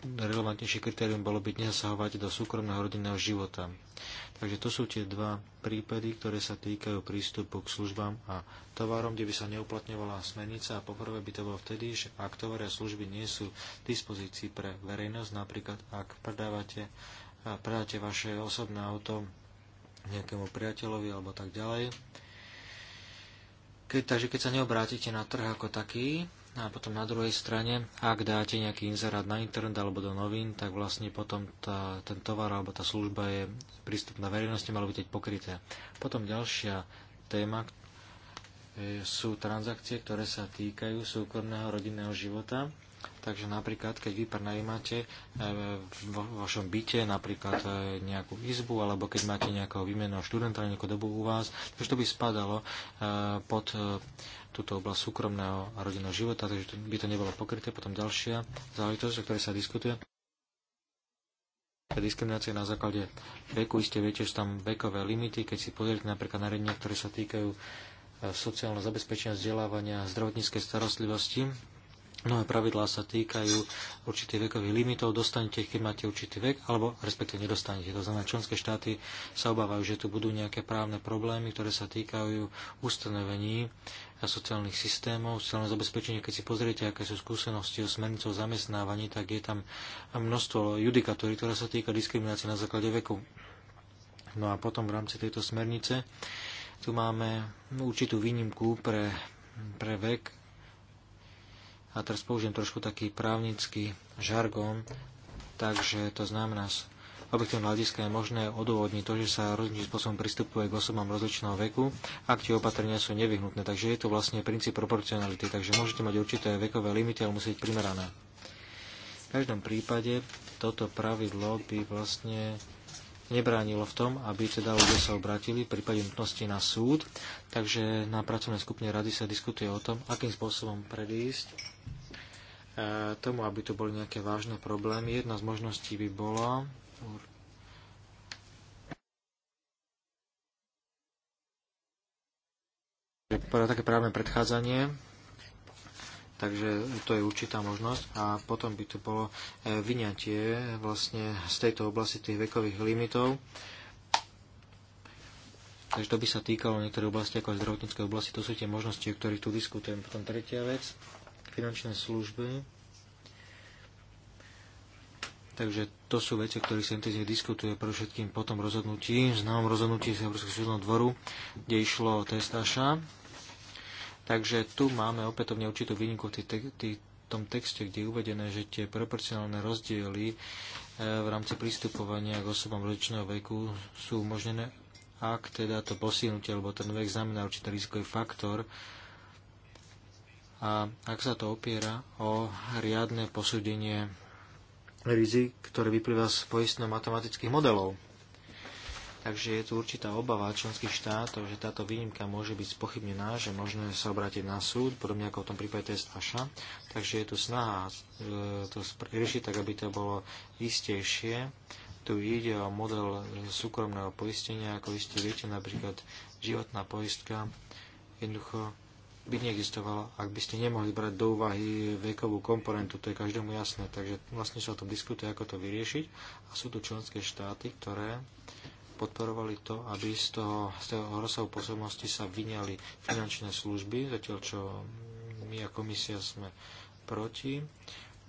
Speaker 2: relevantnejšie kritérium bolo byť nezasahovať do súkromného rodinného života. Takže to sú tie dva prípady, ktoré sa týkajú prístupu k službám a tovarom, kde by sa neuplatňovala smernica a poprvé by to bolo vtedy, že ak tovary a služby nie sú v dispozícii pre verejnosť, napríklad ak predávate, predáte vaše osobné auto nejakému priateľovi alebo tak ďalej. Keď, takže keď sa neobrátite na trh ako taký, No a potom na druhej strane, ak dáte nejaký inzerát na internet alebo do novín, tak vlastne potom tá, ten tovar alebo tá služba je prístupná verejnosti, malo byť pokryté. Potom ďalšia téma e, sú transakcie, ktoré sa týkajú súkromného rodinného života. Takže napríklad, keď vy prenajímate e, vo vašom byte napríklad e, nejakú izbu, alebo keď máte nejakého výmenného študenta nejakú dobu u vás, takže to by spadalo pod túto oblasť súkromného a rodinného života, takže by to nebolo pokryté. Potom ďalšia záležitosť, o ktorej sa diskutuje. Diskriminácia na základe veku, iste viete, že tam vekové limity, keď si pozriete napríklad nariadenia, ktoré sa týkajú e, sociálneho zabezpečenia, vzdelávania, zdravotníckej starostlivosti, Mnohé pravidlá sa týkajú určitých vekových limitov, dostanete ich, keď máte určitý vek, alebo respektíve nedostanete. To znamená, členské štáty sa obávajú, že tu budú nejaké právne problémy, ktoré sa týkajú ustanovení a sociálnych systémov, sociálne zabezpečenie, keď si pozriete, aké sú skúsenosti o smernicou zamestnávaní, tak je tam množstvo judikatúry, ktorá sa týka diskriminácie na základe veku. No a potom v rámci tejto smernice tu máme určitú výnimku pre, pre vek. A teraz použijem trošku taký právnický žargón, takže to znamená objektívne hľadiska je možné odôvodniť to, že sa rozličným spôsobom pristupuje k osobám rozličného veku, ak tie opatrenia sú nevyhnutné. Takže je to vlastne princíp proporcionality. Takže môžete mať určité vekové limity, ale musieť byť primerané. V každom prípade toto pravidlo by vlastne nebránilo v tom, aby teda ľudia sa obratili v prípade nutnosti na súd. Takže na pracovnej skupine rady sa diskutuje o tom, akým spôsobom predísť eh, tomu, aby tu boli nejaké vážne problémy. Jedna z možností by bola úr. Také právne predchádzanie, takže to je určitá možnosť a potom by to bolo e, vyňatie e, vlastne z tejto oblasti tých vekových limitov. Takže to by sa týkalo niektoré oblasti ako zdravotníckej oblasti, to sú tie možnosti, o ktorých tu diskutujem. Potom tretia vec, finančné služby Takže to sú veci, o ktorých sa intenzívne diskutuje pre všetkým po tom rozhodnutí, známom rozhodnutí z Európskeho súdneho dvoru, kde išlo o Takže tu máme opätovne určitú výnimku v tom texte, kde je uvedené, že tie proporcionálne rozdiely e, v rámci prístupovania k osobám rodičného veku sú umožnené, ak teda to posilnutie alebo ten vek znamená určitý rizikový faktor a ak sa to opiera o riadne posúdenie rizik, ktoré vyplýva z poistno-matematických modelov. Takže je tu určitá obava členských štátov, že táto výnimka môže byť spochybnená, že možno sa obrátiť na súd, podobne ako v tom prípade test AŠA. Takže je tu snaha e, to riešiť tak, aby to bolo istejšie. Tu ide o model súkromného poistenia, ako iste viete, napríklad životná poistka. Jednoducho by neexistovalo, ak by ste nemohli brať do úvahy vekovú komponentu, to je každému jasné. Takže vlastne sa o tom diskutuje, ako to vyriešiť. A sú tu členské štáty, ktoré podporovali to, aby z toho, z toho rozsahu posobnosti sa vyňali finančné služby, zatiaľ čo my a komisia sme proti.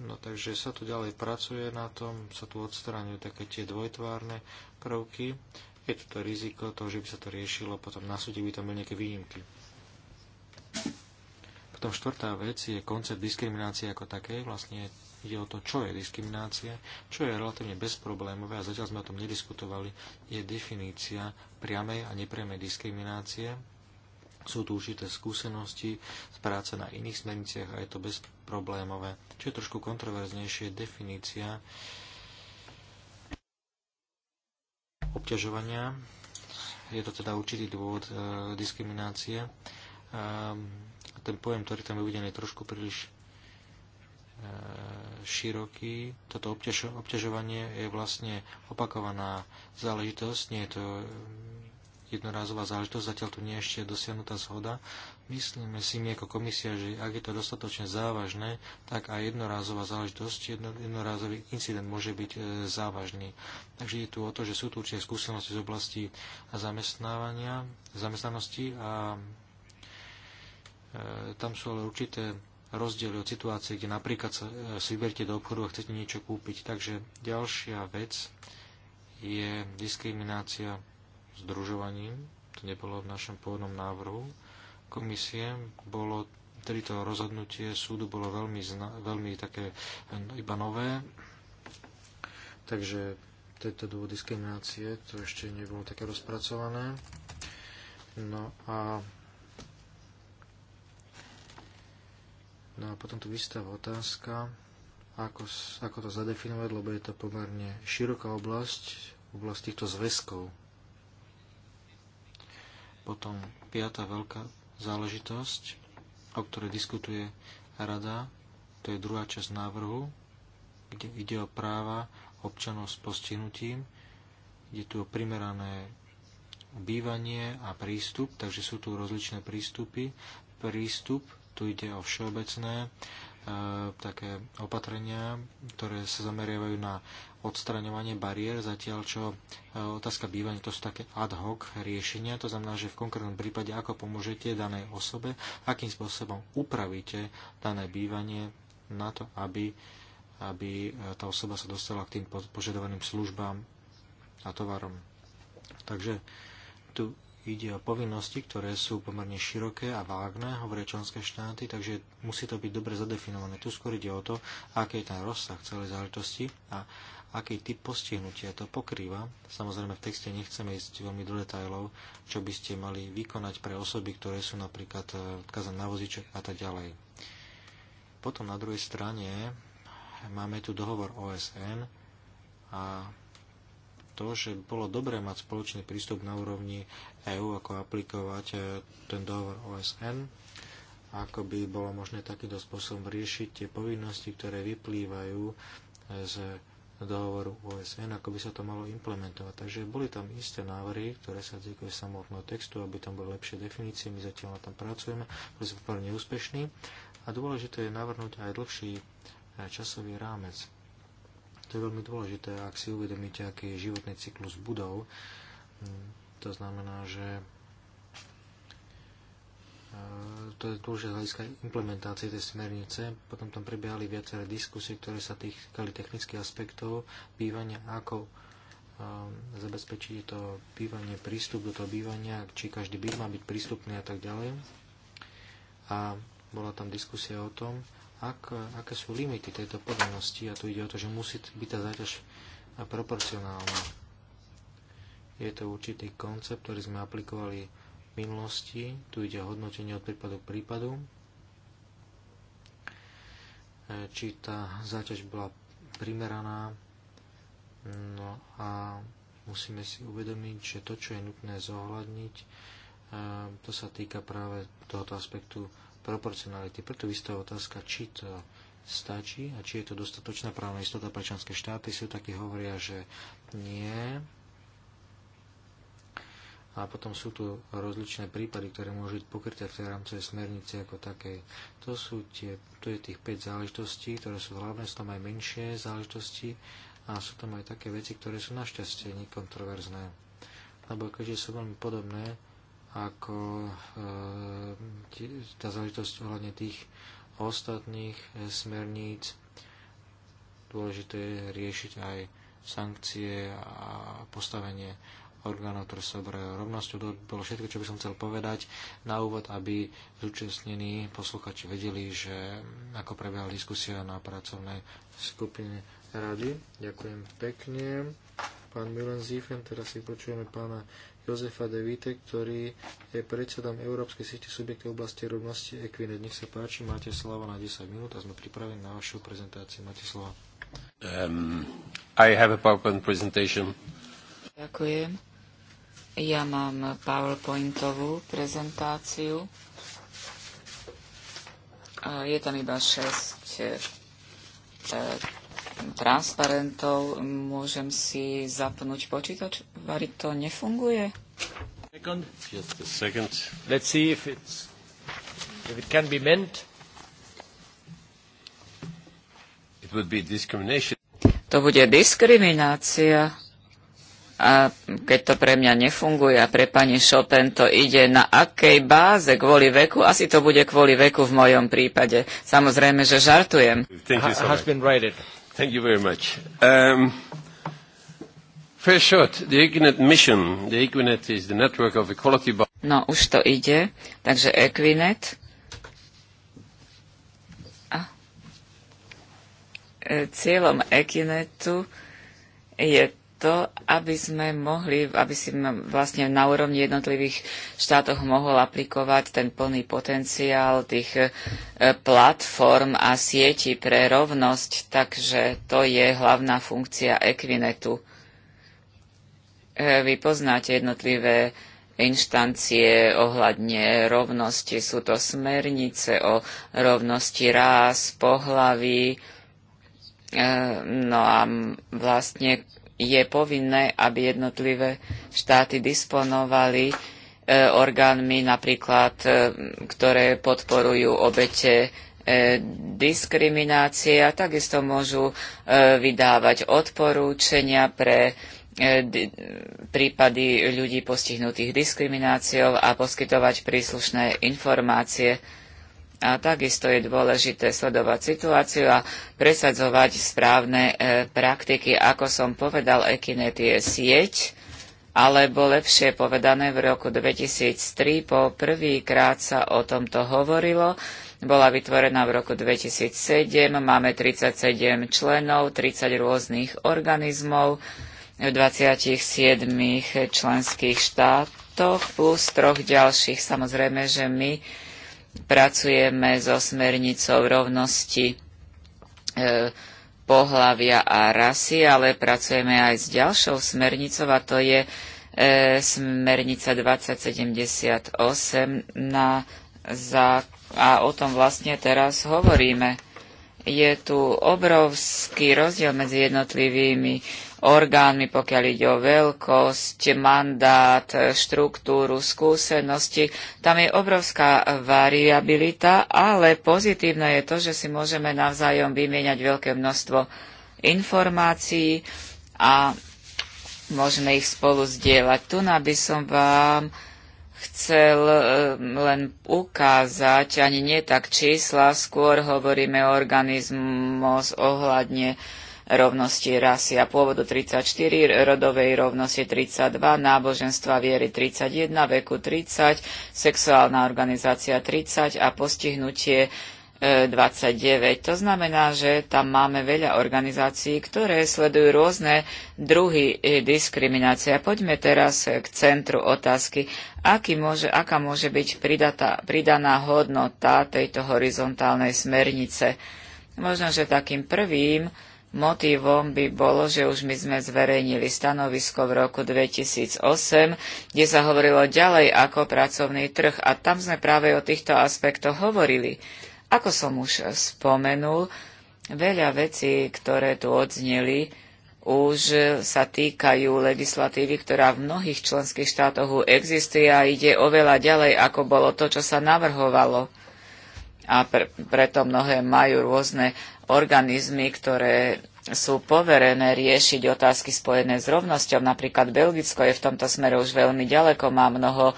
Speaker 2: No takže sa tu ďalej pracuje na tom, sa tu odstraňujú také tie dvojtvárne prvky. Je tu to riziko toho, že by sa to riešilo, potom na súde by tam boli nejaké výnimky. Potom štvrtá vec je koncept diskriminácie ako také. Vlastne ide o to, čo je diskriminácia, čo je relatívne bezproblémové a zatiaľ sme o tom nediskutovali, je definícia priamej a nepriamej diskriminácie. Sú tu určité skúsenosti z práce na iných smerniciach a je to bezproblémové. Čo je trošku kontroverznejšie, definícia obťažovania. Je to teda určitý dôvod e, diskriminácie. A ten pojem, ktorý tam je uvedený, je trošku príliš e, široký. Toto obťažovanie je vlastne opakovaná záležitosť, nie je to e, jednorázová záležitosť, zatiaľ tu nie je ešte dosiahnutá zhoda. Myslíme si my ako komisia, že ak je to dostatočne závažné, tak aj jednorázová záležitosť, jedno, jednorázový incident môže byť e, závažný. Takže je tu o to, že sú tu určite skúsenosti z oblasti zamestnávania, zamestnanosti a E, tam sú ale určité rozdiely od situácie, kde napríklad sa, e, si vyberte do obchodu a chcete niečo kúpiť. Takže ďalšia vec je diskriminácia združovaním. To nebolo v našom pôvodnom návrhu komisie. Bolo tedy to rozhodnutie súdu bolo veľmi, zna, veľmi také e, iba nové. Takže tento dôvod diskriminácie to ešte nebolo také rozpracované. No a No a potom tu vystáva otázka, ako, ako to zadefinovať, lebo je to pomerne široká oblasť, oblasť týchto zväzkov. Potom piata veľká záležitosť, o ktorej diskutuje rada, to je druhá časť návrhu, kde ide o práva občanov s postihnutím, ide tu o primerané bývanie a prístup, takže sú tu rozličné prístupy. Prístup tu ide o všeobecné e, také opatrenia, ktoré sa zameriavajú na odstraňovanie bariér, zatiaľ čo e, otázka bývania to sú také ad hoc riešenia, to znamená, že v konkrétnom prípade ako pomôžete danej osobe, akým spôsobom upravíte dané bývanie na to, aby, aby e, tá osoba sa dostala k tým požadovaným službám a tovarom. Takže tu ide o povinnosti, ktoré sú pomerne široké a vágne, hovoria členské štáty, takže musí to byť dobre zadefinované. Tu skôr ide o to, aký je ten rozsah celej záležitosti a aký typ postihnutia to pokrýva. Samozrejme, v texte nechceme ísť veľmi do detajlov, čo by ste mali vykonať pre osoby, ktoré sú napríklad e, odkazané na voziček a tak ďalej. Potom na druhej strane máme tu dohovor OSN a to, že bolo dobré mať spoločný prístup na úrovni EÚ, ako aplikovať e, ten dohovor OSN, ako by bolo možné takýmto spôsobom riešiť tie povinnosti, ktoré vyplývajú e, z dohovoru OSN, ako by sa to malo implementovať. Takže boli tam isté návrhy, ktoré sa týkajú samotného textu, aby tam boli lepšie definície, my zatiaľ na tom pracujeme, boli sme neúspešní. A dôležité je navrhnúť aj dlhší e, časový rámec. To je veľmi dôležité, ak si uvedomíte, aký je životný cyklus budov. Mm, to znamená, že e, to je dôležité hľadiska implementácie tej smernice. Potom tam prebiehali viaceré diskusie, ktoré sa týkali technických aspektov bývania, ako e, zabezpečiť to bývanie, prístup do toho bývania, či každý byt má byť prístupný a tak ďalej. A bola tam diskusia o tom, ak, aké sú limity tejto povinnosti a tu ide o to, že musí byť tá záťaž proporcionálna. Je to určitý koncept, ktorý sme aplikovali v minulosti. Tu ide o hodnotenie od prípadu k prípadu. E, či tá záťaž bola primeraná. No a musíme si uvedomiť, že to, čo je nutné zohľadniť, e, to sa týka práve tohoto aspektu proporcionality. Preto vystáva otázka, či to stačí a či je to dostatočná právna istota pre členské štáty. Sú takí hovoria, že nie. A potom sú tu rozličné prípady, ktoré môžu byť pokryté v tej rámcovej smernici ako takej. To sú tie, to je tých 5 záležitostí, ktoré sú hlavné, sú tam aj menšie záležitosti a sú tam aj také veci, ktoré sú našťastie nekontroverzné. Lebo keďže sú veľmi podobné, ako e, tá záležitosť ohľadne tých ostatných e, smerníc. Dôležité je riešiť aj sankcie a postavenie orgánov, ktoré sa obrajú rovnosťou. To bolo všetko, čo by som chcel povedať na úvod, aby zúčastnení posluchači vedeli, že ako prebiehala diskusia na pracovnej skupine rady. Ďakujem pekne. Pán Milan Zífen, teraz si počujeme pána Jozefa De Vite, ktorý je predsedom Európskej siete subjektov v oblasti rovnosti Equinet. Nech sa páči, máte slovo na 10 minút a sme pripravení na vašu prezentáciu. Máte slovo.
Speaker 1: Um, I have a PowerPoint presentation.
Speaker 4: Ďakujem. Ja mám PowerPointovú prezentáciu. Je tam iba 6 transparentov môžem si zapnúť počítač? Vary to nefunguje?
Speaker 1: Second. Just a second. Let's see if, it's, if it can be meant.
Speaker 4: It would be discrimination. To bude diskriminácia. A keď to pre mňa nefunguje a pre pani Chopin to ide na akej báze kvôli veku, asi to bude kvôli veku v mojom prípade. Samozrejme, že žartujem.
Speaker 1: Thank you very much. Um, first shot. the Equinet mission. The Equinet is the network of equality.
Speaker 4: No, už to ide. Takže Equinet. A. E, cieľom Equinetu je to, aby sme mohli, aby si vlastne na úrovni jednotlivých štátoch mohol aplikovať ten plný potenciál tých e, platform a sietí pre rovnosť, takže to je hlavná funkcia Equinetu. E, vy poznáte jednotlivé inštancie ohľadne rovnosti, sú to smernice o rovnosti rás, pohlaví, e, no a vlastne je povinné, aby jednotlivé štáty disponovali e, orgánmi napríklad, e, ktoré podporujú obete e, diskriminácie a takisto môžu vydávať odporúčania pre prípady ľudí postihnutých diskrimináciou a poskytovať príslušné informácie. A takisto je dôležité sledovať situáciu a presadzovať správne e, praktiky. Ako som povedal, Ekinet je sieť, alebo lepšie povedané v roku 2003 po prvýkrát sa o tomto hovorilo. Bola vytvorená v roku 2007, máme 37 členov, 30 rôznych organizmov v 27 členských štátoch plus troch ďalších. Samozrejme, že my Pracujeme so smernicou rovnosti e, pohlavia a rasy, ale pracujeme aj s ďalšou smernicou a to je e, smernica 2078 na, za, a o tom vlastne teraz hovoríme. Je tu obrovský rozdiel medzi jednotlivými orgánmi, pokiaľ ide o veľkosť, mandát, štruktúru, skúsenosti. Tam je obrovská variabilita, ale pozitívne je to, že si môžeme navzájom vymieňať veľké množstvo informácií a môžeme ich spolu zdieľať. Tu by som vám chcel eh, len ukázať, ani nie tak čísla, skôr hovoríme o organizmoch ohľadne rovnosti rasy a pôvodu 34, rodovej rovnosti 32, náboženstva viery 31, veku 30, sexuálna organizácia 30 a postihnutie 29. E, to znamená, že tam máme veľa organizácií, ktoré sledujú rôzne druhy e, diskriminácie. Poďme teraz e, k centru otázky. Aký môže, aká môže byť pridatá, pridaná hodnota tejto horizontálnej smernice? Možno, že takým prvým Motívom by bolo, že už my sme zverejnili stanovisko v roku 2008, kde sa hovorilo ďalej ako pracovný trh a tam sme práve o týchto aspektoch hovorili. Ako som už spomenul, veľa vecí, ktoré tu odzneli, už sa týkajú legislatívy, ktorá v mnohých členských štátoch existuje a ide oveľa ďalej, ako bolo to, čo sa navrhovalo a pre, preto mnohé majú rôzne organizmy, ktoré sú poverené riešiť otázky spojené s rovnosťou. Napríklad Belgicko je v tomto smere už veľmi ďaleko, má mnoho e,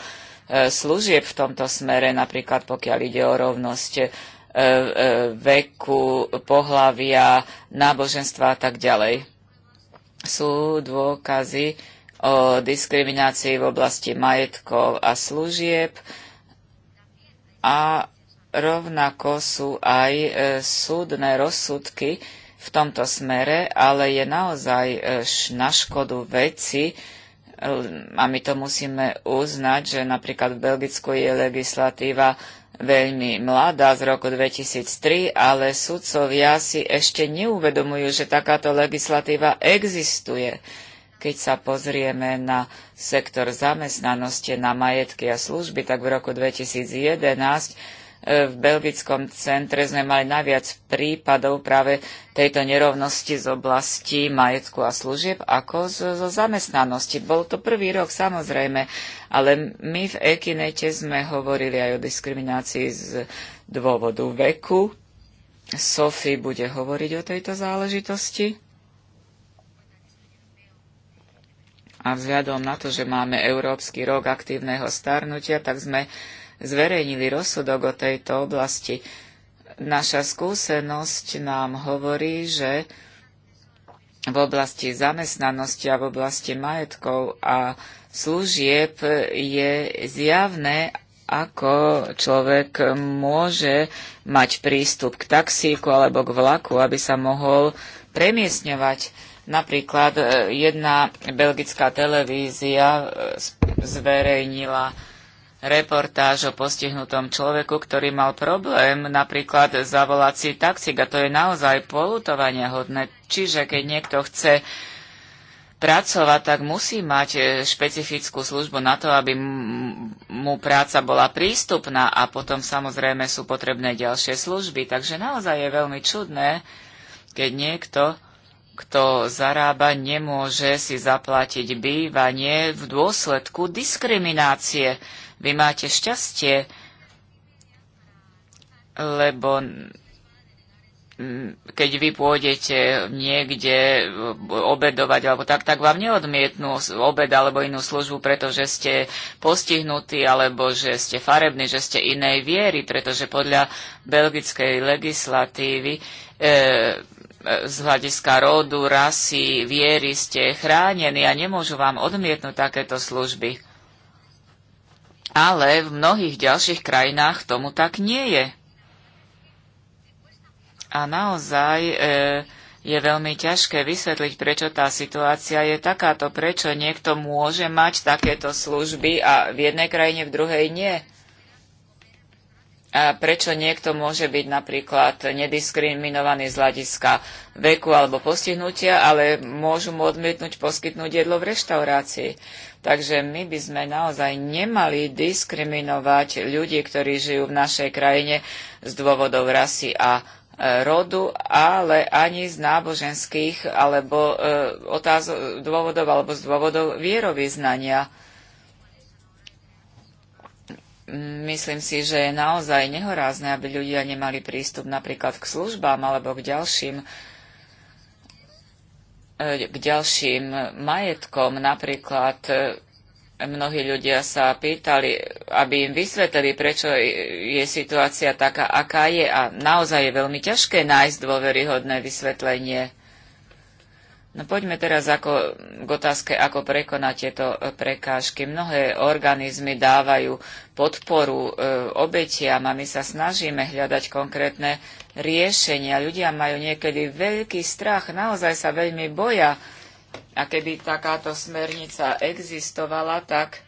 Speaker 4: služieb v tomto smere, napríklad pokiaľ ide o rovnosť e, e, veku, pohlavia, náboženstva a tak ďalej. Sú dôkazy o diskriminácii v oblasti majetkov a služieb a Rovnako sú aj e, súdne rozsudky v tomto smere, ale je naozaj e, na škodu veci, e, a my to musíme uznať, že napríklad v Belgicku je legislatíva veľmi mladá z roku 2003, ale sudcovia si ešte neuvedomujú, že takáto legislatíva existuje. Keď sa pozrieme na sektor zamestnanosti, na majetky a služby, tak v roku 2011 v Belgickom centre sme mali najviac prípadov práve tejto nerovnosti z oblasti majetku a služieb ako zo zamestnanosti. Bol to prvý rok samozrejme, ale my v Ekinete sme hovorili aj o diskriminácii z dôvodu veku. Sophie bude hovoriť o tejto záležitosti. A vzhľadom na to, že máme Európsky rok aktívneho starnutia, tak sme zverejnili rozsudok o tejto oblasti. Naša skúsenosť nám hovorí, že v oblasti zamestnanosti a v oblasti majetkov a služieb je zjavné, ako človek môže mať prístup k taxíku alebo k vlaku, aby sa mohol premiesňovať. Napríklad eh, jedna belgická televízia eh, zverejnila reportáž o postihnutom človeku, ktorý mal problém napríklad zavolať si taxík a to je naozaj polutovania hodné. Čiže keď niekto chce pracovať, tak musí mať e, špecifickú službu na to, aby mu práca bola prístupná a potom samozrejme sú potrebné ďalšie služby. Takže naozaj je veľmi čudné, keď niekto kto zarába, nemôže si zaplatiť bývanie v dôsledku diskriminácie. Vy máte šťastie, lebo keď vy pôjdete niekde obedovať alebo tak, tak vám neodmietnú obed alebo inú službu, pretože ste postihnutí alebo že ste farební, že ste inej viery, pretože podľa belgickej legislatívy e, e z hľadiska rodu, rasy, viery ste chránení a nemôžu vám odmietnúť takéto služby. Ale v mnohých ďalších krajinách tomu tak nie je. A naozaj e, je veľmi ťažké vysvetliť, prečo tá situácia je takáto, prečo niekto môže mať takéto služby a v jednej krajine, v druhej nie prečo niekto môže byť napríklad nediskriminovaný z hľadiska veku alebo postihnutia, ale môžu mu odmietnúť poskytnúť jedlo v reštaurácii. Takže my by sme naozaj nemali diskriminovať ľudí, ktorí žijú v našej krajine z dôvodov rasy a e, rodu, ale ani z náboženských alebo e, dôvodov alebo z dôvodov vierovýznania. Myslím si, že je naozaj nehorázne, aby ľudia nemali prístup napríklad k službám alebo k ďalším e, k ďalším majetkom. Napríklad e, mnohí ľudia sa pýtali, aby im vysvetlili, prečo je situácia taká, aká je. A naozaj je veľmi ťažké nájsť dôveryhodné vysvetlenie. No poďme teraz ako, k otázke, ako prekonať tieto e, prekážky. Mnohé organizmy dávajú podporu e, obetiam a my sa snažíme hľadať konkrétne riešenia. Ľudia majú niekedy veľký strach, naozaj sa veľmi boja. A keby takáto smernica existovala, tak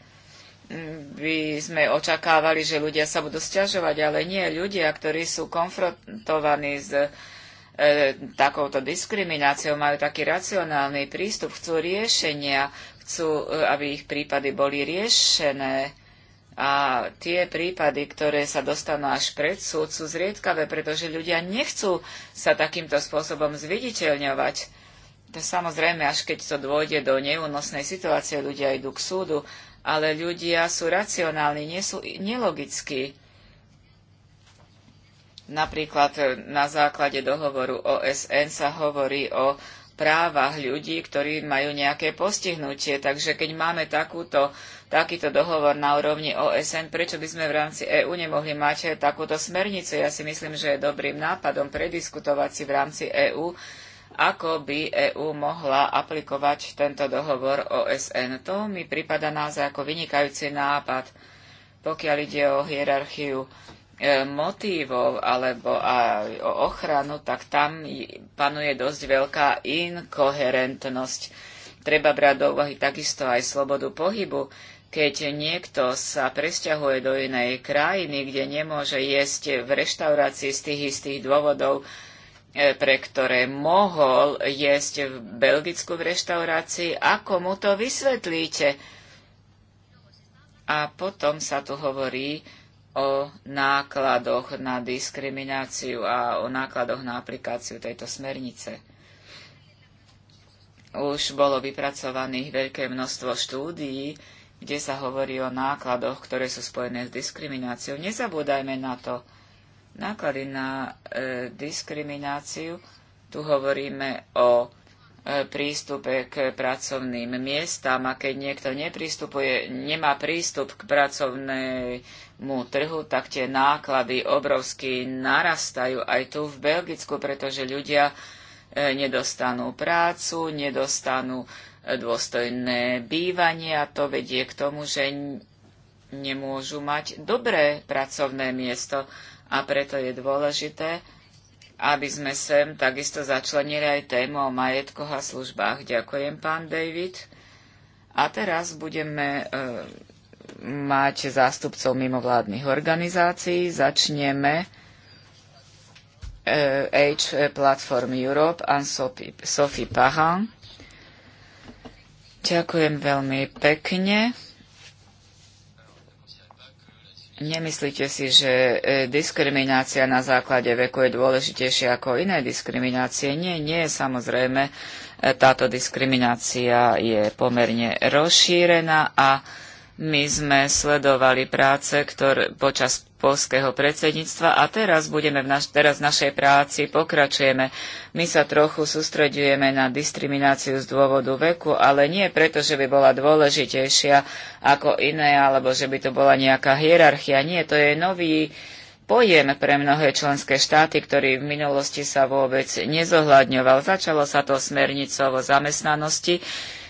Speaker 4: mm, by sme očakávali, že ľudia sa budú sťažovať, ale nie ľudia, ktorí sú konfrontovaní s E, takouto diskrimináciou, majú taký racionálny prístup, chcú riešenia, chcú, e, aby ich prípady boli riešené. A tie prípady, ktoré sa dostanú až pred súd, sú zriedkavé, pretože ľudia nechcú sa takýmto spôsobom zviditeľňovať. To samozrejme, až keď to dôjde do neúnosnej situácie, ľudia idú k súdu, ale ľudia sú racionálni, nie sú nelogickí. Napríklad e, na základe dohovoru OSN sa hovorí o právach ľudí, ktorí majú nejaké postihnutie. Takže keď máme takúto, takýto dohovor na úrovni OSN, prečo by sme v rámci EÚ nemohli mať e, takúto smernicu? Ja si myslím, že je dobrým nápadom prediskutovať si v rámci EÚ, ako by EÚ mohla aplikovať tento dohovor OSN. To mi prípada naozaj ako vynikajúci nápad, pokiaľ ide o hierarchiu E, motívov alebo aj o ochranu, tak tam panuje dosť veľká inkoherentnosť. Treba brať do úvahy takisto aj slobodu pohybu. Keď niekto sa presťahuje do inej krajiny, kde nemôže jesť v reštaurácii z tých istých dôvodov, e, pre ktoré mohol jesť v Belgicku v reštaurácii, ako mu to vysvetlíte? A potom sa tu hovorí, o nákladoch na diskrimináciu a o nákladoch na aplikáciu tejto smernice. Už bolo vypracovaných veľké množstvo štúdií, kde sa hovorí o nákladoch, ktoré sú spojené s diskrimináciou. Nezabúdajme na to. Náklady na e, diskrimináciu, tu hovoríme o prístupe k pracovným miestam a keď niekto nepristupuje, nemá prístup k pracovnému trhu, tak tie náklady obrovsky narastajú aj tu v Belgicku, pretože ľudia e, nedostanú prácu, nedostanú e, dôstojné bývanie a to vedie k tomu, že nemôžu mať dobré pracovné miesto a preto je dôležité, aby sme sem takisto začlenili aj tému o majetkoch a službách. Ďakujem, pán David. A teraz budeme e, mať zástupcov mimovládnych organizácií. Začneme e, H Platform Europe a Sophie Pahan. Ďakujem veľmi pekne. Nemyslíte si, že e, diskriminácia na základe veku je dôležitejšia ako iné diskriminácie? Nie, nie, samozrejme, e, táto diskriminácia je pomerne rozšírená a my sme sledovali práce, ktoré, počas polského predsedníctva a teraz, budeme v naš- teraz v našej práci pokračujeme. My sa trochu sústreďujeme na diskrimináciu z dôvodu veku, ale nie preto, že by bola dôležitejšia ako iné, alebo že by to bola nejaká hierarchia. Nie, to je nový pojem pre mnohé členské štáty, ktorý v minulosti sa vôbec nezohľadňoval. Začalo sa to smernicou o zamestnanosti,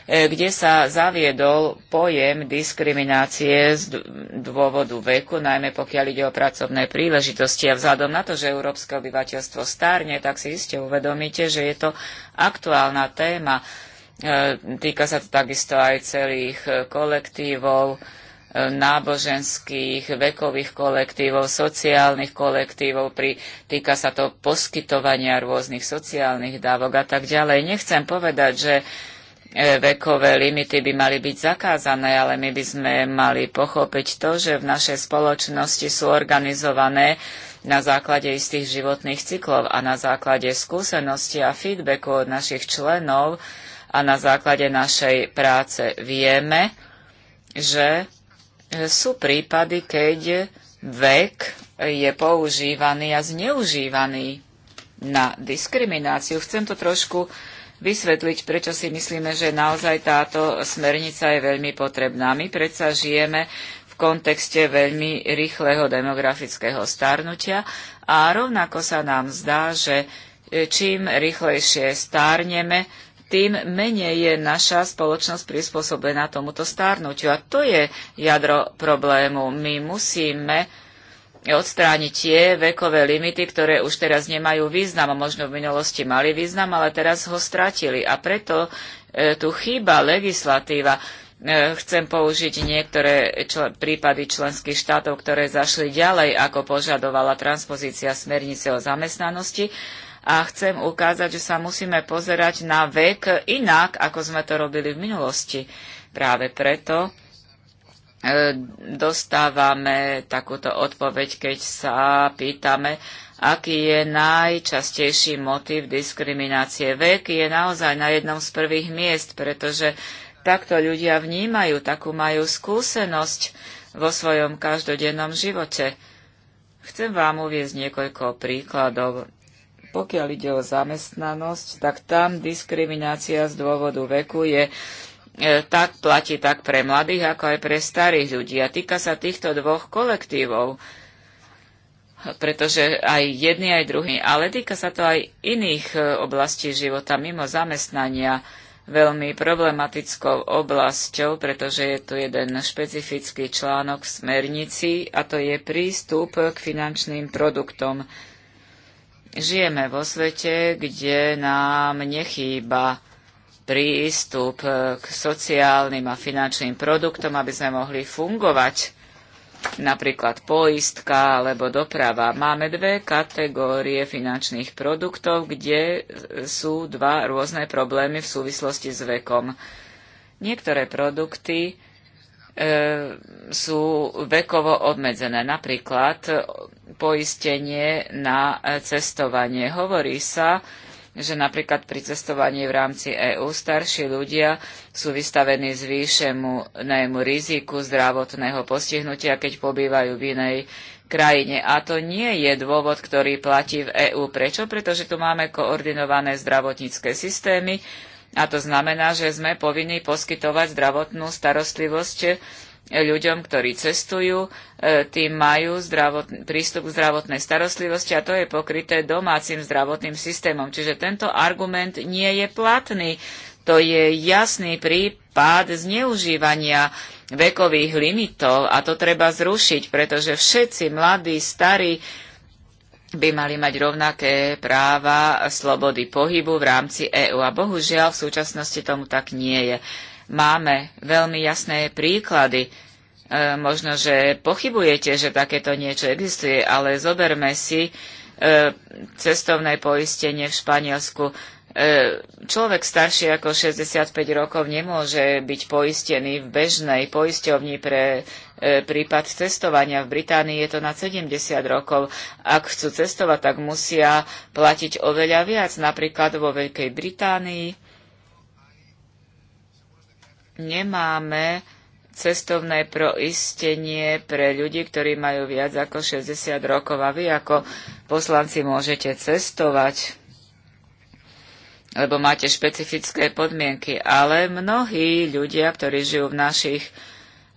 Speaker 4: E, kde sa zaviedol pojem diskriminácie z dôvodu veku, najmä pokiaľ ide o pracovné príležitosti. A vzhľadom na to, že európske obyvateľstvo stárne, tak si iste uvedomíte, že je to aktuálna téma. E, týka sa to takisto aj celých e, kolektívov, náboženských, vekových kolektívov, sociálnych kolektívov, pri, týka sa to poskytovania rôznych sociálnych dávok a tak ďalej. Nechcem povedať, že E, vekové limity by mali byť zakázané, ale my by sme mali pochopiť to, že v našej spoločnosti sú organizované na základe istých životných cyklov a na základe skúsenosti a feedbacku od našich členov a na základe našej práce vieme, že sú prípady, keď vek je používaný a zneužívaný na diskrimináciu. Chcem to trošku vysvetliť, prečo si myslíme, že naozaj táto smernica je veľmi potrebná. My predsa žijeme v kontexte veľmi rýchleho demografického starnutia a rovnako sa nám zdá, že e, čím rýchlejšie stárneme, tým menej je naša spoločnosť prispôsobená tomuto starnutiu. A to je jadro problému. My musíme odstrániť tie vekové limity, ktoré už teraz nemajú význam. Možno v minulosti mali význam, ale teraz ho stratili. A preto e, tu chýba legislatíva. E, chcem použiť niektoré čl- prípady členských štátov, ktoré zašli ďalej, ako požadovala transpozícia smernice o zamestnanosti. A chcem ukázať, že sa musíme pozerať na vek inak, ako sme to robili v minulosti. Práve preto E, dostávame takúto odpoveď, keď sa pýtame, aký je najčastejší motív diskriminácie. Vek je naozaj na jednom z prvých miest, pretože takto ľudia vnímajú, takú majú skúsenosť vo svojom každodennom živote. Chcem vám uviezť niekoľko príkladov. Pokiaľ ide o zamestnanosť, tak tam diskriminácia z dôvodu veku je E, tak platí tak pre mladých, ako aj pre starých ľudí. A týka sa týchto dvoch kolektívov, pretože aj jedni, aj druhý. Ale týka sa to aj iných e, oblastí života mimo zamestnania. Veľmi problematickou oblasťou, pretože je tu jeden špecifický článok v smernici a to je prístup k finančným produktom. Žijeme vo svete, kde nám nechýba prístup e, k sociálnym a finančným produktom, aby sme mohli fungovať, napríklad poistka alebo doprava. Máme dve kategórie finančných produktov, kde sú dva rôzne problémy v súvislosti s vekom. Niektoré produkty e, sú vekovo obmedzené, napríklad poistenie na cestovanie. Hovorí sa, že napríklad pri cestovaní v rámci EÚ starší ľudia sú vystavení zvýšenému riziku zdravotného postihnutia, keď pobývajú v inej krajine. A to nie je dôvod, ktorý platí v EÚ. Prečo? Pretože tu máme koordinované zdravotnícke systémy a to znamená, že sme povinní poskytovať zdravotnú starostlivosť ľuďom, ktorí cestujú, e, tým majú zdravot, prístup k zdravotnej starostlivosti a to je pokryté domácim zdravotným systémom. Čiže tento argument nie je platný. To je jasný prípad zneužívania vekových limitov a to treba zrušiť, pretože všetci mladí, starí by mali mať rovnaké práva slobody pohybu v rámci EÚ. A bohužiaľ v súčasnosti tomu tak nie je. Máme veľmi jasné príklady. E, možno, že pochybujete, že takéto niečo existuje, ale zoberme si e, cestovné poistenie v Španielsku. E, človek starší ako 65 rokov nemôže byť poistený v bežnej poisťovni pre e, prípad cestovania. V Británii je to na 70 rokov. Ak chcú cestovať, tak musia platiť oveľa viac. Napríklad vo Veľkej Británii nemáme cestovné proistenie pre ľudí, ktorí majú viac ako 60 rokov a vy ako poslanci môžete cestovať, lebo máte špecifické podmienky. Ale mnohí ľudia, ktorí žijú v našich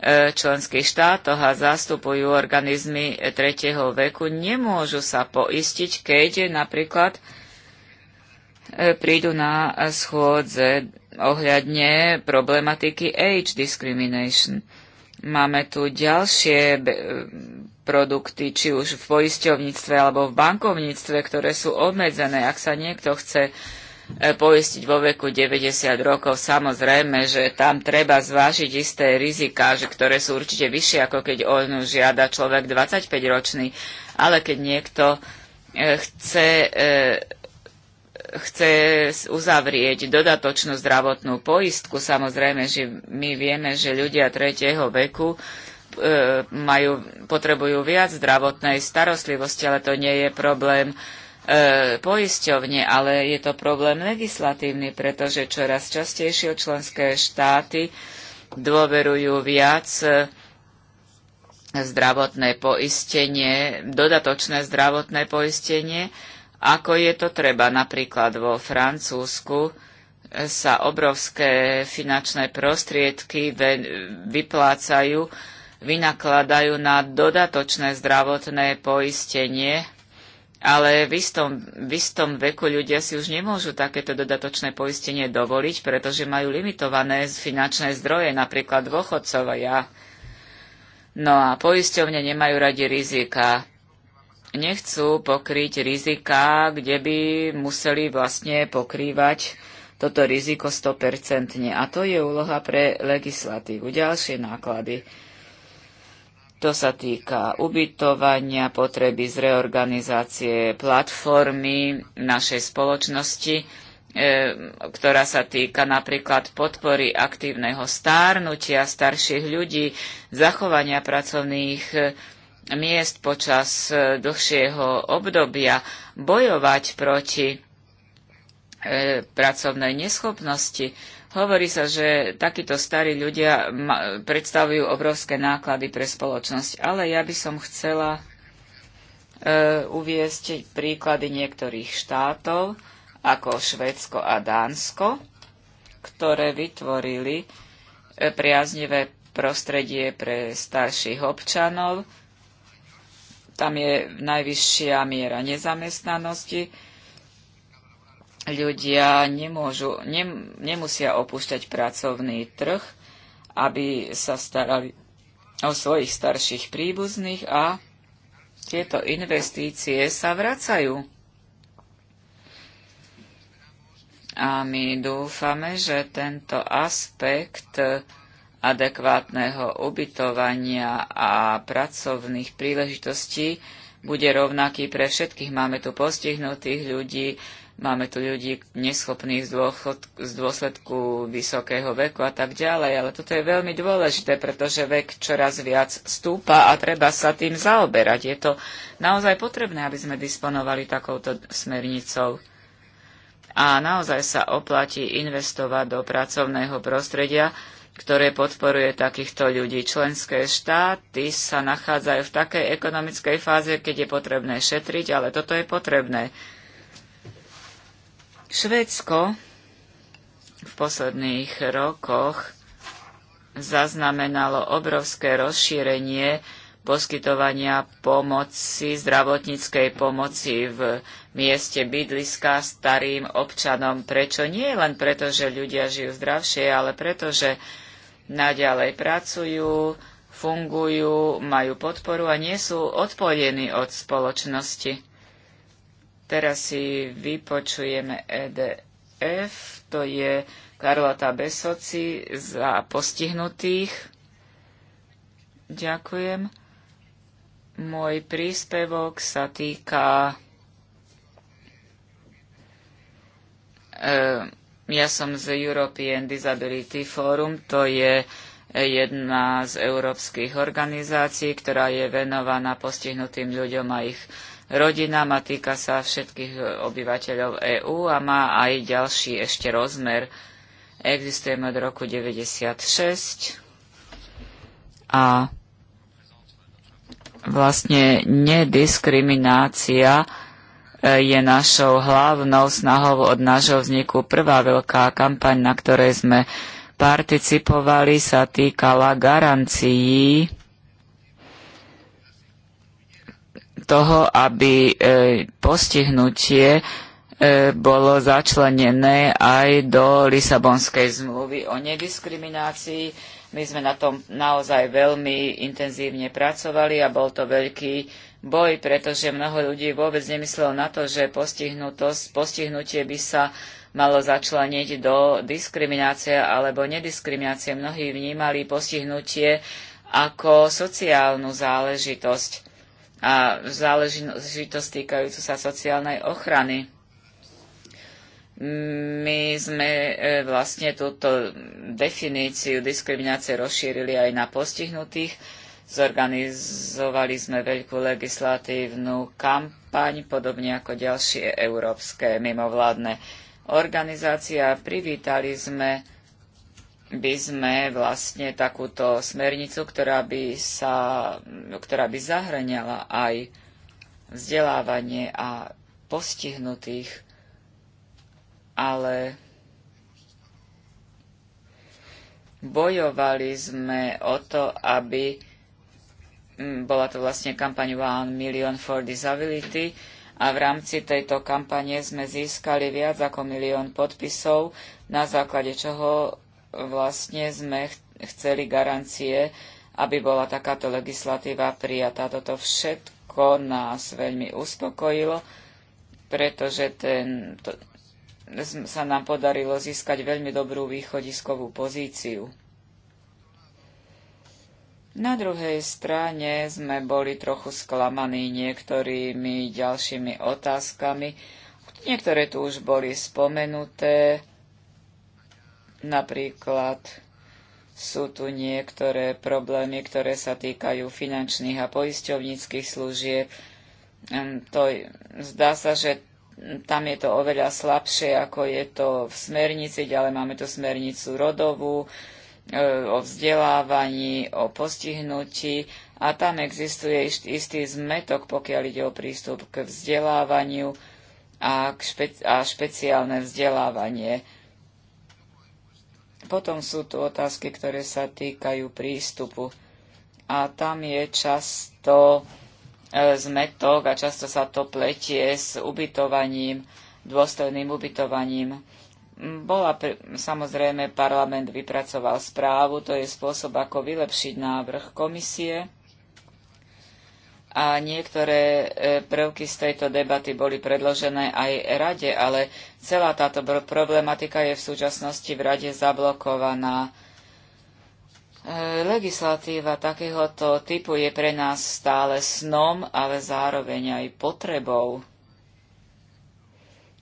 Speaker 4: e, členských štátoch a zastupujú organizmy e, tretieho veku, nemôžu sa poistiť, keď napríklad e, prídu na schôdze ohľadne problematiky age discrimination. Máme tu ďalšie eh, produkty, či už v poisťovníctve alebo v bankovníctve, ktoré sú obmedzené. Ak sa niekto chce eh, poistiť vo veku 90 rokov, samozrejme, že tam treba zvážiť isté riziká, že ktoré sú určite vyššie, ako keď on žiada človek 25-ročný. Ale keď niekto eh, chce chce uzavrieť dodatočnú zdravotnú poistku. Samozrejme, že my vieme, že ľudia tretieho veku e, majú, potrebujú viac zdravotnej starostlivosti, ale to nie je problém e, poisťovne, ale je to problém legislatívny, pretože čoraz častejšie členské štáty dôverujú viac e, zdravotné poistenie, dodatočné zdravotné poistenie ako je to treba. Napríklad vo Francúzsku sa obrovské finančné prostriedky vyplácajú, vynakladajú na dodatočné zdravotné poistenie, ale v istom, v istom veku ľudia si už nemôžu takéto dodatočné poistenie dovoliť, pretože majú limitované finančné zdroje, napríklad dôchodcovia. No a poisťovne nemajú radi rizika nechcú pokryť rizika, kde by museli vlastne pokrývať toto riziko 100%. A to je úloha pre legislatívu. Ďalšie náklady. To sa týka ubytovania, potreby z reorganizácie platformy našej spoločnosti, e, ktorá sa týka napríklad podpory aktívneho stárnutia starších ľudí, zachovania pracovných e, miest počas e, dlhšieho obdobia bojovať proti e, pracovnej neschopnosti. Hovorí sa, že takíto starí ľudia predstavujú obrovské náklady pre spoločnosť, ale ja by som chcela e, uviesť príklady niektorých štátov, ako Švédsko a Dánsko, ktoré vytvorili priaznivé prostredie pre starších občanov, tam je najvyššia miera nezamestnanosti. Ľudia nemôžu, nem, nemusia opúšťať pracovný trh, aby sa starali o svojich starších príbuzných a tieto investície sa vracajú. A my dúfame, že tento aspekt adekvátneho ubytovania a pracovných príležitostí bude rovnaký pre všetkých. Máme tu postihnutých ľudí, máme tu ľudí neschopných z, dôchod, z dôsledku vysokého veku a tak ďalej. Ale toto je veľmi dôležité, pretože vek čoraz viac stúpa a treba sa tým zaoberať. Je to naozaj potrebné, aby sme disponovali takouto smernicou. A naozaj sa oplatí investovať do pracovného prostredia, ktoré podporuje takýchto ľudí. Členské štáty sa nachádzajú v takej ekonomickej fáze, keď je potrebné šetriť, ale toto je potrebné. Švédsko v posledných rokoch zaznamenalo obrovské rozšírenie poskytovania pomoci, zdravotníckej pomoci v mieste bydliska starým občanom. Prečo? Nie len preto, že ľudia žijú zdravšie, ale preto, že naďalej pracujú, fungujú, majú podporu a nie sú odpojení od spoločnosti. Teraz si vypočujeme EDF, to je Karlota Besoci za postihnutých. Ďakujem. Môj príspevok sa týka e, ja som z European Disability Forum, to je jedna z európskych organizácií, ktorá je venovaná postihnutým ľuďom a ich rodinám a týka sa všetkých obyvateľov EÚ a má aj ďalší ešte rozmer. Existujeme od roku 96 a vlastne nediskriminácia je našou hlavnou snahou od nášho vzniku. Prvá veľká kampaň, na ktorej sme participovali, sa týkala garancií toho, aby e, postihnutie e, bolo začlenené aj do Lisabonskej zmluvy o nediskriminácii. My sme na tom naozaj veľmi intenzívne pracovali a bol to veľký boj, pretože mnoho ľudí vôbec nemyslelo na to, že postihnutie by sa malo začleniť do diskriminácie alebo nediskriminácie. Mnohí vnímali postihnutie ako sociálnu záležitosť a záležitosť týkajúcu sa sociálnej ochrany. My sme e, vlastne túto definíciu diskriminácie rozšírili aj na postihnutých, Zorganizovali sme veľkú legislatívnu kampaň, podobne ako ďalšie európske mimovládne organizácie a privítali sme by sme vlastne takúto smernicu, ktorá by, sa, ktorá by zahrňala aj vzdelávanie a postihnutých, ale bojovali sme o to, aby Mm, bola to vlastne kampaň One Million for Disability a v rámci tejto kampane sme získali viac ako milión podpisov, na základe čoho vlastne sme chceli garancie, aby bola takáto legislatíva prijatá. Toto všetko nás veľmi uspokojilo, pretože ten, to, sa nám podarilo získať veľmi dobrú východiskovú pozíciu. Na druhej strane sme boli trochu sklamaní niektorými ďalšími otázkami. Niektoré tu už boli spomenuté, napríklad sú tu niektoré problémy, ktoré sa týkajú finančných a poisťovníckých služieb. Hm, to, zdá sa, že tam je to oveľa slabšie, ako je to v smernici, ale máme tu smernicu rodovú, E, o vzdelávaní, o postihnutí a tam existuje istý zmetok, pokiaľ ide o prístup k vzdelávaniu a, k špec- a špeciálne vzdelávanie. Potom sú tu otázky, ktoré sa týkajú prístupu a tam je často e, zmetok a často sa to pletie s ubytovaním, dôstojným ubytovaním. Bola pre, samozrejme, parlament vypracoval správu, to je spôsob, ako vylepšiť návrh komisie. A niektoré e, prvky z tejto debaty boli predložené aj rade, ale celá táto problematika je v súčasnosti v rade zablokovaná. E, legislatíva takéhoto typu je pre nás stále snom, ale zároveň aj potrebou.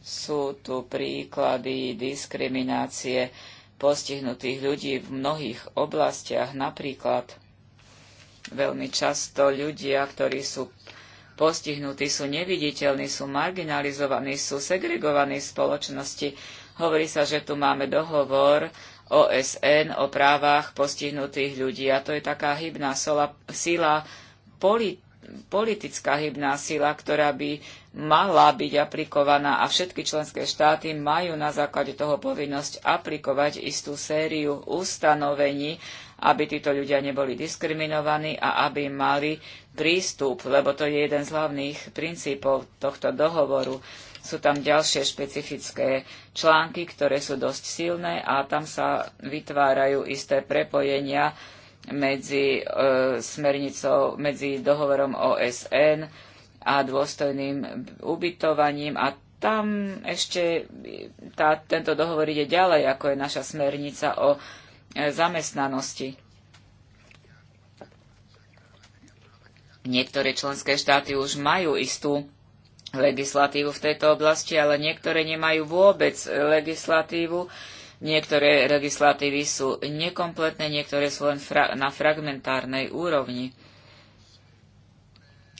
Speaker 4: Sú tu príklady diskriminácie postihnutých ľudí v mnohých oblastiach, napríklad veľmi často ľudia, ktorí sú postihnutí, sú neviditeľní, sú marginalizovaní, sú segregovaní v spoločnosti. Hovorí sa, že tu máme dohovor OSN o právach postihnutých ľudí a to je taká hybná sola, sila polit, politická hybná sila, ktorá by mala byť aplikovaná a všetky členské štáty majú na základe toho povinnosť aplikovať istú sériu ustanovení, aby títo ľudia neboli diskriminovaní a aby mali prístup, lebo to je jeden z hlavných princípov tohto dohovoru. Sú tam ďalšie špecifické články, ktoré sú dosť silné a tam sa vytvárajú isté prepojenia medzi e, smernicou, medzi dohovorom OSN a dôstojným ubytovaním a tam ešte tá, tento dohovor ide ďalej, ako je naša smernica o e, zamestnanosti. Niektoré členské štáty už majú istú legislatívu v tejto oblasti, ale niektoré nemajú vôbec legislatívu, Niektoré legislatívy sú nekompletné, niektoré sú len fra- na fragmentárnej úrovni.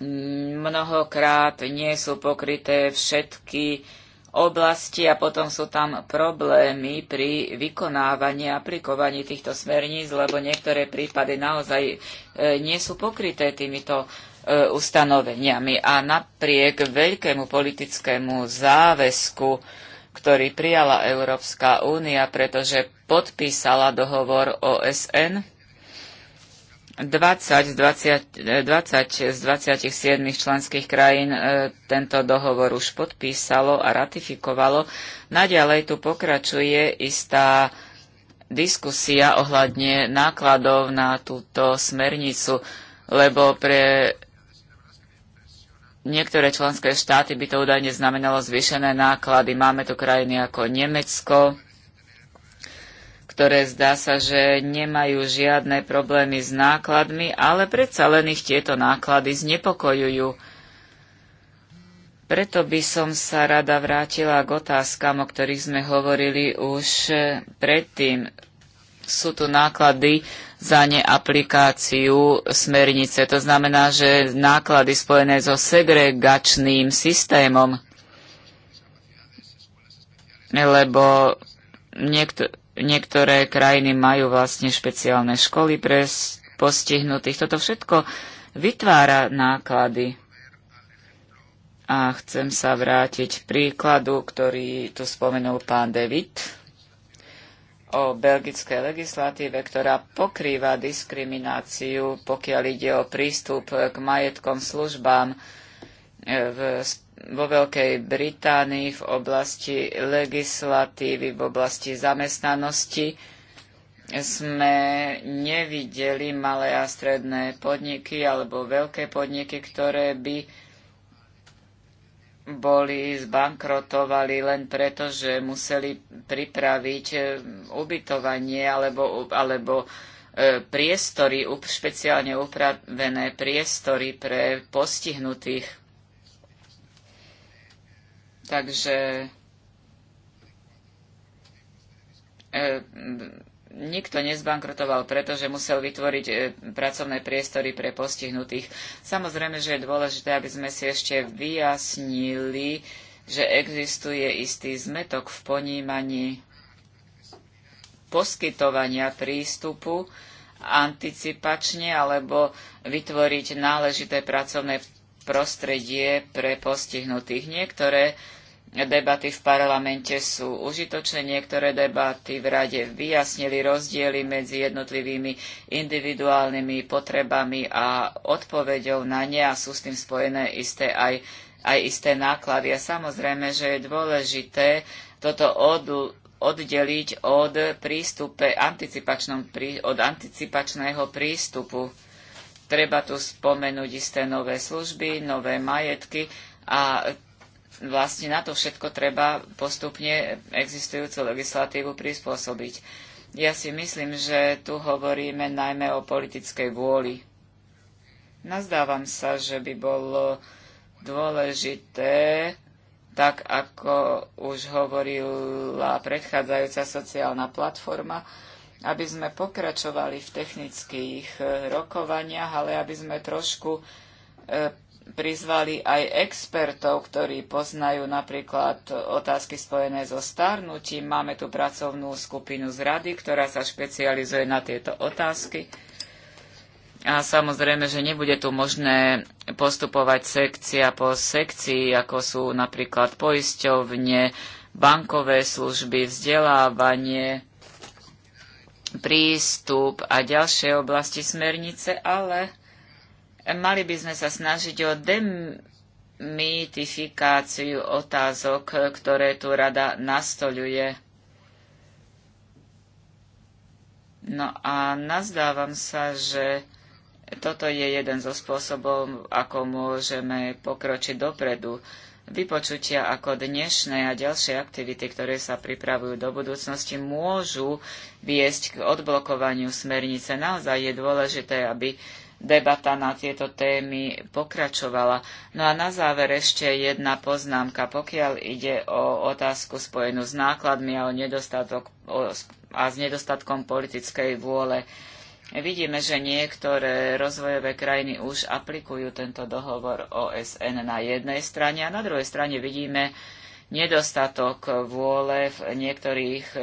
Speaker 4: Mnohokrát nie sú pokryté všetky oblasti a potom sú tam problémy pri vykonávaní a aplikovaní týchto smerníc, lebo niektoré prípady naozaj e, nie sú pokryté týmito e, ustanoveniami. A napriek veľkému politickému záväzku ktorý prijala Európska únia, pretože podpísala dohovor OSN 20 z, 20, 20 z 27 členských krajín e, tento dohovor už podpísalo a ratifikovalo. Naďalej tu pokračuje istá diskusia ohľadne nákladov na túto smernicu, lebo pre niektoré členské štáty by to údajne znamenalo zvýšené náklady. Máme tu krajiny ako Nemecko, ktoré zdá sa, že nemajú žiadne problémy s nákladmi, ale predsa len ich tieto náklady znepokojujú. Preto by som sa rada vrátila k otázkam, o ktorých sme hovorili už predtým. Sú tu náklady za neaplikáciu smernice. To znamená, že náklady spojené so segregačným systémom, lebo niektor- niektoré krajiny majú vlastne špeciálne školy pre postihnutých. Toto všetko vytvára náklady. A chcem sa vrátiť k príkladu, ktorý tu spomenul pán David o belgickej legislatíve, ktorá pokrýva diskrimináciu, pokiaľ ide o prístup k majetkom službám e, v, vo Veľkej Británii v oblasti legislatívy, v oblasti zamestnanosti sme nevideli malé a stredné podniky alebo veľké podniky, ktoré by boli zbankrotovali len preto, že museli pripraviť e, ubytovanie alebo, alebo e, priestory, špeciálne upravené priestory pre postihnutých. Takže e, nikto nezbankrotoval, pretože musel vytvoriť e, pracovné priestory pre postihnutých. Samozrejme, že je dôležité, aby sme si ešte vyjasnili, že existuje istý zmetok v ponímaní poskytovania prístupu anticipačne alebo vytvoriť náležité pracovné prostredie pre postihnutých. Niektoré debaty v parlamente sú užitočné. Niektoré debaty v rade vyjasnili rozdiely medzi jednotlivými individuálnymi potrebami a odpoveďou na ne a sú s tým spojené isté aj, aj isté náklady. A samozrejme, že je dôležité toto oddeliť od, prístupe, anticipačnom, od anticipačného prístupu. Treba tu spomenúť isté nové služby, nové majetky a vlastne na to všetko treba postupne existujúcu legislatívu prispôsobiť. Ja si myslím, že tu hovoríme najmä o politickej vôli. Nazdávam sa, že by bolo dôležité, tak ako už hovorila predchádzajúca sociálna platforma, aby sme pokračovali v technických eh, rokovaniach, ale aby sme trošku eh, prizvali aj expertov, ktorí poznajú napríklad otázky spojené so starnutím. Máme tu pracovnú skupinu z rady, ktorá sa špecializuje na tieto otázky. A samozrejme, že nebude tu možné postupovať sekcia po sekcii, ako sú napríklad poisťovne, bankové služby, vzdelávanie, prístup a ďalšie oblasti smernice, ale Mali by sme sa snažiť o demytifikáciu otázok, ktoré tu rada nastoľuje. No a nazdávam sa, že toto je jeden zo spôsobov, ako môžeme pokročiť dopredu. Vypočutia ako dnešné a ďalšie aktivity, ktoré sa pripravujú do budúcnosti, môžu viesť k odblokovaniu smernice. Naozaj je dôležité, aby debata na tieto témy pokračovala. No a na záver ešte jedna poznámka. Pokiaľ ide o otázku spojenú s nákladmi a, o nedostatok, o, a s nedostatkom politickej vôle, vidíme, že niektoré rozvojové krajiny už aplikujú tento dohovor OSN na jednej strane a na druhej strane vidíme nedostatok vôle v niektorých e,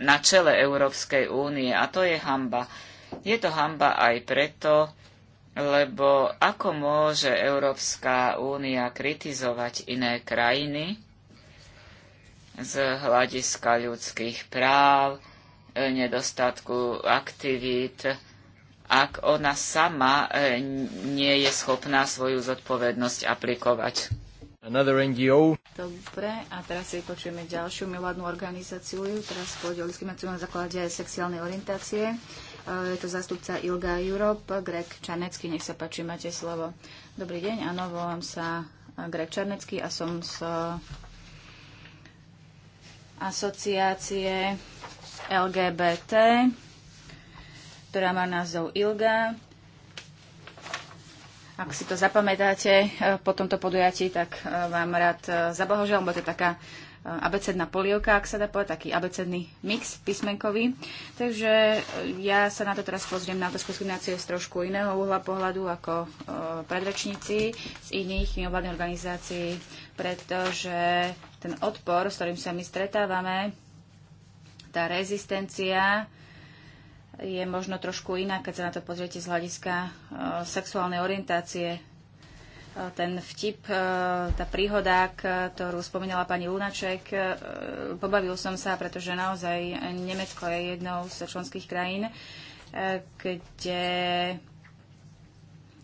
Speaker 4: na čele Európskej únie a to je hamba. Je to hamba aj preto, lebo ako môže Európska únia kritizovať iné krajiny z hľadiska ľudských práv, nedostatku aktivít, ak ona sama e, nie je schopná svoju zodpovednosť aplikovať.
Speaker 3: Dobre, a teraz si počujeme ďalšiu mimovládnu organizáciu, teraz pôjde o diskrimináciu na základe sexuálnej orientácie. Je to zastupca ILGA Europe, Greg Čanecký. Nech sa páči, máte slovo. Dobrý deň, áno, volám sa Greg Čarnecký a som z asociácie LGBT, ktorá má názov ILGA. Ak si to zapamätáte eh, po tomto podujatí, tak eh, vám rád eh, zablahoželám, bo to je taká Eh, abecedná polievka, ak sa dá povedať, taký abecedný mix písmenkový. Takže eh, ja sa na to teraz pozriem na otázku diskriminácie z trošku iného uhla pohľadu ako eh, predrečníci z iných mimovládnych organizácií, pretože ten odpor, s ktorým sa my stretávame, tá rezistencia je možno trošku iná, keď sa na to pozriete z hľadiska sexuálnej orientácie ten vtip, e, tá príhoda, ktorú spomínala pani Lunaček, e, pobavil som sa, pretože naozaj Nemecko je jednou z členských krajín, e, kde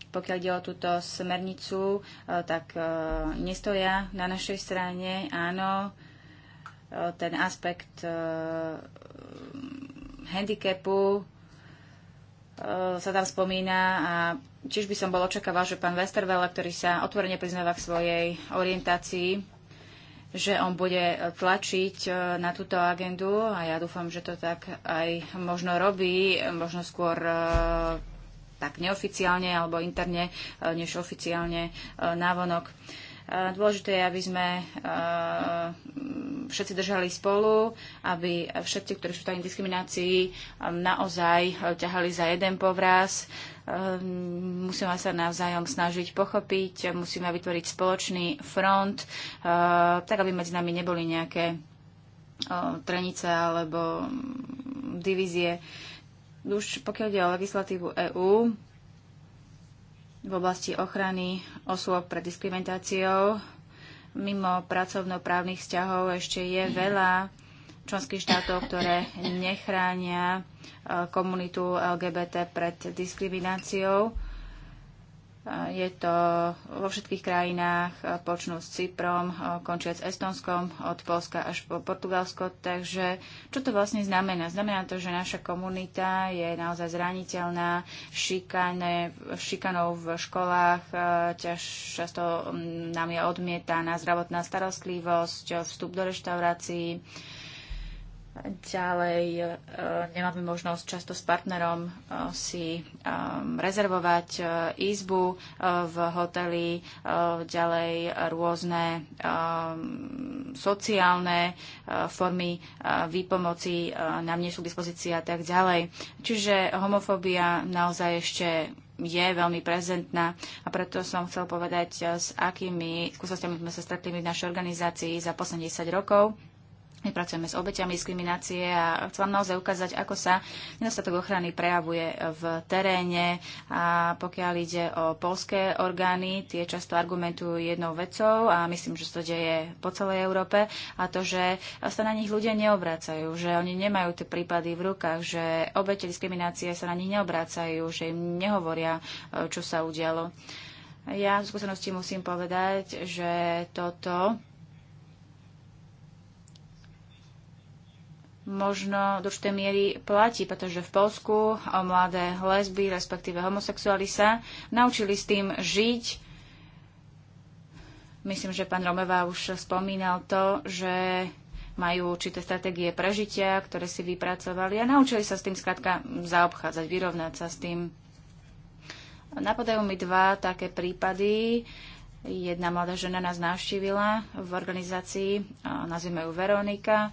Speaker 3: pokiaľ ide o túto smernicu, tak nestoja na našej strane. Áno, ten aspekt handicapu sa tam spomína a tiež by som bol očakával, že pán Westervele, ktorý sa otvorene priznáva k svojej orientácii, že on bude tlačiť e, na túto agendu a ja dúfam, že to tak aj možno robí, možno skôr e, tak neoficiálne alebo interne, e, než oficiálne návonok. Dôležité je, aby sme všetci držali spolu, aby všetci, ktorí sú v diskriminácii, naozaj ťahali za jeden povraz, Ehm, musíme sa navzájom snažiť pochopiť, musíme vytvoriť spoločný front, eh, tak aby medzi nami neboli nejaké eh, trenice alebo mm, divízie. Už pokiaľ ide o legislatívu EÚ v oblasti ochrany osôb pred diskriminatáciou, mimo pracovnoprávnych vzťahov ešte je veľa členských štátov, ktoré nechránia e, komunitu LGBT pred diskrimináciou. E, je to vo všetkých krajinách, e, počnú s Cyprom, končia s Estonskom, od Polska až po Portugalsko. Takže čo to vlastne znamená? Znamená to, že naša komunita je naozaj zraniteľná, šikane, šikanou v školách, ťaž často nám je odmietaná zdravotná starostlivosť, vstup do reštaurácií, Ďalej e, nemáme možnosť často s partnerom e, si e, rezervovať izbu v hoteli, ďalej rôzne sociálne formy výpomoci nám nie sú k dispozícii a tak ďalej. Čiže homofóbia naozaj ešte je veľmi prezentná a preto som chcel povedať, s akými skúsenostiami sme sa stretli v našej organizácii za posledných 10 rokov my pracujeme s obeťami diskriminácie a chcem vám naozaj ukázať, ako sa nedostatok ochrany prejavuje v teréne. A pokiaľ ide o polské orgány, tie často argumentujú jednou vecou a myslím, že to deje po celej Európe a to, že sa na nich ľudia neobracajú, že oni nemajú tie prípady v rukách, že obete diskriminácie sa na nich neobracajú, že im nehovoria, čo sa udialo. Ja v skúsenosti musím povedať, že toto možno do určitej miery platí, pretože v Polsku eh, mladé lesby, respektíve homosexuáli sa naučili s tým žiť. Myslím, že pán Romeva už spomínal to, že majú určité stratégie prežitia, ktoré si vypracovali a naučili sa s tým skrátka zaobchádzať, vyrovnať sa s tým. Napadajú mi dva také prípady. Jedna mladá žena nás navštívila v organizácii, eh, nazvime ju Veronika,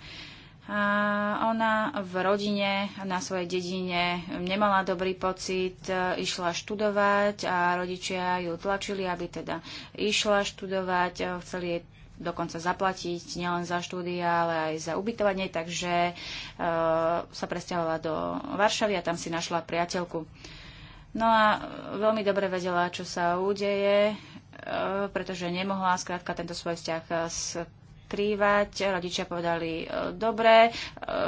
Speaker 3: a ona v rodine, na svojej dedine nemala dobrý pocit, e, išla študovať a rodičia ju tlačili, aby teda išla študovať, e, chceli jej dokonca zaplatiť nielen za štúdia, ale aj za ubytovanie, takže e, sa presťahovala do Varšavy a tam si našla priateľku. No a veľmi dobre vedela, čo sa udeje, e, pretože nemohla skrátka tento svoj vzťah s skrývať. Rodičia povedali, e, dobre, e,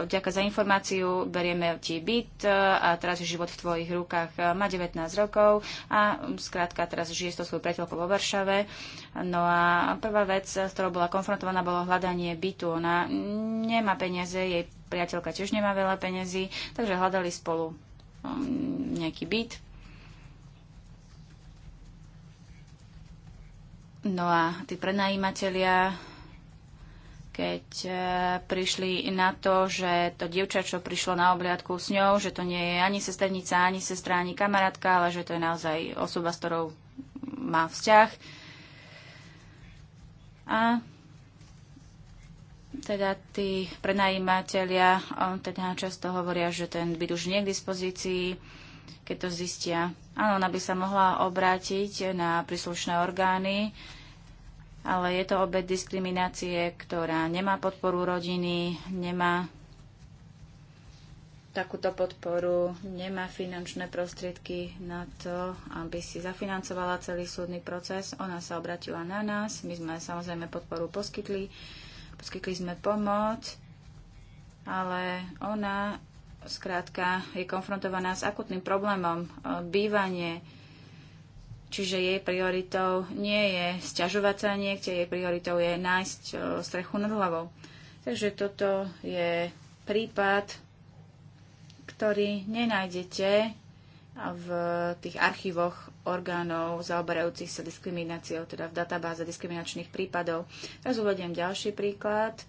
Speaker 3: ďakujem za informáciu, berieme ti byt e, a teraz je život v tvojich rukách. Má 19 rokov a skrátka teraz žije s tou svojou priateľkou vo Varšave. No a prvá vec, s ktorou bola konfrontovaná, bolo hľadanie bytu. Ona nemá peniaze, jej priateľka tiež nemá veľa peniazy, takže hľadali spolu nejaký byt, No a tí prenajímatelia keď e, prišli na to, že to dievča, čo prišlo na obliadku s ňou, že to nie je ani sesternica, ani sestra, ani kamarátka, ale že to je naozaj osoba, s ktorou má vzťah. A teda tí prenajímatelia e, teda často hovoria, že ten byt už nie je k dispozícii, keď to zistia. Áno, ona by sa mohla obrátiť na príslušné orgány, ale je to obed diskriminácie, ktorá nemá podporu rodiny, nemá takúto podporu, nemá finančné prostriedky na to, aby si zafinancovala celý súdny proces. Ona sa obratila na nás, my sme samozrejme podporu poskytli, poskytli sme pomoc, ale ona zkrátka je konfrontovaná s akutným problémom e, bývanie, Čiže jej prioritou nie je sťažovať sa niekde, jej prioritou je nájsť e, strechu nad hlavou. Takže toto je prípad, ktorý nenájdete v tých archívoch orgánov zaoberajúcich sa diskrimináciou, teda v databáze diskriminačných prípadov. Teraz uvediem ďalší príklad.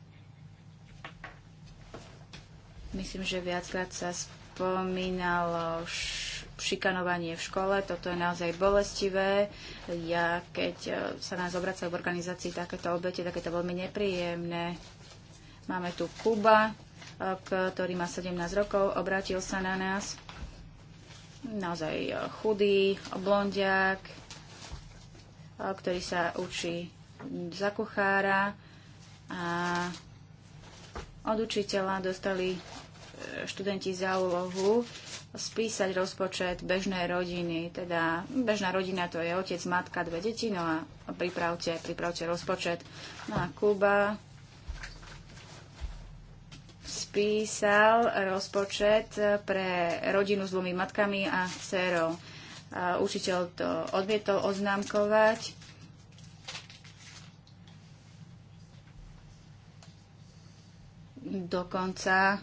Speaker 3: Myslím, že viackrát sa spomínalo š šikanovanie v škole, toto je naozaj bolestivé. Ja, keď e, sa nás obracajú v organizácii takéto obete, tak je to veľmi nepríjemné. Máme tu Kuba, e, ktorý má 17 rokov, obrátil sa na nás. Naozaj e, chudý, blondiak, ktorý sa učí za kuchára a od učiteľa dostali študenti za úlohu, spísať rozpočet bežnej rodiny. Teda bežná rodina to je otec, matka, dve deti, no a pripravte, pripravte rozpočet. No a Kuba spísal rozpočet pre rodinu s dvomi matkami a dcerou. Učiteľ to odmietol oznámkovať Dokonca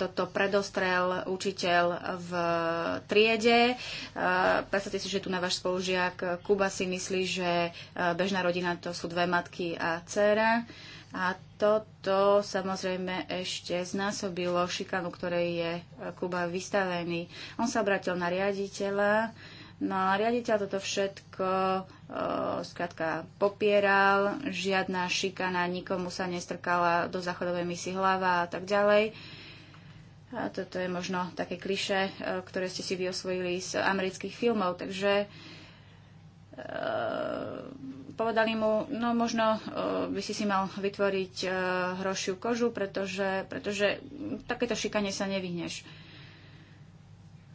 Speaker 3: toto predostrel učiteľ v triede. Predstavte si, že tu na váš spolužiak Kuba si myslí, že bežná rodina to sú dve matky a dcera. A toto samozrejme ešte znásobilo šikanu, ktorej je Kuba vystavený. On sa obratil na riaditeľa No a riaditeľ toto všetko e, skrátka popieral, žiadna šikana, nikomu sa nestrkala do záchodovej misi hlava a tak ďalej. A toto je možno také kliše, eh, ktoré ste si vyosvojili z amerických filmov. Takže e, povedali mu, no možno e, by si si mal vytvoriť e, hrošiu kožu, pretože, pretože takéto šikanie sa nevyhneš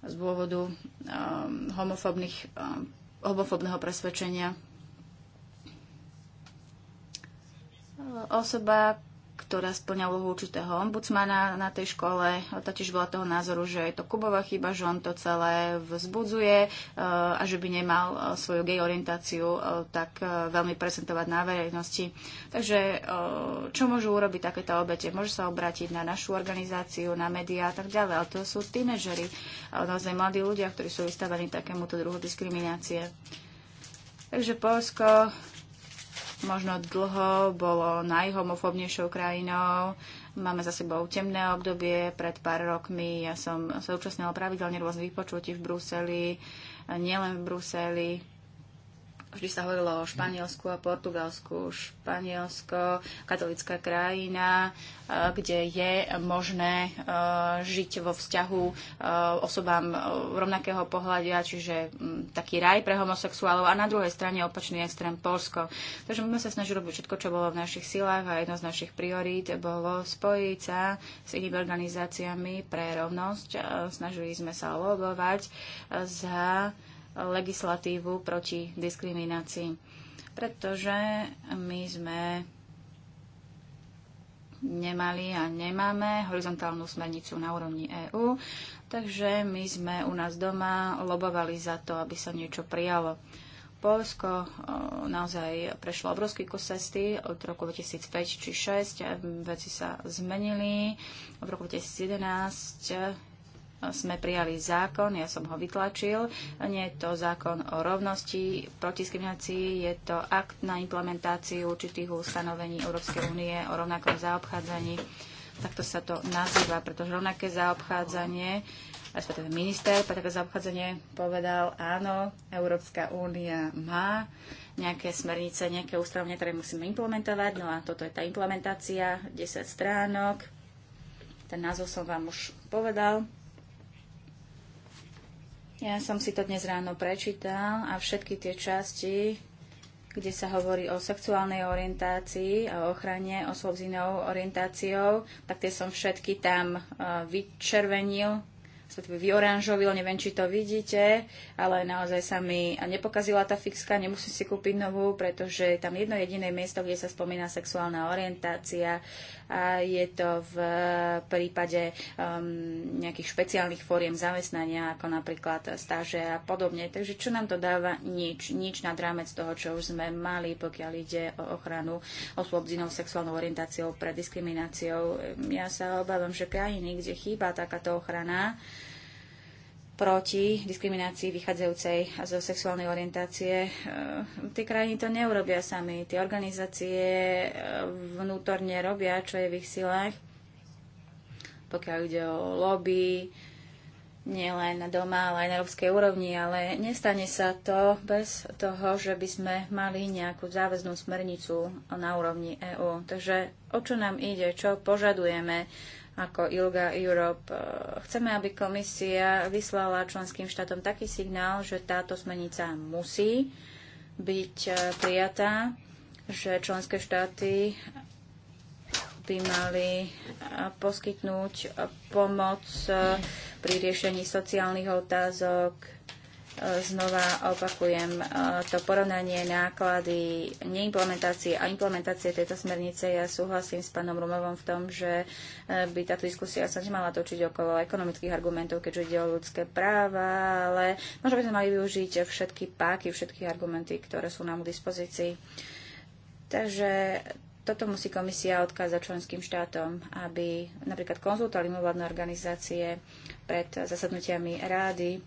Speaker 3: z dôvodu um, um, homofobného presvedčenia. Uh, osoba, ktorá splňa úlohu určitého ombudsmana na tej škole. Totiž bola toho názoru, že je to Kubová chyba, že on to celé vzbudzuje e, a že by nemal e, svoju gej orientáciu e, tak veľmi prezentovať na verejnosti. Takže čo môžu urobiť takéto obete? Môžu sa obrátiť na našu organizáciu, na médiá a tak ďalej. Ale to sú tínežery, naozaj mladí ľudia, ktorí sú vystavení takémuto druhu diskriminácie. Takže Polsko možno dlho bolo najhomofobnejšou krajinou. Máme za sebou temné obdobie. Pred pár rokmi ja som sa účastnila pravidelne rôznych vypočutí v Bruseli, nielen v Bruseli Vždy sa hovorilo o Španielsku a Portugalsku. Španielsko, katolická krajina, e, kde je možné e, žiť vo vzťahu e, osobám rovnakého pohľadia, čiže taký raj pre homosexuálov a na druhej strane opačný extrém Polsko. Takže my sme sa snažili robiť všetko, čo bolo v našich silách a jedno z našich priorít bolo spojiť sa s inými organizáciami pre rovnosť. Snažili sme sa lobovať za legislatívu proti diskriminácii. Pretože my sme nemali a nemáme horizontálnu smernicu na úrovni EÚ, takže my sme u nás doma lobovali za to, aby sa niečo prijalo. Polsko naozaj prešlo obrovský kus cesty od roku 2005 či 2006. Veci sa zmenili. V roku 2011 sme prijali zákon, ja som ho vytlačil. Nie je to zákon o rovnosti proti diskriminácii, je to akt na implementáciu určitých ustanovení Európskej únie o rovnakom zaobchádzaní. Takto sa to nazýva, pretože rovnaké zaobchádzanie, respektíve minister pre také zaobchádzanie povedal, áno, Európska únia má nejaké smernice, nejaké ustanovenia, ktoré musíme implementovať. No a toto je tá implementácia, 10 stránok. Ten názov som vám už povedal. Ja som si to dnes ráno prečítal a všetky tie časti, kde sa hovorí o sexuálnej orientácii a ochrane osôb s inou orientáciou, tak tie som všetky tam eh, vyčervenil, sa to vyoranžovil, neviem, či to vidíte, ale naozaj sa mi nepokazila tá fixka, nemusím si kúpiť novú, pretože je tam jedno jediné miesto, kde sa spomína sexuálna orientácia a je to v prípade um, nejakých špeciálnych fóriem zamestnania, ako napríklad stáže a podobne. Takže čo nám to dáva? Nič. Nič nad rámec toho, čo už sme mali, pokiaľ ide o ochranu osôb s inou sexuálnou orientáciou pred diskrimináciou. Ja sa obávam, že krajiny, kde chýba takáto ochrana, proti diskriminácii vychádzajúcej zo sexuálnej orientácie. E, tie krajiny to neurobia sami. Tie organizácie e, vnútorne robia, čo je v ich silách, pokiaľ ide o lobby, nielen doma, ale aj na európskej úrovni, ale nestane sa to bez toho, že by sme mali nejakú záväznú smernicu na úrovni EÚ. Takže o čo nám ide, čo požadujeme, ako ILGA Europe. E, chceme, aby komisia vyslala členským štátom taký signál, že táto smenica musí byť e, prijatá, že členské štáty by mali e, poskytnúť pomoc pri riešení sociálnych otázok, Znova opakujem, e, to porovnanie náklady neimplementácie a implementácie tejto smernice, ja súhlasím s pánom Rumovom v tom, že e, by táto diskusia sa nemala točiť okolo ekonomických argumentov, keďže ide o ľudské práva, ale možno by sme mali využiť všetky páky, všetky argumenty, ktoré sú nám k dispozícii. Takže toto musí komisia odkázať členským štátom, aby napríklad konzultovali mimovládne organizácie pred zasadnutiami rády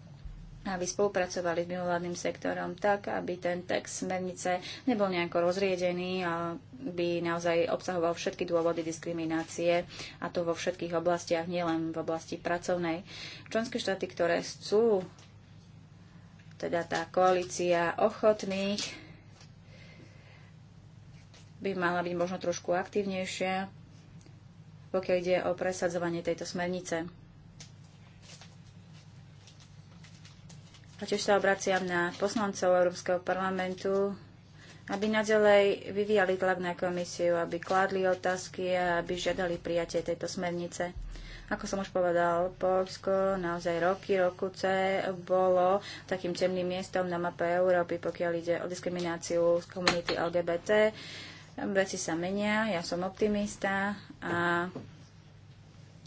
Speaker 3: aby spolupracovali s mimovládnym sektorom tak, aby ten text smernice nebol nejako rozriedený a by naozaj obsahoval všetky dôvody diskriminácie a to vo všetkých oblastiach, nielen v oblasti pracovnej. Členské štáty, ktoré sú teda tá koalícia ochotných, by mala byť možno trošku aktívnejšia, pokiaľ ide o presadzovanie tejto smernice. A tiež sa obraciam na poslancov Európskeho parlamentu, aby nadalej vyvíjali tlak na komisiu, aby kládli otázky a aby žiadali prijatie tejto smernice. Ako som už povedal, Polsko naozaj roky, rokuce bolo takým temným miestom na mape Európy, pokiaľ ide o diskrimináciu z komunity LGBT. Veci sa menia, ja som optimista a,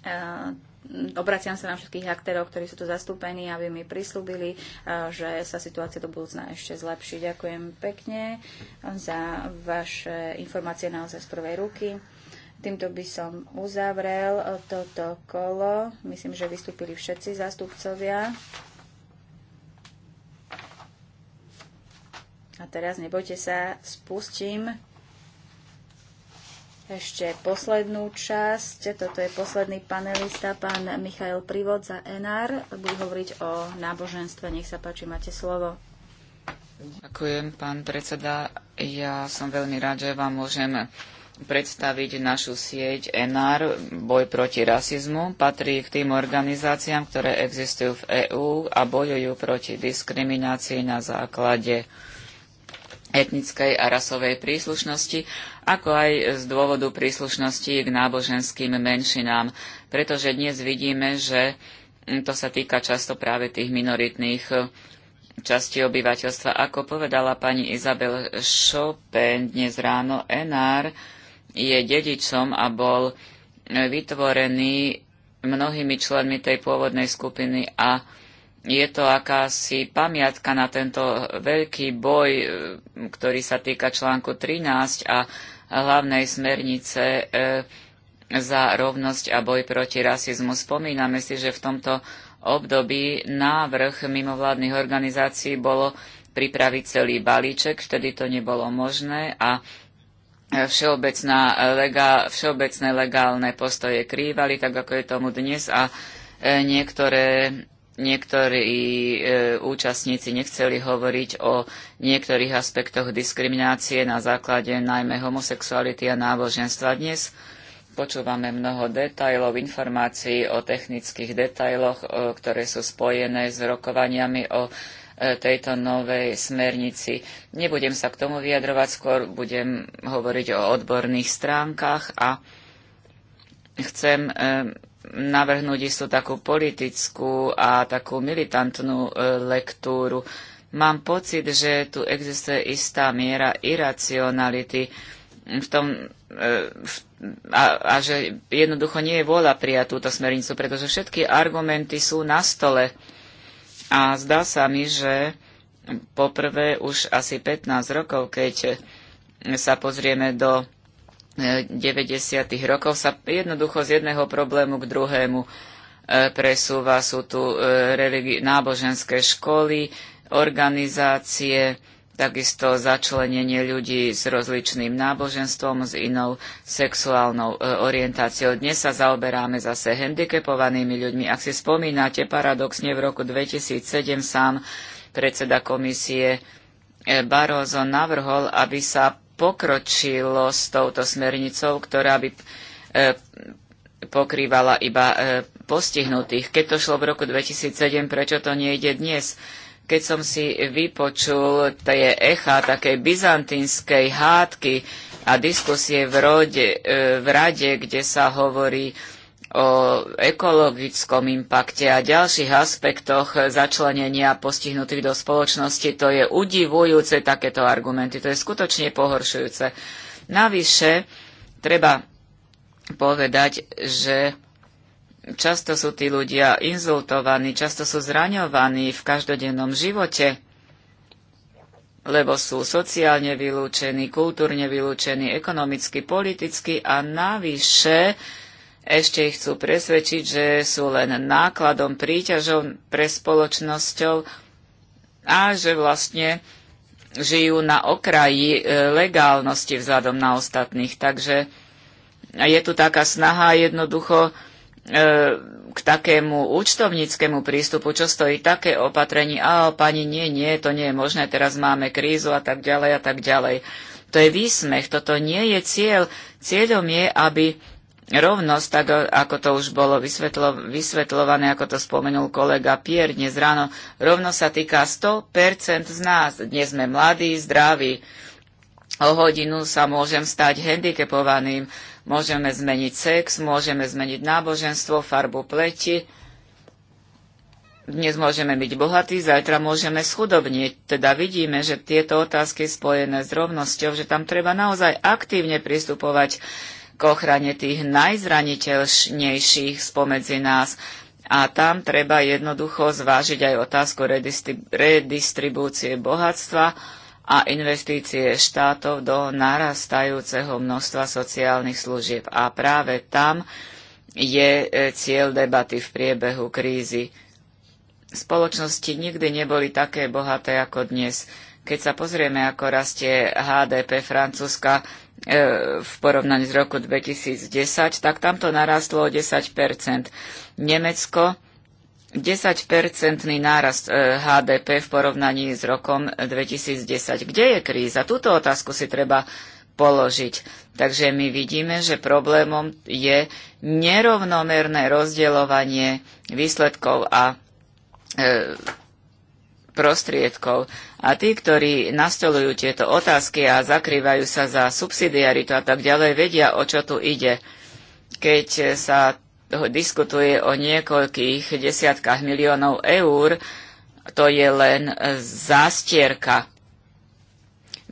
Speaker 3: a obraciam sa na všetkých aktérov, ktorí sú tu zastúpení, aby mi prislúbili, eh, že sa situácia do budúcna ešte zlepší. Ďakujem pekne eh, za vaše informácie naozaj z prvej ruky. Týmto by som uzavrel eh, toto kolo. Myslím, že vystúpili všetci zástupcovia. A teraz nebojte sa, spustím ešte poslednú časť. Toto je posledný panelista, pán Michail Privod za NR. Bude hovoriť o náboženstve. Nech sa páči, máte slovo.
Speaker 4: Ďakujem, pán predseda. Ja som veľmi rád, že vám môžem predstaviť našu sieť NR, boj proti rasizmu, patrí k tým organizáciám, ktoré existujú v EÚ a bojujú proti diskriminácii na základe etnickej a rasovej príslušnosti, ako aj z dôvodu príslušnosti k náboženským menšinám, pretože dnes vidíme, že to sa týka často práve tých minoritných eh, časti obyvateľstva. Ako povedala pani Izabel Chopin dnes ráno, Enár je dedičom a bol eh, vytvorený mnohými členmi tej pôvodnej skupiny a je to akási pamiatka na tento veľký boj, e, ktorý sa týka článku 13 a hlavnej smernice e, za rovnosť a boj proti rasizmu. Spomíname si, že v tomto období návrh mimovládnych organizácií bolo pripraviť celý balíček, vtedy to nebolo možné a všeobecná, všeobecné legálne postoje krývali, tak ako je tomu dnes a e, niektoré niektorí e, účastníci nechceli hovoriť o niektorých aspektoch diskriminácie na základe najmä homosexuality a náboženstva. Dnes počúvame mnoho detajlov, informácií o technických detajloch, e, ktoré sú spojené s rokovaniami o e, tejto novej smernici. Nebudem sa k tomu vyjadrovať, skôr budem hovoriť o odborných stránkach a chcem e, navrhnúť istú takú politickú a takú militantnú e, lektúru. Mám pocit, že tu existuje istá miera iracionality v tom, e, v, a, a že jednoducho nie je vôľa prijať túto smernicu, pretože všetky argumenty sú na stole. A zdá sa mi, že poprvé už asi 15 rokov, keď sa pozrieme do 90. rokov sa jednoducho z jedného problému k druhému e, presúva. Sú tu e, náboženské školy, organizácie, takisto začlenenie ľudí s rozličným náboženstvom, s inou sexuálnou e, orientáciou. Dnes sa zaoberáme zase handicapovanými ľuďmi. Ak si spomínate, paradoxne v roku 2007 sám predseda komisie Barroso navrhol, aby sa pokročilo s touto smernicou, ktorá by e, pokrývala iba e, postihnutých. Keď to šlo v roku 2007, prečo to nejde dnes? Keď som si vypočul tie echa takej byzantínskej hádky a diskusie v, rode, e, v rade, kde sa hovorí o ekologickom impakte a ďalších aspektoch začlenenia postihnutých do spoločnosti. To je udivujúce takéto argumenty. To je skutočne pohoršujúce. Navyše, treba povedať, že často sú tí ľudia inzultovaní, často sú zraňovaní v každodennom živote, lebo sú sociálne vylúčení, kultúrne vylúčení, ekonomicky, politicky a navyše ešte ich chcú presvedčiť, že sú len nákladom, príťažom pre spoločnosťou a že vlastne žijú na okraji e, legálnosti vzhľadom na ostatných. Takže je tu taká snaha jednoducho e, k takému účtovníckému prístupu, čo stojí také opatrenie, a pani, nie, nie, to nie je možné, teraz máme krízu a tak ďalej a tak ďalej. To je výsmech, toto nie je cieľ. Cieľom je, aby rovnosť, tak e, ako to už bolo vysvetlo, vysvetľované, ako to spomenul kolega Pier dnes ráno. Rovnosť sa týka 100% z nás. Dnes sme mladí, zdraví. O hodinu sa môžem stať handicapovaným, môžeme zmeniť sex, môžeme zmeniť náboženstvo, farbu pleti. Dnes môžeme byť bohatí, zajtra môžeme schudobniť. Teda vidíme, že tieto otázky spojené s rovnosťou, že tam treba naozaj aktívne pristupovať ochrane tých najzraniteľnejších spomedzi nás. A tam treba jednoducho zvážiť aj otázku redistribúcie bohatstva a investície štátov do narastajúceho množstva sociálnych služieb. A práve tam je e, cieľ debaty v priebehu krízy. Spoločnosti nikdy neboli také bohaté ako dnes. Keď sa pozrieme, ako rastie HDP Francúzska, E, v porovnaní s roku 2010, tak tamto narastlo o 10 Nemecko 10-percentný nárast e, HDP v porovnaní s rokom 2010. Kde je kríza? Túto otázku si treba položiť. Takže my vidíme, že problémom je nerovnomerné rozdeľovanie výsledkov a e, prostriedkov. A tí, ktorí nastolujú tieto otázky a zakrývajú sa za subsidiaritu a tak ďalej, vedia, o čo tu ide. Keď sa diskutuje o niekoľkých desiatkách miliónov eur, to je len zástierka.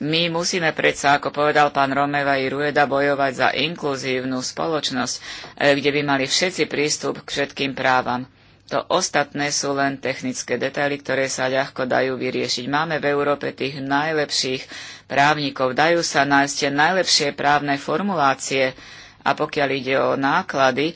Speaker 4: My musíme predsa, ako povedal pán Romeva i Rueda, bojovať za inkluzívnu spoločnosť, eh, kde by mali všetci prístup k všetkým právam. To ostatné sú len technické detaily, ktoré sa ľahko dajú vyriešiť. Máme v Európe tých najlepších právnikov, dajú sa nájsť tie najlepšie právne formulácie a pokiaľ ide o náklady e,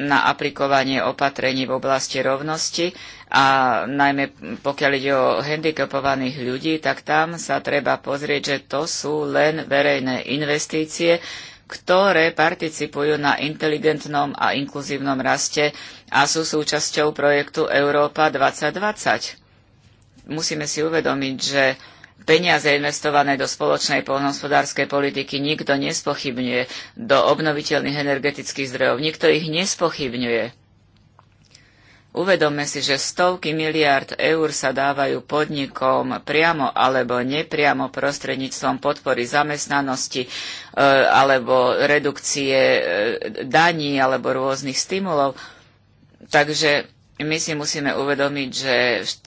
Speaker 4: na aplikovanie opatrení v oblasti rovnosti a najmä pokiaľ ide o handicapovaných ľudí, tak tam sa treba pozrieť, že to sú len verejné investície, ktoré participujú na inteligentnom a inkluzívnom raste a sú súčasťou projektu Európa 2020. Musíme si uvedomiť, že peniaze investované do spoločnej poľnohospodárskej politiky nikto nespochybňuje, do obnoviteľných energetických zdrojov nikto ich nespochybňuje. Uvedome si, že stovky miliárd eur sa dávajú podnikom priamo alebo nepriamo prostredníctvom podpory zamestnanosti e, alebo redukcie e, daní alebo rôznych stimulov. Takže my si musíme uvedomiť, že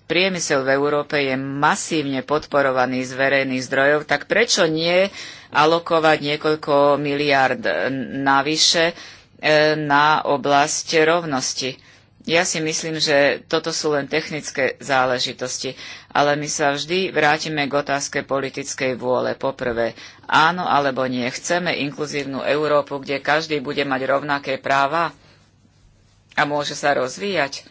Speaker 4: priemysel v Európe je masívne podporovaný z verejných zdrojov, tak prečo nie alokovať niekoľko miliard navyše e, na oblasť rovnosti? Ja si myslím, že toto sú len technické záležitosti, ale my sa vždy vrátime k otázke politickej vôle. Poprvé, áno alebo nie, chceme inkluzívnu Európu, kde každý bude mať rovnaké práva? a môže sa rozvíjať.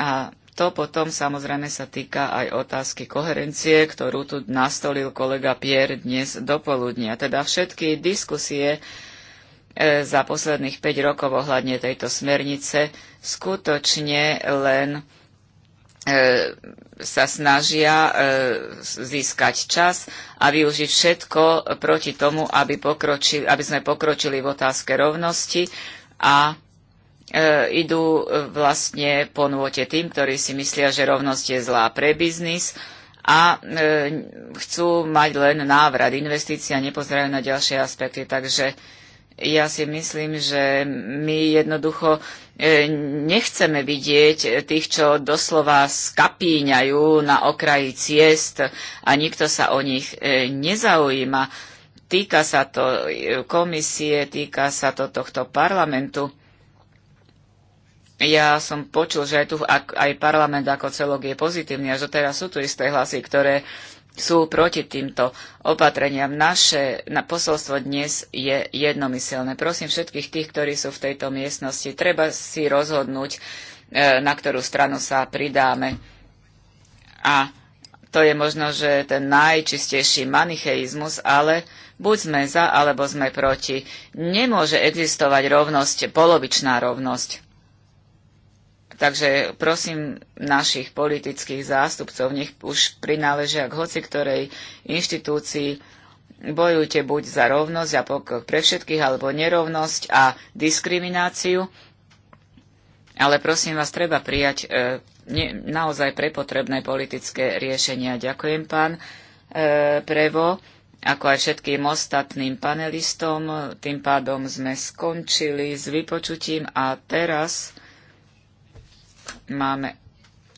Speaker 4: A to potom samozrejme sa týka aj otázky koherencie, ktorú tu nastolil kolega Pierre dnes do poludnia. Teda všetky diskusie e, za posledných 5 rokov ohľadne tejto smernice skutočne len e, sa snažia e, získať čas a využiť všetko proti tomu, aby, pokročili, aby sme pokročili v otázke rovnosti a E, idú e, vlastne po nôte tým, ktorí si myslia, že rovnosť je zlá pre biznis a e, chcú mať len návrat investícií a nepozerajú na ďalšie aspekty. Takže ja si myslím, že my jednoducho nechceme vidieť tých, čo doslova skapíňajú na okraji ciest a nikto sa o nich nezaujíma. Týka sa to komisie, týka sa to tohto parlamentu ja som počul, že aj tu aj parlament ako celok je pozitívny a že teraz sú tu isté hlasy, ktoré sú proti týmto opatreniam. Naše na posolstvo dnes je jednomyselné. Prosím všetkých tých, ktorí sú v tejto miestnosti, treba si rozhodnúť, e, na ktorú stranu sa pridáme. A to je možno, že ten najčistejší manicheizmus, ale buď sme za, alebo sme proti. Nemôže existovať rovnosť, polovičná rovnosť. Takže prosím našich politických zástupcov, nech už prináležia k hoci ktorej inštitúcii, bojujte buď za rovnosť a pokok pre všetkých, alebo nerovnosť a diskrimináciu. Ale prosím vás, treba prijať e, ne, naozaj prepotrebné politické riešenia. Ďakujem, pán e, Prevo, ako aj všetkým ostatným panelistom. Tým pádom sme skončili s vypočutím a teraz Máme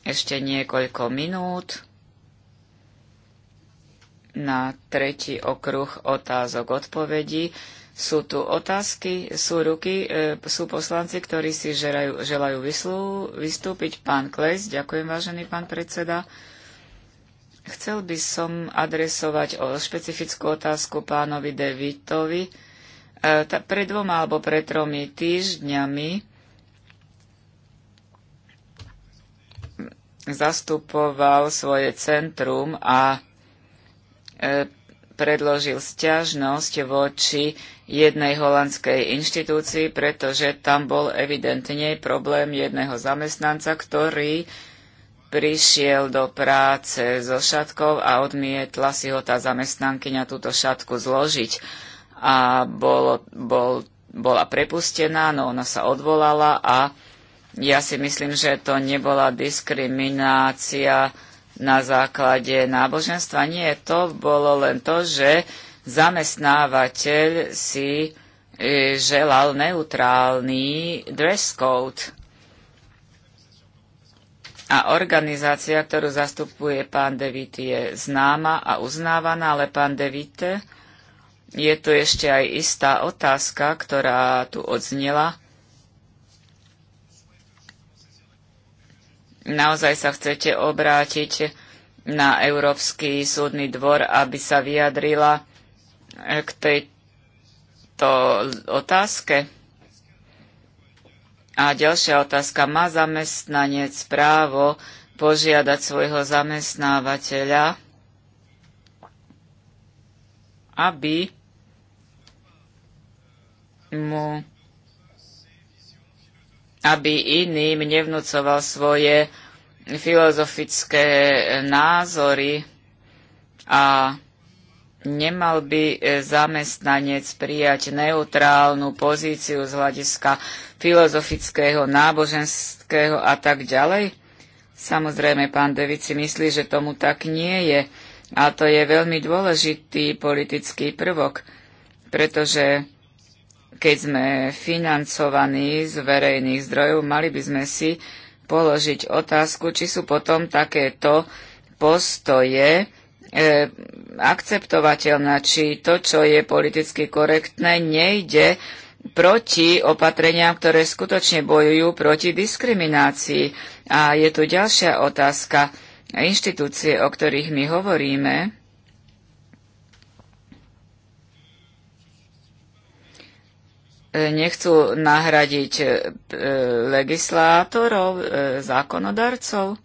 Speaker 4: ešte niekoľko minút na tretí okruh otázok odpovedí. Sú tu otázky, sú ruky, e, sú poslanci, ktorí si želajú, želajú vyslú, vystúpiť. Pán Kles, ďakujem, vážený pán predseda. Chcel by som adresovať o špecifickú otázku pánovi Devitovi. E, pred dvoma alebo pred tromi týždňami zastupoval svoje centrum a e, predložil stiažnosť voči jednej holandskej inštitúcii, pretože tam bol evidentne problém jedného zamestnanca, ktorý prišiel do práce so šatkou a odmietla si ho tá zamestnankyňa túto šatku zložiť. A bol, bol, bola prepustená, no ona sa odvolala a ja si myslím, že to nebola diskriminácia na základe náboženstva. Nie, to bolo len to, že zamestnávateľ si e, želal neutrálny dress code. A organizácia, ktorú zastupuje pán Devit, je známa a uznávaná, ale pán Devite, je tu ešte aj istá otázka, ktorá tu odznela. naozaj sa chcete obrátiť na Európsky súdny dvor, aby sa vyjadrila eh, k tejto otázke? A ďalšia otázka. Má zamestnanec právo požiadať svojho zamestnávateľa, aby mu aby iným nevnúcoval svoje filozofické názory a nemal by e, zamestnanec prijať neutrálnu pozíciu z hľadiska filozofického, náboženského a tak ďalej? Samozrejme, pán Devici myslí, že tomu tak nie je. A to je veľmi dôležitý politický prvok, pretože keď sme financovaní z verejných zdrojov, mali by sme si položiť otázku, či sú potom takéto postoje e, akceptovateľné, či to, čo je politicky korektné, nejde proti opatreniam, ktoré skutočne bojujú proti diskriminácii. A je tu ďalšia otázka. Inštitúcie, o ktorých my hovoríme, nechcú nahradiť e, legislátorov, e, zákonodarcov.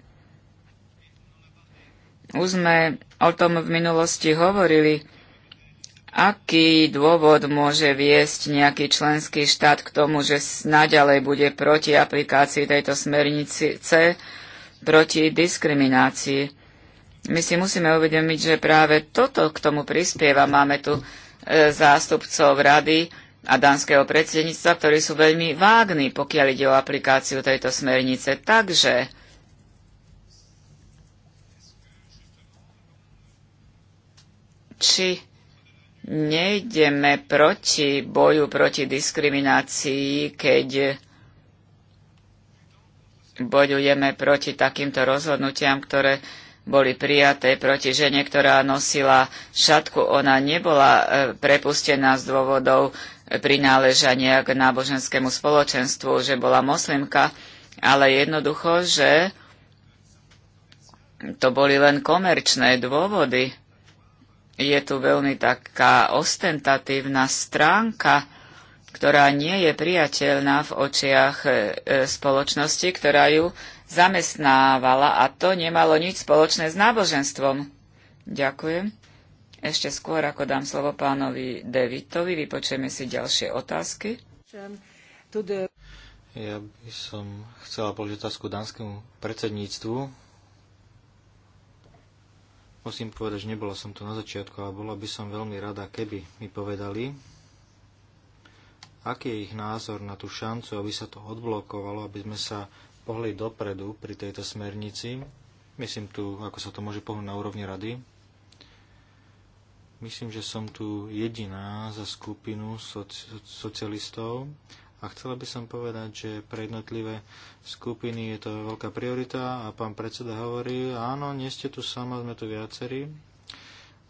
Speaker 4: Už sme o tom v minulosti hovorili, aký dôvod môže viesť nejaký členský štát k tomu, že naďalej bude proti aplikácii tejto smernice proti diskriminácii. My si musíme uvedomiť, že práve toto k tomu prispieva. Máme tu e, zástupcov rady, a dánskeho predsedníctva, ktorí sú veľmi vágni, pokiaľ ide o aplikáciu tejto smernice. Takže či nejdeme proti boju proti diskriminácii, keď bojujeme proti takýmto rozhodnutiam, ktoré boli prijaté proti žene, ktorá nosila šatku. Ona nebola e, prepustená z dôvodov prináležania k náboženskému spoločenstvu, že bola moslimka, ale jednoducho, že to boli len komerčné dôvody. Je tu veľmi taká ostentatívna stránka, ktorá nie je priateľná v očiach e, spoločnosti, ktorá ju zamestnávala a to nemalo nič spoločné s náboženstvom. Ďakujem. Ešte skôr, ako dám slovo pánovi Devitovi,
Speaker 2: vypočujeme si ďalšie otázky. Ja by som chcela položiť otázku dánskemu predsedníctvu. Musím povedať, že nebola som tu na začiatku, ale bola by som veľmi rada, keby mi povedali, aký je ich názor na tú šancu, aby sa to odblokovalo, aby sme sa pohli dopredu pri tejto smernici. Myslím tu, ako sa to môže pohnúť na úrovni rady. Myslím, že som tu jediná za skupinu soci- socialistov a chcela by som povedať, že pre jednotlivé skupiny je to veľká priorita a pán predseda hovorí, áno, nie ste tu sama, sme tu viacerí.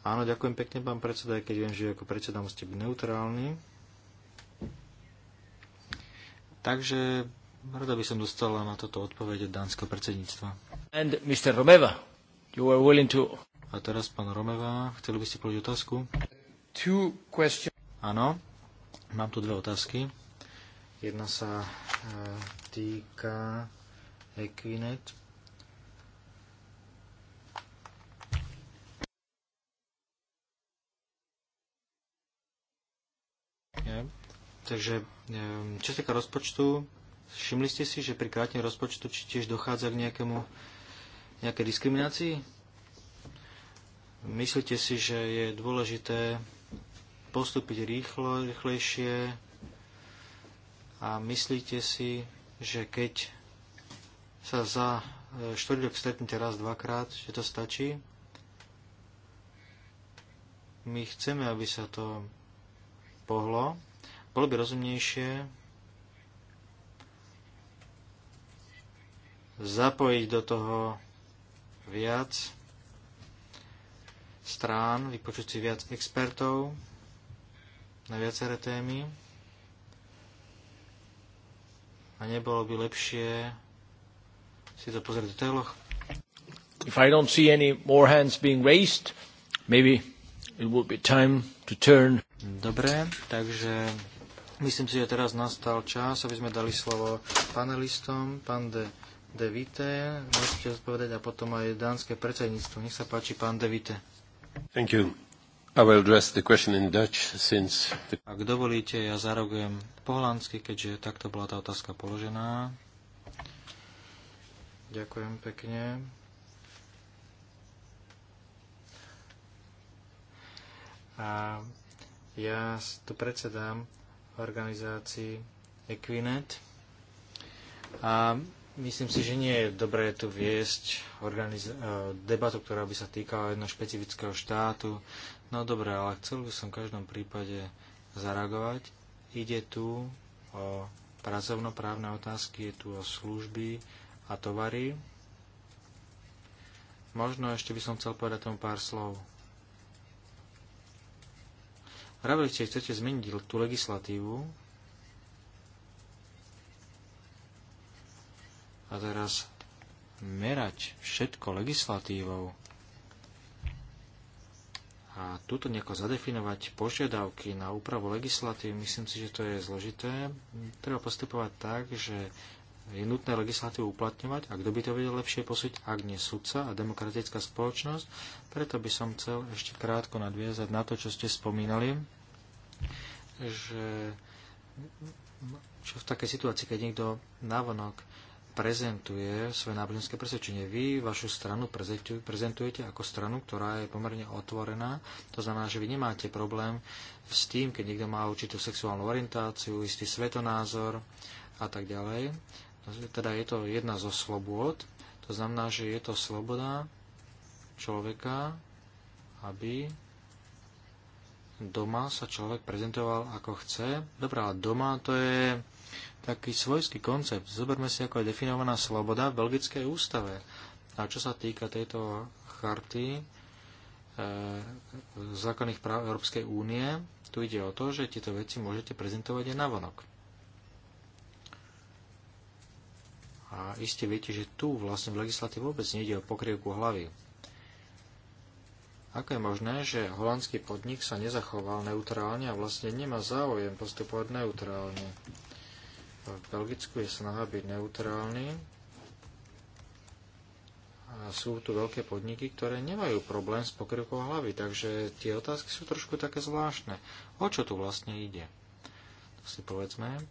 Speaker 2: Áno, ďakujem pekne, pán predseda, aj keď viem, že ako predseda musíte byť neutrálny. Takže rada by som dostala na toto odpoveď dánskeho predsedníctva. And Mr. Romeva, you were willing to... A teraz pán Romeva, chceli by ste položiť otázku? Áno, mám tu dve otázky. Jedna sa e, týka Equinet. Ja. Takže, e, čo sa týka rozpočtu, všimli ste si, že pri krátnej rozpočtu či tiež dochádza k nejakému, nejakej diskriminácii? Myslíte si, že je dôležité postúpiť rýchlo, rýchlejšie a myslíte si, že keď sa za e, štvrtok stretnete raz, dvakrát, že to stačí? My chceme, aby sa to pohlo. Bolo by rozumnejšie zapojiť do toho viac strán, vypočuť si viac expertov na viaceré témy. A nebolo by lepšie si to pozrieť v detailoch?
Speaker 1: If I don't see any more hands being raised, maybe it would be time to turn. Dobre,
Speaker 2: takže myslím si, že teraz nastal čas, aby sme dali slovo panelistom. Pán de, de Vite, môžete odpovedať a potom aj dánske predsedníctvo. Nech sa páči, pán De Vite. Ak dovolíte, ja zareagujem po holandsky, keďže takto bola tá otázka položená. Ďakujem pekne. A ja tu predsedám organizácii Equinet. A Myslím si, že nie je dobré tu viesť organiz- eh, debatu, ktorá by sa týkala jedno špecifického štátu. No dobre, ale chcel by som v každom prípade zareagovať. Ide tu o pracovnoprávne otázky, je tu o služby a tovary. Možno ešte by som chcel povedať tomu pár slov. Vravili ste, chcete zmeniť tú legislatívu, A teraz merať všetko legislatívou a tuto nejako zadefinovať požiadavky na úpravu legislatívy, myslím si, že to je zložité. Treba postupovať tak, že je nutné legislatívu uplatňovať a kto by to vedel lepšie posúť, ak nie sudca a demokratická spoločnosť. Preto by som chcel ešte krátko nadviazať na to, čo ste spomínali, že čo v takej situácii, keď niekto e, prezentuje svoje náboženské presvedčenie. Vy vašu stranu prezentujete ako stranu, ktorá je pomerne otvorená. To znamená, že vy nemáte problém s tým, keď niekto má určitú sexuálnu orientáciu, istý svetonázor a tak ďalej. Teda je to jedna zo slobôd. To znamená, že je to sloboda človeka, aby doma sa človek prezentoval ako chce. Dobrá, doma to je taký svojský koncept. Zoberme si, ako je definovaná sloboda v Belgickej ústave. A čo sa týka tejto charty e, základných práv Európskej únie, tu ide o to, že tieto veci môžete prezentovať aj navonok. A iste viete, že tu vlastne v legislatíve vôbec nejde o pokrievku hlavy. Ako je možné, že holandský podnik sa nezachoval neutrálne a vlastne nemá záujem postupovať neutrálne? V Belgicku je snaha byť neutrálny a sú tu veľké podniky, ktoré nemajú problém s pokrivkou hlavy, takže tie otázky sú trošku také zvláštne. O čo tu vlastne ide? To si povedzme.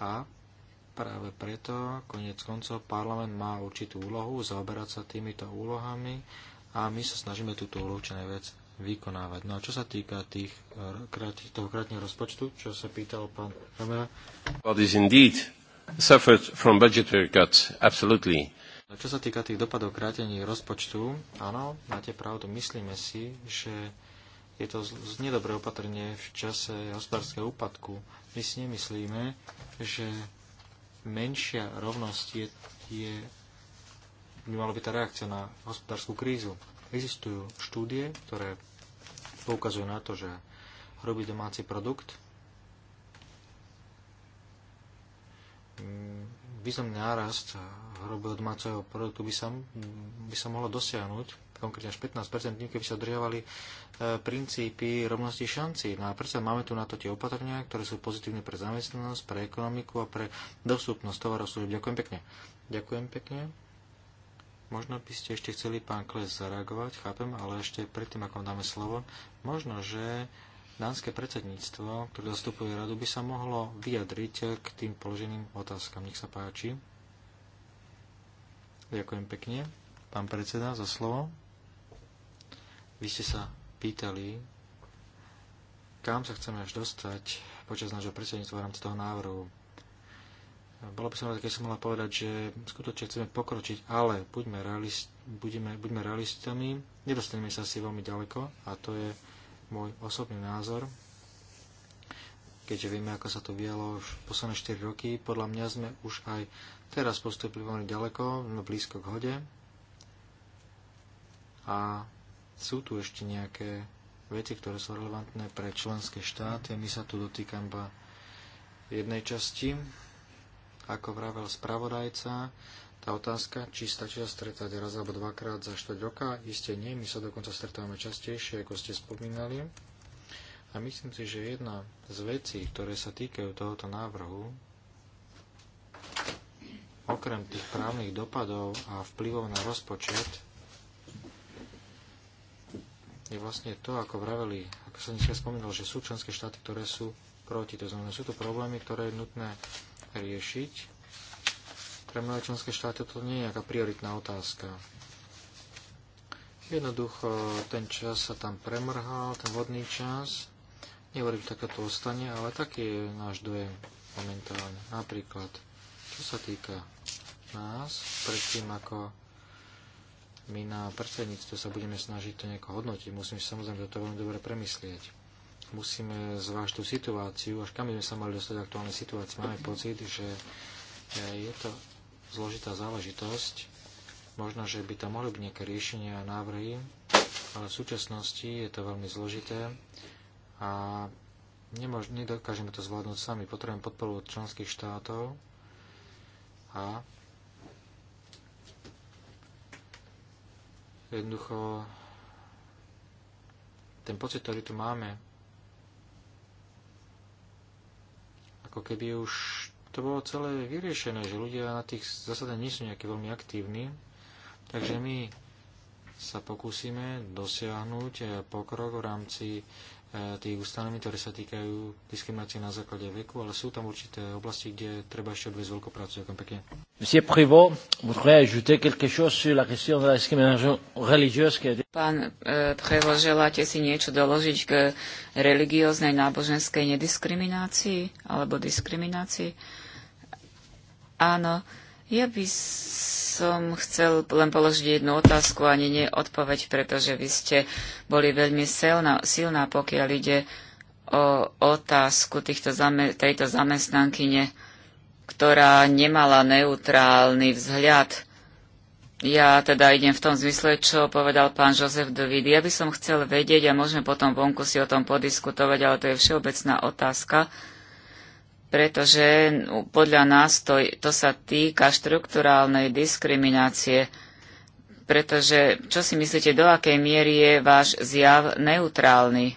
Speaker 2: A práve preto, konec koncov, parlament má určitú úlohu, zaoberať sa týmito úlohami a my sa snažíme túto úlohu čo najviac vykonávať. No a čo sa týka tých, eh, toho krátneho rozpočtu, čo sa pýtal pán Ramera?
Speaker 1: What is indeed suffered from budgetary cuts, absolutely.
Speaker 2: No, čo sa týka tých dopadov krátení rozpočtu, áno, máte pravdu, myslíme si, že je to nedobré opatrenie v čase hospodárskeho úpadku. My si nemyslíme, že menšia rovnosť je, je by mala byť tá reakcia na hospodárskú krízu. Existujú štúdie, ktoré poukazujú na to, že hrubý domáci produkt mm, významný nárast hrubého domáceho produktu by sa, by sa mohlo dosiahnuť, konkrétne až 15%, tým, keby sa držiavali e, princípy rovnosti šanci. No a predsa máme tu na to tie opatrenia, ktoré sú pozitívne pre zamestnanosť, pre ekonomiku a pre dostupnosť tovarov služieb. Ďakujem pekne. Ďakujem pekne. Možno by ste ešte chceli, pán Kles, zareagovať, chápem, ale ešte predtým, ako vám dáme slovo, možno, že dánske predsedníctvo, ktoré zastupuje radu, by sa mohlo vyjadriť k tým položeným otázkam. Nech sa páči. Ďakujem pekne, pán predseda, za slovo. Vy ste sa pýtali, kam sa chceme až dostať počas nášho predsedníctva v rámci toho návrhu bolo by som rád, keď som mohla povedať, že skutočne chceme pokročiť, ale buďme, realist, buďme, buďme realistami, nedostaneme sa si veľmi ďaleko a to je môj osobný názor, keďže vieme, ako sa to vialo už posledné 4 roky. Podľa mňa sme už aj teraz postupili veľmi ďaleko, no blízko k hode. A sú tu ešte nejaké veci, ktoré sú relevantné pre členské štáty. My sa tu dotýkam iba jednej časti ako vravel spravodajca, tá otázka, či stačí sa stretať raz alebo dvakrát za 4 roka, iste nie, my sa dokonca stretávame častejšie, ako ste spomínali. A myslím si, že jedna z vecí, ktoré sa týkajú tohoto návrhu, okrem tých právnych dopadov a vplyvov na rozpočet, je vlastne to, ako vraveli, ako som dneska spomínal, že sú členské štáty, ktoré sú proti. To znamená, sú to problémy, ktoré je nutné riešiť. Pre mnohé členské štáty to nie je nejaká prioritná otázka. Jednoducho ten čas sa tam premrhal, ten vodný čas. Nehovorím, že takéto ostane, ale taký je náš dojem momentálne. Napríklad, čo sa týka nás, predtým ako my na predsedníctve sa budeme snažiť to nejako hodnotiť, musíme si samozrejme toto veľmi dobre premyslieť musíme zvážiť tú situáciu, až kam by sme sa mali dostať aktuálnej situácii. Máme pocit, že e, je to zložitá záležitosť. Možno, že by tam mohli byť nejaké riešenia a návrhy, ale v súčasnosti je to veľmi zložité a nemož, nedokážeme to zvládnuť sami. Potrebujeme podporu od členských štátov a jednoducho ten pocit, ktorý tu máme ako keby už to bolo celé vyriešené, že ľudia na tých zasadách nie sú nejakí veľmi aktívni. Takže my sa pokúsime dosiahnuť pokrok v rámci E, tých ustanovení, ktoré sa týkajú diskriminácie na základe veku, ale sú tam určité oblasti, kde treba ešte odviesť veľkú prácu. Ďakujem pekne.
Speaker 1: Monsieur Prévost, voudrais ajouter quelque chose sur la question de la discrimination religieuse. Pán
Speaker 4: e, Prévost, želáte si niečo doložiť k religióznej náboženskej nediskriminácii alebo diskriminácii? Áno, ja by som chcel len položiť jednu otázku, ani nie odpoveď, pretože vy ste boli veľmi silná, silná pokiaľ ide o otázku týchto zame, tejto zamestnankyne, ktorá nemala neutrálny vzhľad. Ja teda idem v tom zmysle, čo povedal pán Jozef Dovid. Ja by som chcel vedieť, a môžeme potom vonku si o tom podiskutovať, ale to je všeobecná otázka, pretože no, podľa nás to, to sa týka štrukturálnej diskriminácie. Pretože čo si myslíte, do akej miery je váš zjav neutrálny?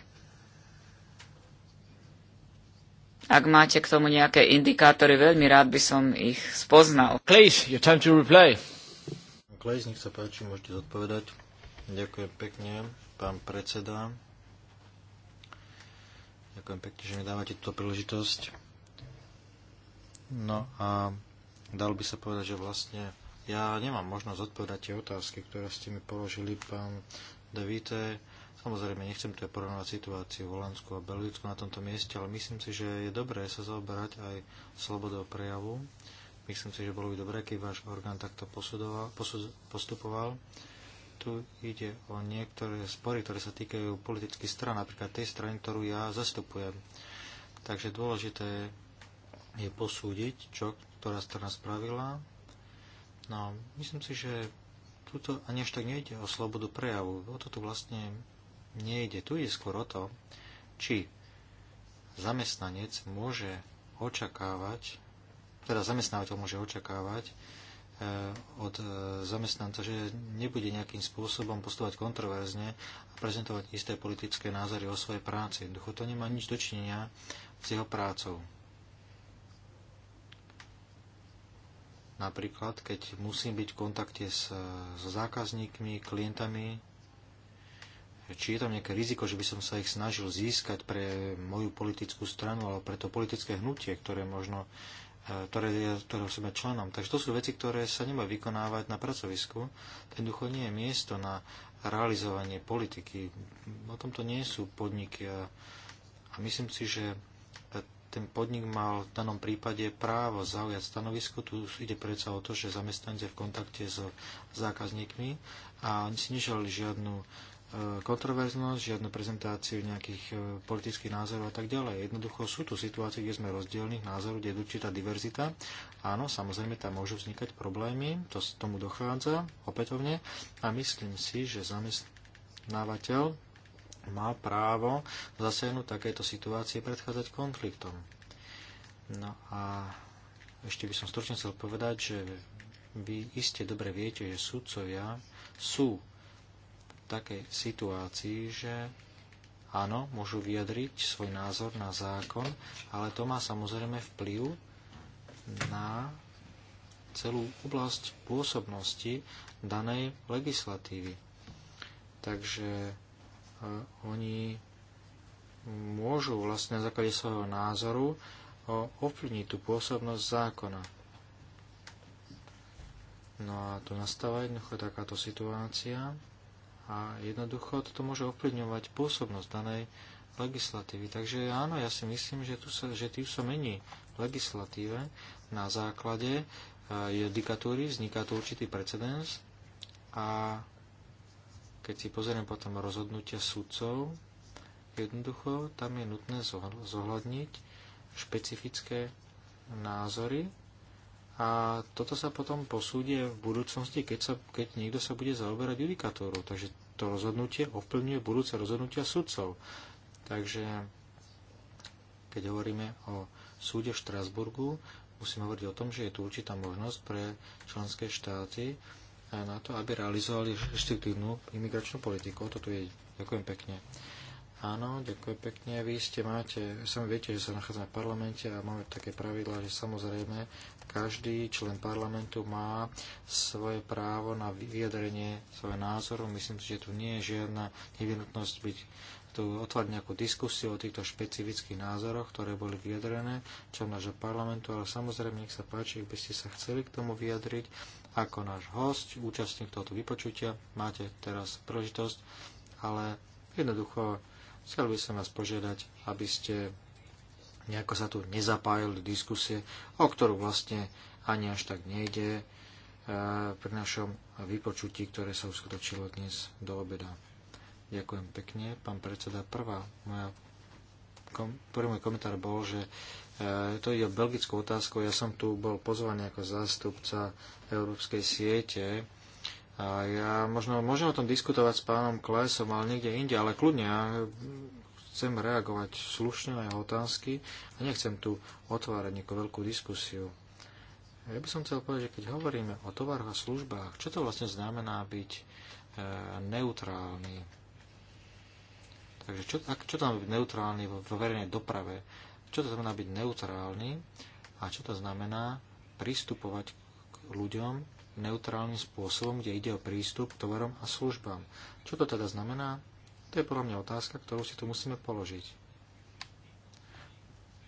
Speaker 4: Ak máte k tomu nejaké indikátory, veľmi rád by som ich spoznal. Klejs, your time
Speaker 1: to reply.
Speaker 2: Klejs, nech sa páči, môžete zodpovedať. Ďakujem pekne, pán predseda. Ďakujem pekne, že mi dávate túto príležitosť. No a dal by sa povedať, že vlastne ja nemám možnosť odpovedať tie otázky, ktoré ste mi položili, pán De Vite. Samozrejme, nechcem tu porovnávať situáciu v Holandsku a Belgicku na tomto mieste, ale myslím si, že je dobré sa zaoberať aj slobodou prejavu. Myslím si, že bolo by dobré, keby váš orgán takto postupoval. Tu ide o niektoré spory, ktoré sa týkajú politických stran, napríklad tej strany, ktorú ja zastupujem. Takže dôležité je je posúdiť, čo ktorá strana spravila. No, myslím si, že tuto ani až tak nejde o slobodu prejavu. O to tu vlastne nejde. Tu ide skôr o to, či zamestnanec môže očakávať, teda zamestnávateľ môže očakávať, e, od e, zamestnanca, že nebude nejakým spôsobom postovať kontroverzne a prezentovať isté politické názory o svojej práci. Jednoducho to nemá nič dočinenia s jeho prácou. Napríklad, keď musím byť v kontakte s, e, s zákazníkmi, klientami, či je tam nejaké riziko, že by som sa ich snažil získať pre moju politickú stranu alebo pre to politické hnutie, ktoré možno e, ktoré, ktoré som členom. Takže to sú veci, ktoré sa nemá vykonávať na pracovisku. ducho nie je miesto na realizovanie politiky. O tomto nie sú podniky a, a myslím si, že ten podnik mal v danom prípade právo zaujať stanovisko. Tu ide predsa o to, že zamestnanec je v kontakte s zákazníkmi a oni si neželali žiadnu e, kontroverznosť, žiadnu prezentáciu nejakých e, politických názorov a tak ďalej. Jednoducho sú tu situácie, kde sme rozdielných názorov, kde je určitá diverzita. Áno, samozrejme tam môžu vznikať problémy, to tomu dochádza opätovne a myslím si, že zamestnávateľ má právo zasiahnuť takéto situácie predchádzať konfliktom. No a ešte by som stručne chcel povedať, že vy iste dobre viete, že sudcovia sú v takej situácii, že áno, môžu vyjadriť svoj názor na zákon, ale to má samozrejme vplyv na celú oblasť pôsobnosti danej legislatívy. Takže oni môžu vlastne na základe svojho názoru ovplyvniť tú pôsobnosť zákona. No a tu nastáva jednoducho takáto situácia a jednoducho toto môže ovplyvňovať pôsobnosť danej legislatívy. Takže áno, ja si myslím, že, tu sa, že tým sa mení legislatíve na základe e, judikatúry, vzniká tu určitý precedens a keď si pozriem potom rozhodnutia sudcov, jednoducho tam je nutné zohľadniť špecifické názory a toto sa potom posúdie v budúcnosti, keď, sa, keď niekto sa bude zaoberať judikatúrou. Takže to rozhodnutie ovplyvňuje budúce rozhodnutia sudcov. Takže keď hovoríme o súde v Štrasburgu, musíme hovoriť o tom, že je tu určitá možnosť pre členské štáty na to, aby realizovali reštriktívnu imigračnú politiku. Toto je. Ďakujem pekne. Áno, ďakujem pekne. Vy ste máte, sami viete, že sa nachádzame v parlamente a máme také pravidla, že samozrejme každý člen parlamentu má svoje právo na vyjadrenie svojho názoru. Myslím si, že tu nie je žiadna nevinutnosť byť tu otvárať nejakú diskusiu o týchto špecifických názoroch, ktoré boli vyjadrené čo nášho parlamentu, ale samozrejme, nech sa páči, ak by ste sa chceli k tomu vyjadriť, ako náš host, účastník tohoto vypočutia. Máte teraz príležitosť, ale jednoducho chcel by som vás požiadať, aby ste nejako sa tu nezapájali diskusie, o ktorú vlastne ani až tak nejde e, pri našom vypočutí, ktoré sa uskutočilo dnes do obeda. Ďakujem pekne. Pán predseda, prvá moja, prvý môj komentár bol, že E, to ide belgickou otázkou. otázku. Ja som tu bol pozvaný ako zástupca Európskej siete a ja možno môžem o tom diskutovať s pánom Klesom, ale niekde inde, ale kľudne ja chcem reagovať slušne na jeho otázky a nechcem tu otvárať nejakú veľkú diskusiu. Ja by som chcel povedať, že keď hovoríme o tovaroch a službách, čo to vlastne znamená byť e, neutrálny? Takže čo, ak, čo tam byť neutrálny vo verejnej doprave? Čo to znamená byť neutrálny a čo to znamená pristupovať k ľuďom neutrálnym spôsobom, kde ide o prístup k tovarom a službám. Čo to teda znamená? To je podľa mňa otázka, ktorú si tu musíme položiť.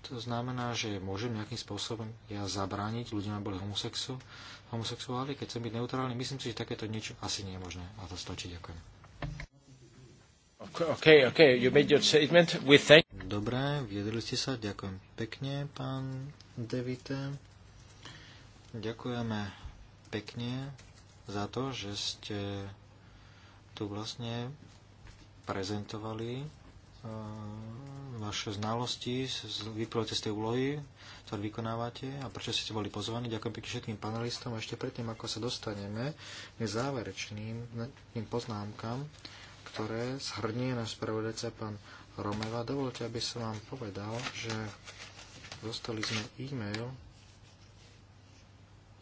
Speaker 2: To znamená, že môžem nejakým spôsobom ja zabrániť ľuďom, aby boli homosexu, homosexuáli, keď chcem byť neutrálny. Myslím si, že takéto niečo asi nie je možné. A to stačí. Ďakujem. Okay, okay, you made your statement. We thank... Dobre, vyjadrili ste sa, ďakujem pekne, pán Devite. Ďakujeme pekne za to, že ste tu vlastne prezentovali e, vaše znalosti, vyplujete z tej úlohy, ktorú vykonávate a prečo ste boli pozvaní. Ďakujem pekne všetkým panelistom a ešte predtým, ako sa dostaneme k záverečným poznámkam, ktoré zhrnie na spravodajca pán Romeva. Dovolte, aby som vám povedal, že dostali sme e-mail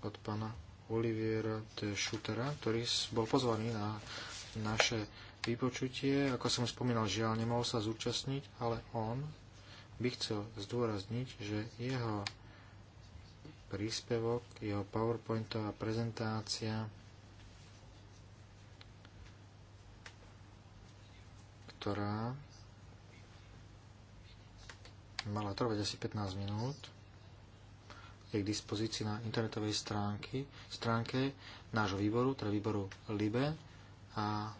Speaker 2: od pána Oliviera de Schutera, ktorý bol pozvaný na naše vypočutie. Ako som spomínal, žiaľ, nemohol sa zúčastniť, ale on by chcel zdôrazniť, že jeho príspevok, jeho PowerPointová prezentácia ktorá mala trvať asi 15 minút. Je k dispozícii na internetovej stránky, stránke nášho výboru, teda výboru LIBE. A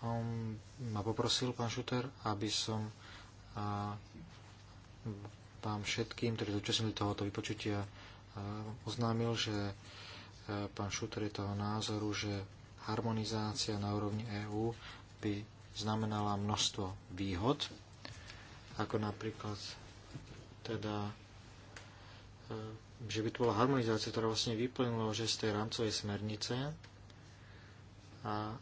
Speaker 2: on ma poprosil, pán Šuter, aby som a, vám všetkým, ktorí zúčastnili tohoto vypočutia, oznámil, že pán Šuter je toho názoru, že harmonizácia na úrovni EÚ by znamenala množstvo výhod, ako napríklad teda e, že by tu bola harmonizácia, ktorá vlastne vyplynula že z tej rámcovej smernice a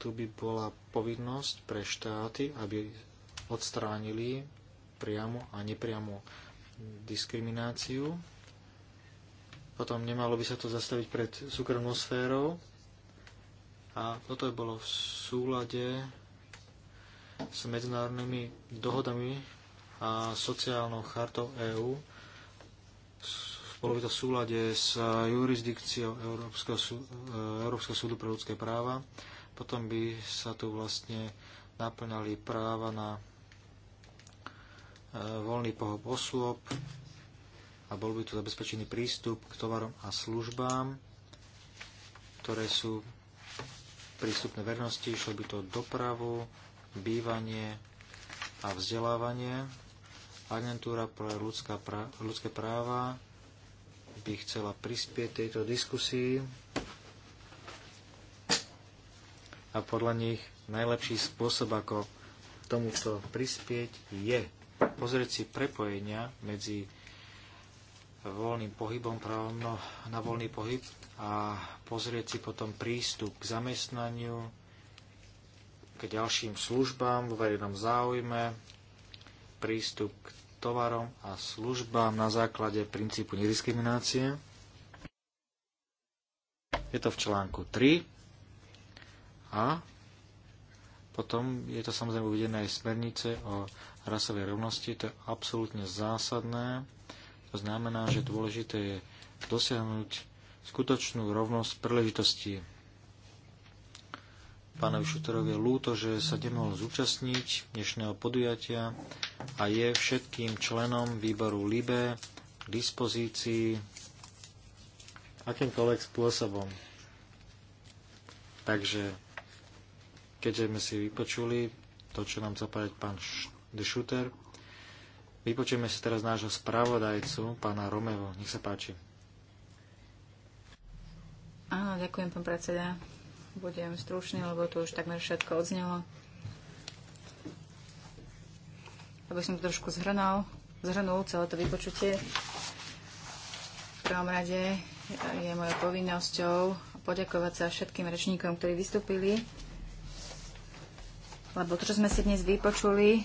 Speaker 2: tu by bola povinnosť pre štáty, aby odstránili priamu a nepriamu diskrimináciu. Potom nemalo by sa to zastaviť pred súkromnou sférou a toto bolo v súlade s medzinárodnými dohodami a sociálnou chartou EÚ. Bolo by to v súlade s jurisdikciou Európskeho, e, Európskeho súdu pre ľudské práva. Potom by sa tu vlastne naplňali práva na e, voľný pohob osôb a bol by tu zabezpečený prístup k tovarom a službám, ktoré sú prístupné vernosti, išlo by to dopravu, bývanie a vzdelávanie. Agentúra pre ľudská pra- ľudské práva by chcela prispieť tejto diskusii a podľa nich najlepší spôsob, ako tomuto prispieť, je pozrieť si prepojenia medzi voľným pohybom, právom no, na voľný pohyb a pozrieť si potom prístup k zamestnaniu, k ďalším službám vo verejnom záujme, prístup k tovarom a službám na základe princípu nediskriminácie. Je to v článku 3 a potom je to samozrejme uvedené aj smernice o rasovej rovnosti, to je absolútne zásadné. To znamená, že dôležité je dosiahnuť skutočnú rovnosť príležitostí. Pánovi Šuterovi je lúto, že sa nemohol zúčastniť dnešného podujatia a je všetkým členom výboru LIBE k dispozícii akýmkoľvek spôsobom. Takže keďže sme si vypočuli to, čo nám zapadať pán Šuter. Vypočujeme si teraz nášho spravodajcu, pána Romevo. Nech sa páči.
Speaker 3: Áno, ďakujem, pán predseda. Budem stručný, lebo to už takmer všetko odznelo. Aby som to trošku zhrnul, zhrnul celé to vypočutie. V prvom rade je mojou povinnosťou poďakovať sa všetkým rečníkom, ktorí vystúpili, lebo to, čo sme si dnes vypočuli,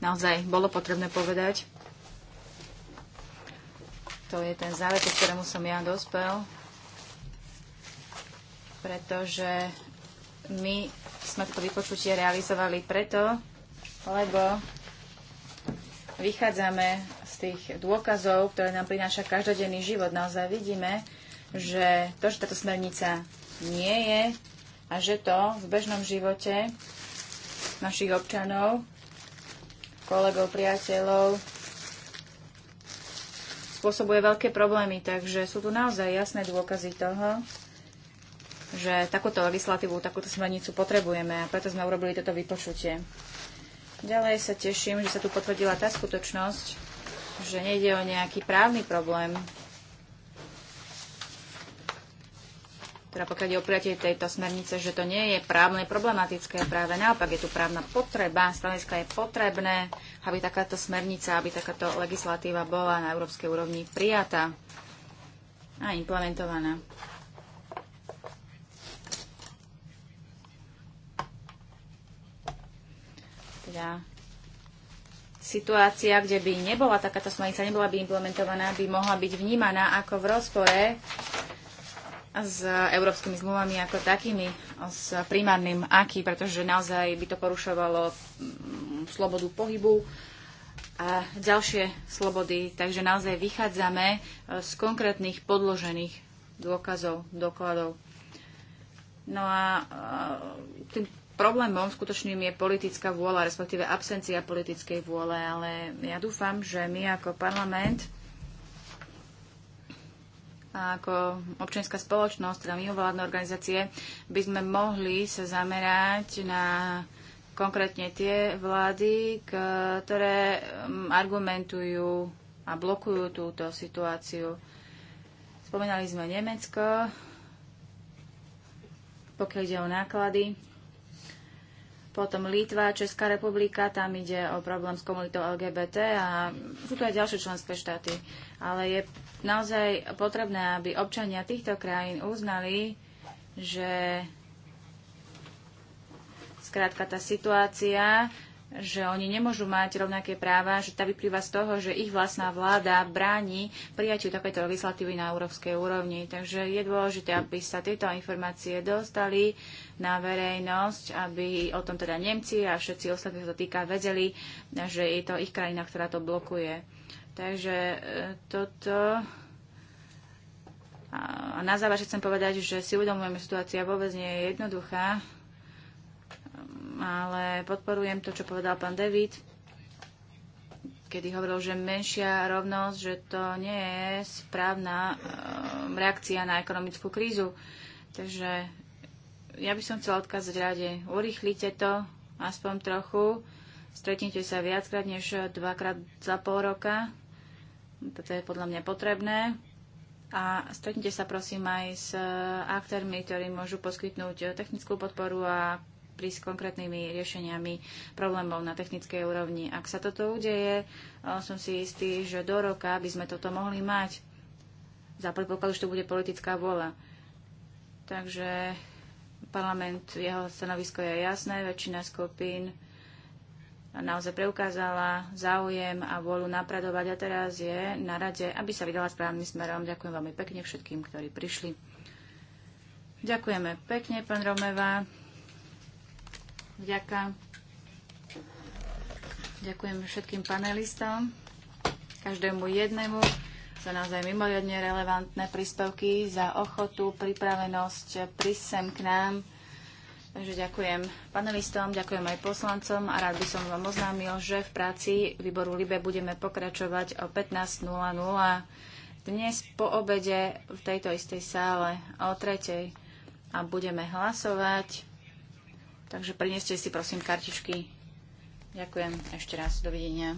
Speaker 3: naozaj bolo potrebné povedať. To je ten záver, ku ktorému som ja dospel, pretože my sme toto vypočutie realizovali preto, lebo vychádzame z tých dôkazov, ktoré nám prináša každodenný život. Naozaj vidíme, že to, že táto smernica nie je a že to v bežnom živote našich občanov kolegov, priateľov spôsobuje veľké problémy, takže sú tu naozaj jasné dôkazy toho, že takúto legislatívu, takúto smernicu potrebujeme a preto sme urobili toto vypočutie. Ďalej sa teším, že sa tu potvrdila tá skutočnosť, že nejde o nejaký právny problém, teda pokiaľ je o prijatie tejto smernice, že to nie je právne problematické, práve naopak je tu právna potreba, stanoviska je potrebné, aby takáto smernica, aby takáto legislatíva bola na európskej úrovni prijatá a implementovaná. Teda situácia, kde by nebola takáto smernica, nebola by implementovaná, by mohla byť vnímaná ako v rozpore s európskymi zmluvami ako takými, s primárnym aký, pretože naozaj by to porušovalo mm, slobodu pohybu a ďalšie slobody. Takže naozaj vychádzame e, z konkrétnych podložených dôkazov, dokladov. No a e, tým problémom skutočným je politická vôľa, respektíve absencia politickej vôle, ale ja dúfam, že my ako parlament a ako občianská spoločnosť, teda mimovládne organizácie, by sme mohli sa zamerať na konkrétne tie vlády, ktoré mm, argumentujú a blokujú túto situáciu. Spomínali sme Nemecko, pokiaľ ide o náklady. Potom Litva, Česká republika, tam ide o problém s komunitou LGBT a sú tu aj ďalšie členské štáty. Ale je naozaj potrebné, aby občania týchto krajín uznali, že skrátka tá situácia, že oni nemôžu mať rovnaké práva, že tá vyplýva z toho, že ich vlastná vláda bráni prijatiu takéto legislatívy na európskej úrovni. Takže je dôležité, aby sa tieto informácie dostali na verejnosť, aby o tom teda Nemci a všetci ostatní, sa to týka, vedeli, že je to ich krajina, ktorá to blokuje. Takže e, toto... A na záver chcem povedať, že si uvedomujem, že situácia vôbec nie je jednoduchá, ale podporujem to, čo povedal pán David, kedy hovoril, že menšia rovnosť, že to nie je správna e, reakcia na ekonomickú krízu. Takže ja by som chcela odkázať rade, urýchlite to aspoň trochu, stretnite sa viackrát než dvakrát za pol roka, toto je podľa mňa potrebné. A stretnite sa prosím aj s e, aktérmi, ktorí môžu poskytnúť e, technickú podporu a prísť s konkrétnymi riešeniami problémov na technickej úrovni. Ak sa toto udeje, e, som si istý, že do roka by sme toto mohli mať. Za predpokladu, že to bude politická vôľa. Takže parlament, jeho stanovisko je jasné, väčšina skupín naozaj preukázala záujem a vôľu napredovať a teraz je na rade, aby sa vydala správnym smerom. Ďakujem veľmi pekne všetkým, ktorí prišli. Ďakujeme pekne, pán Romeva. Ďakujem. Ďakujem všetkým panelistom, každému jednému za naozaj mimoriadne relevantné príspevky, za ochotu, pripravenosť prísť sem k nám Takže ďakujem panelistom, ďakujem aj poslancom a rád by som vám oznámil, že v práci výboru LIBE budeme pokračovať o 15.00 dnes po obede v tejto istej sále o tretej a budeme hlasovať. Takže prineste si prosím kartičky. Ďakujem ešte raz. Dovidenia.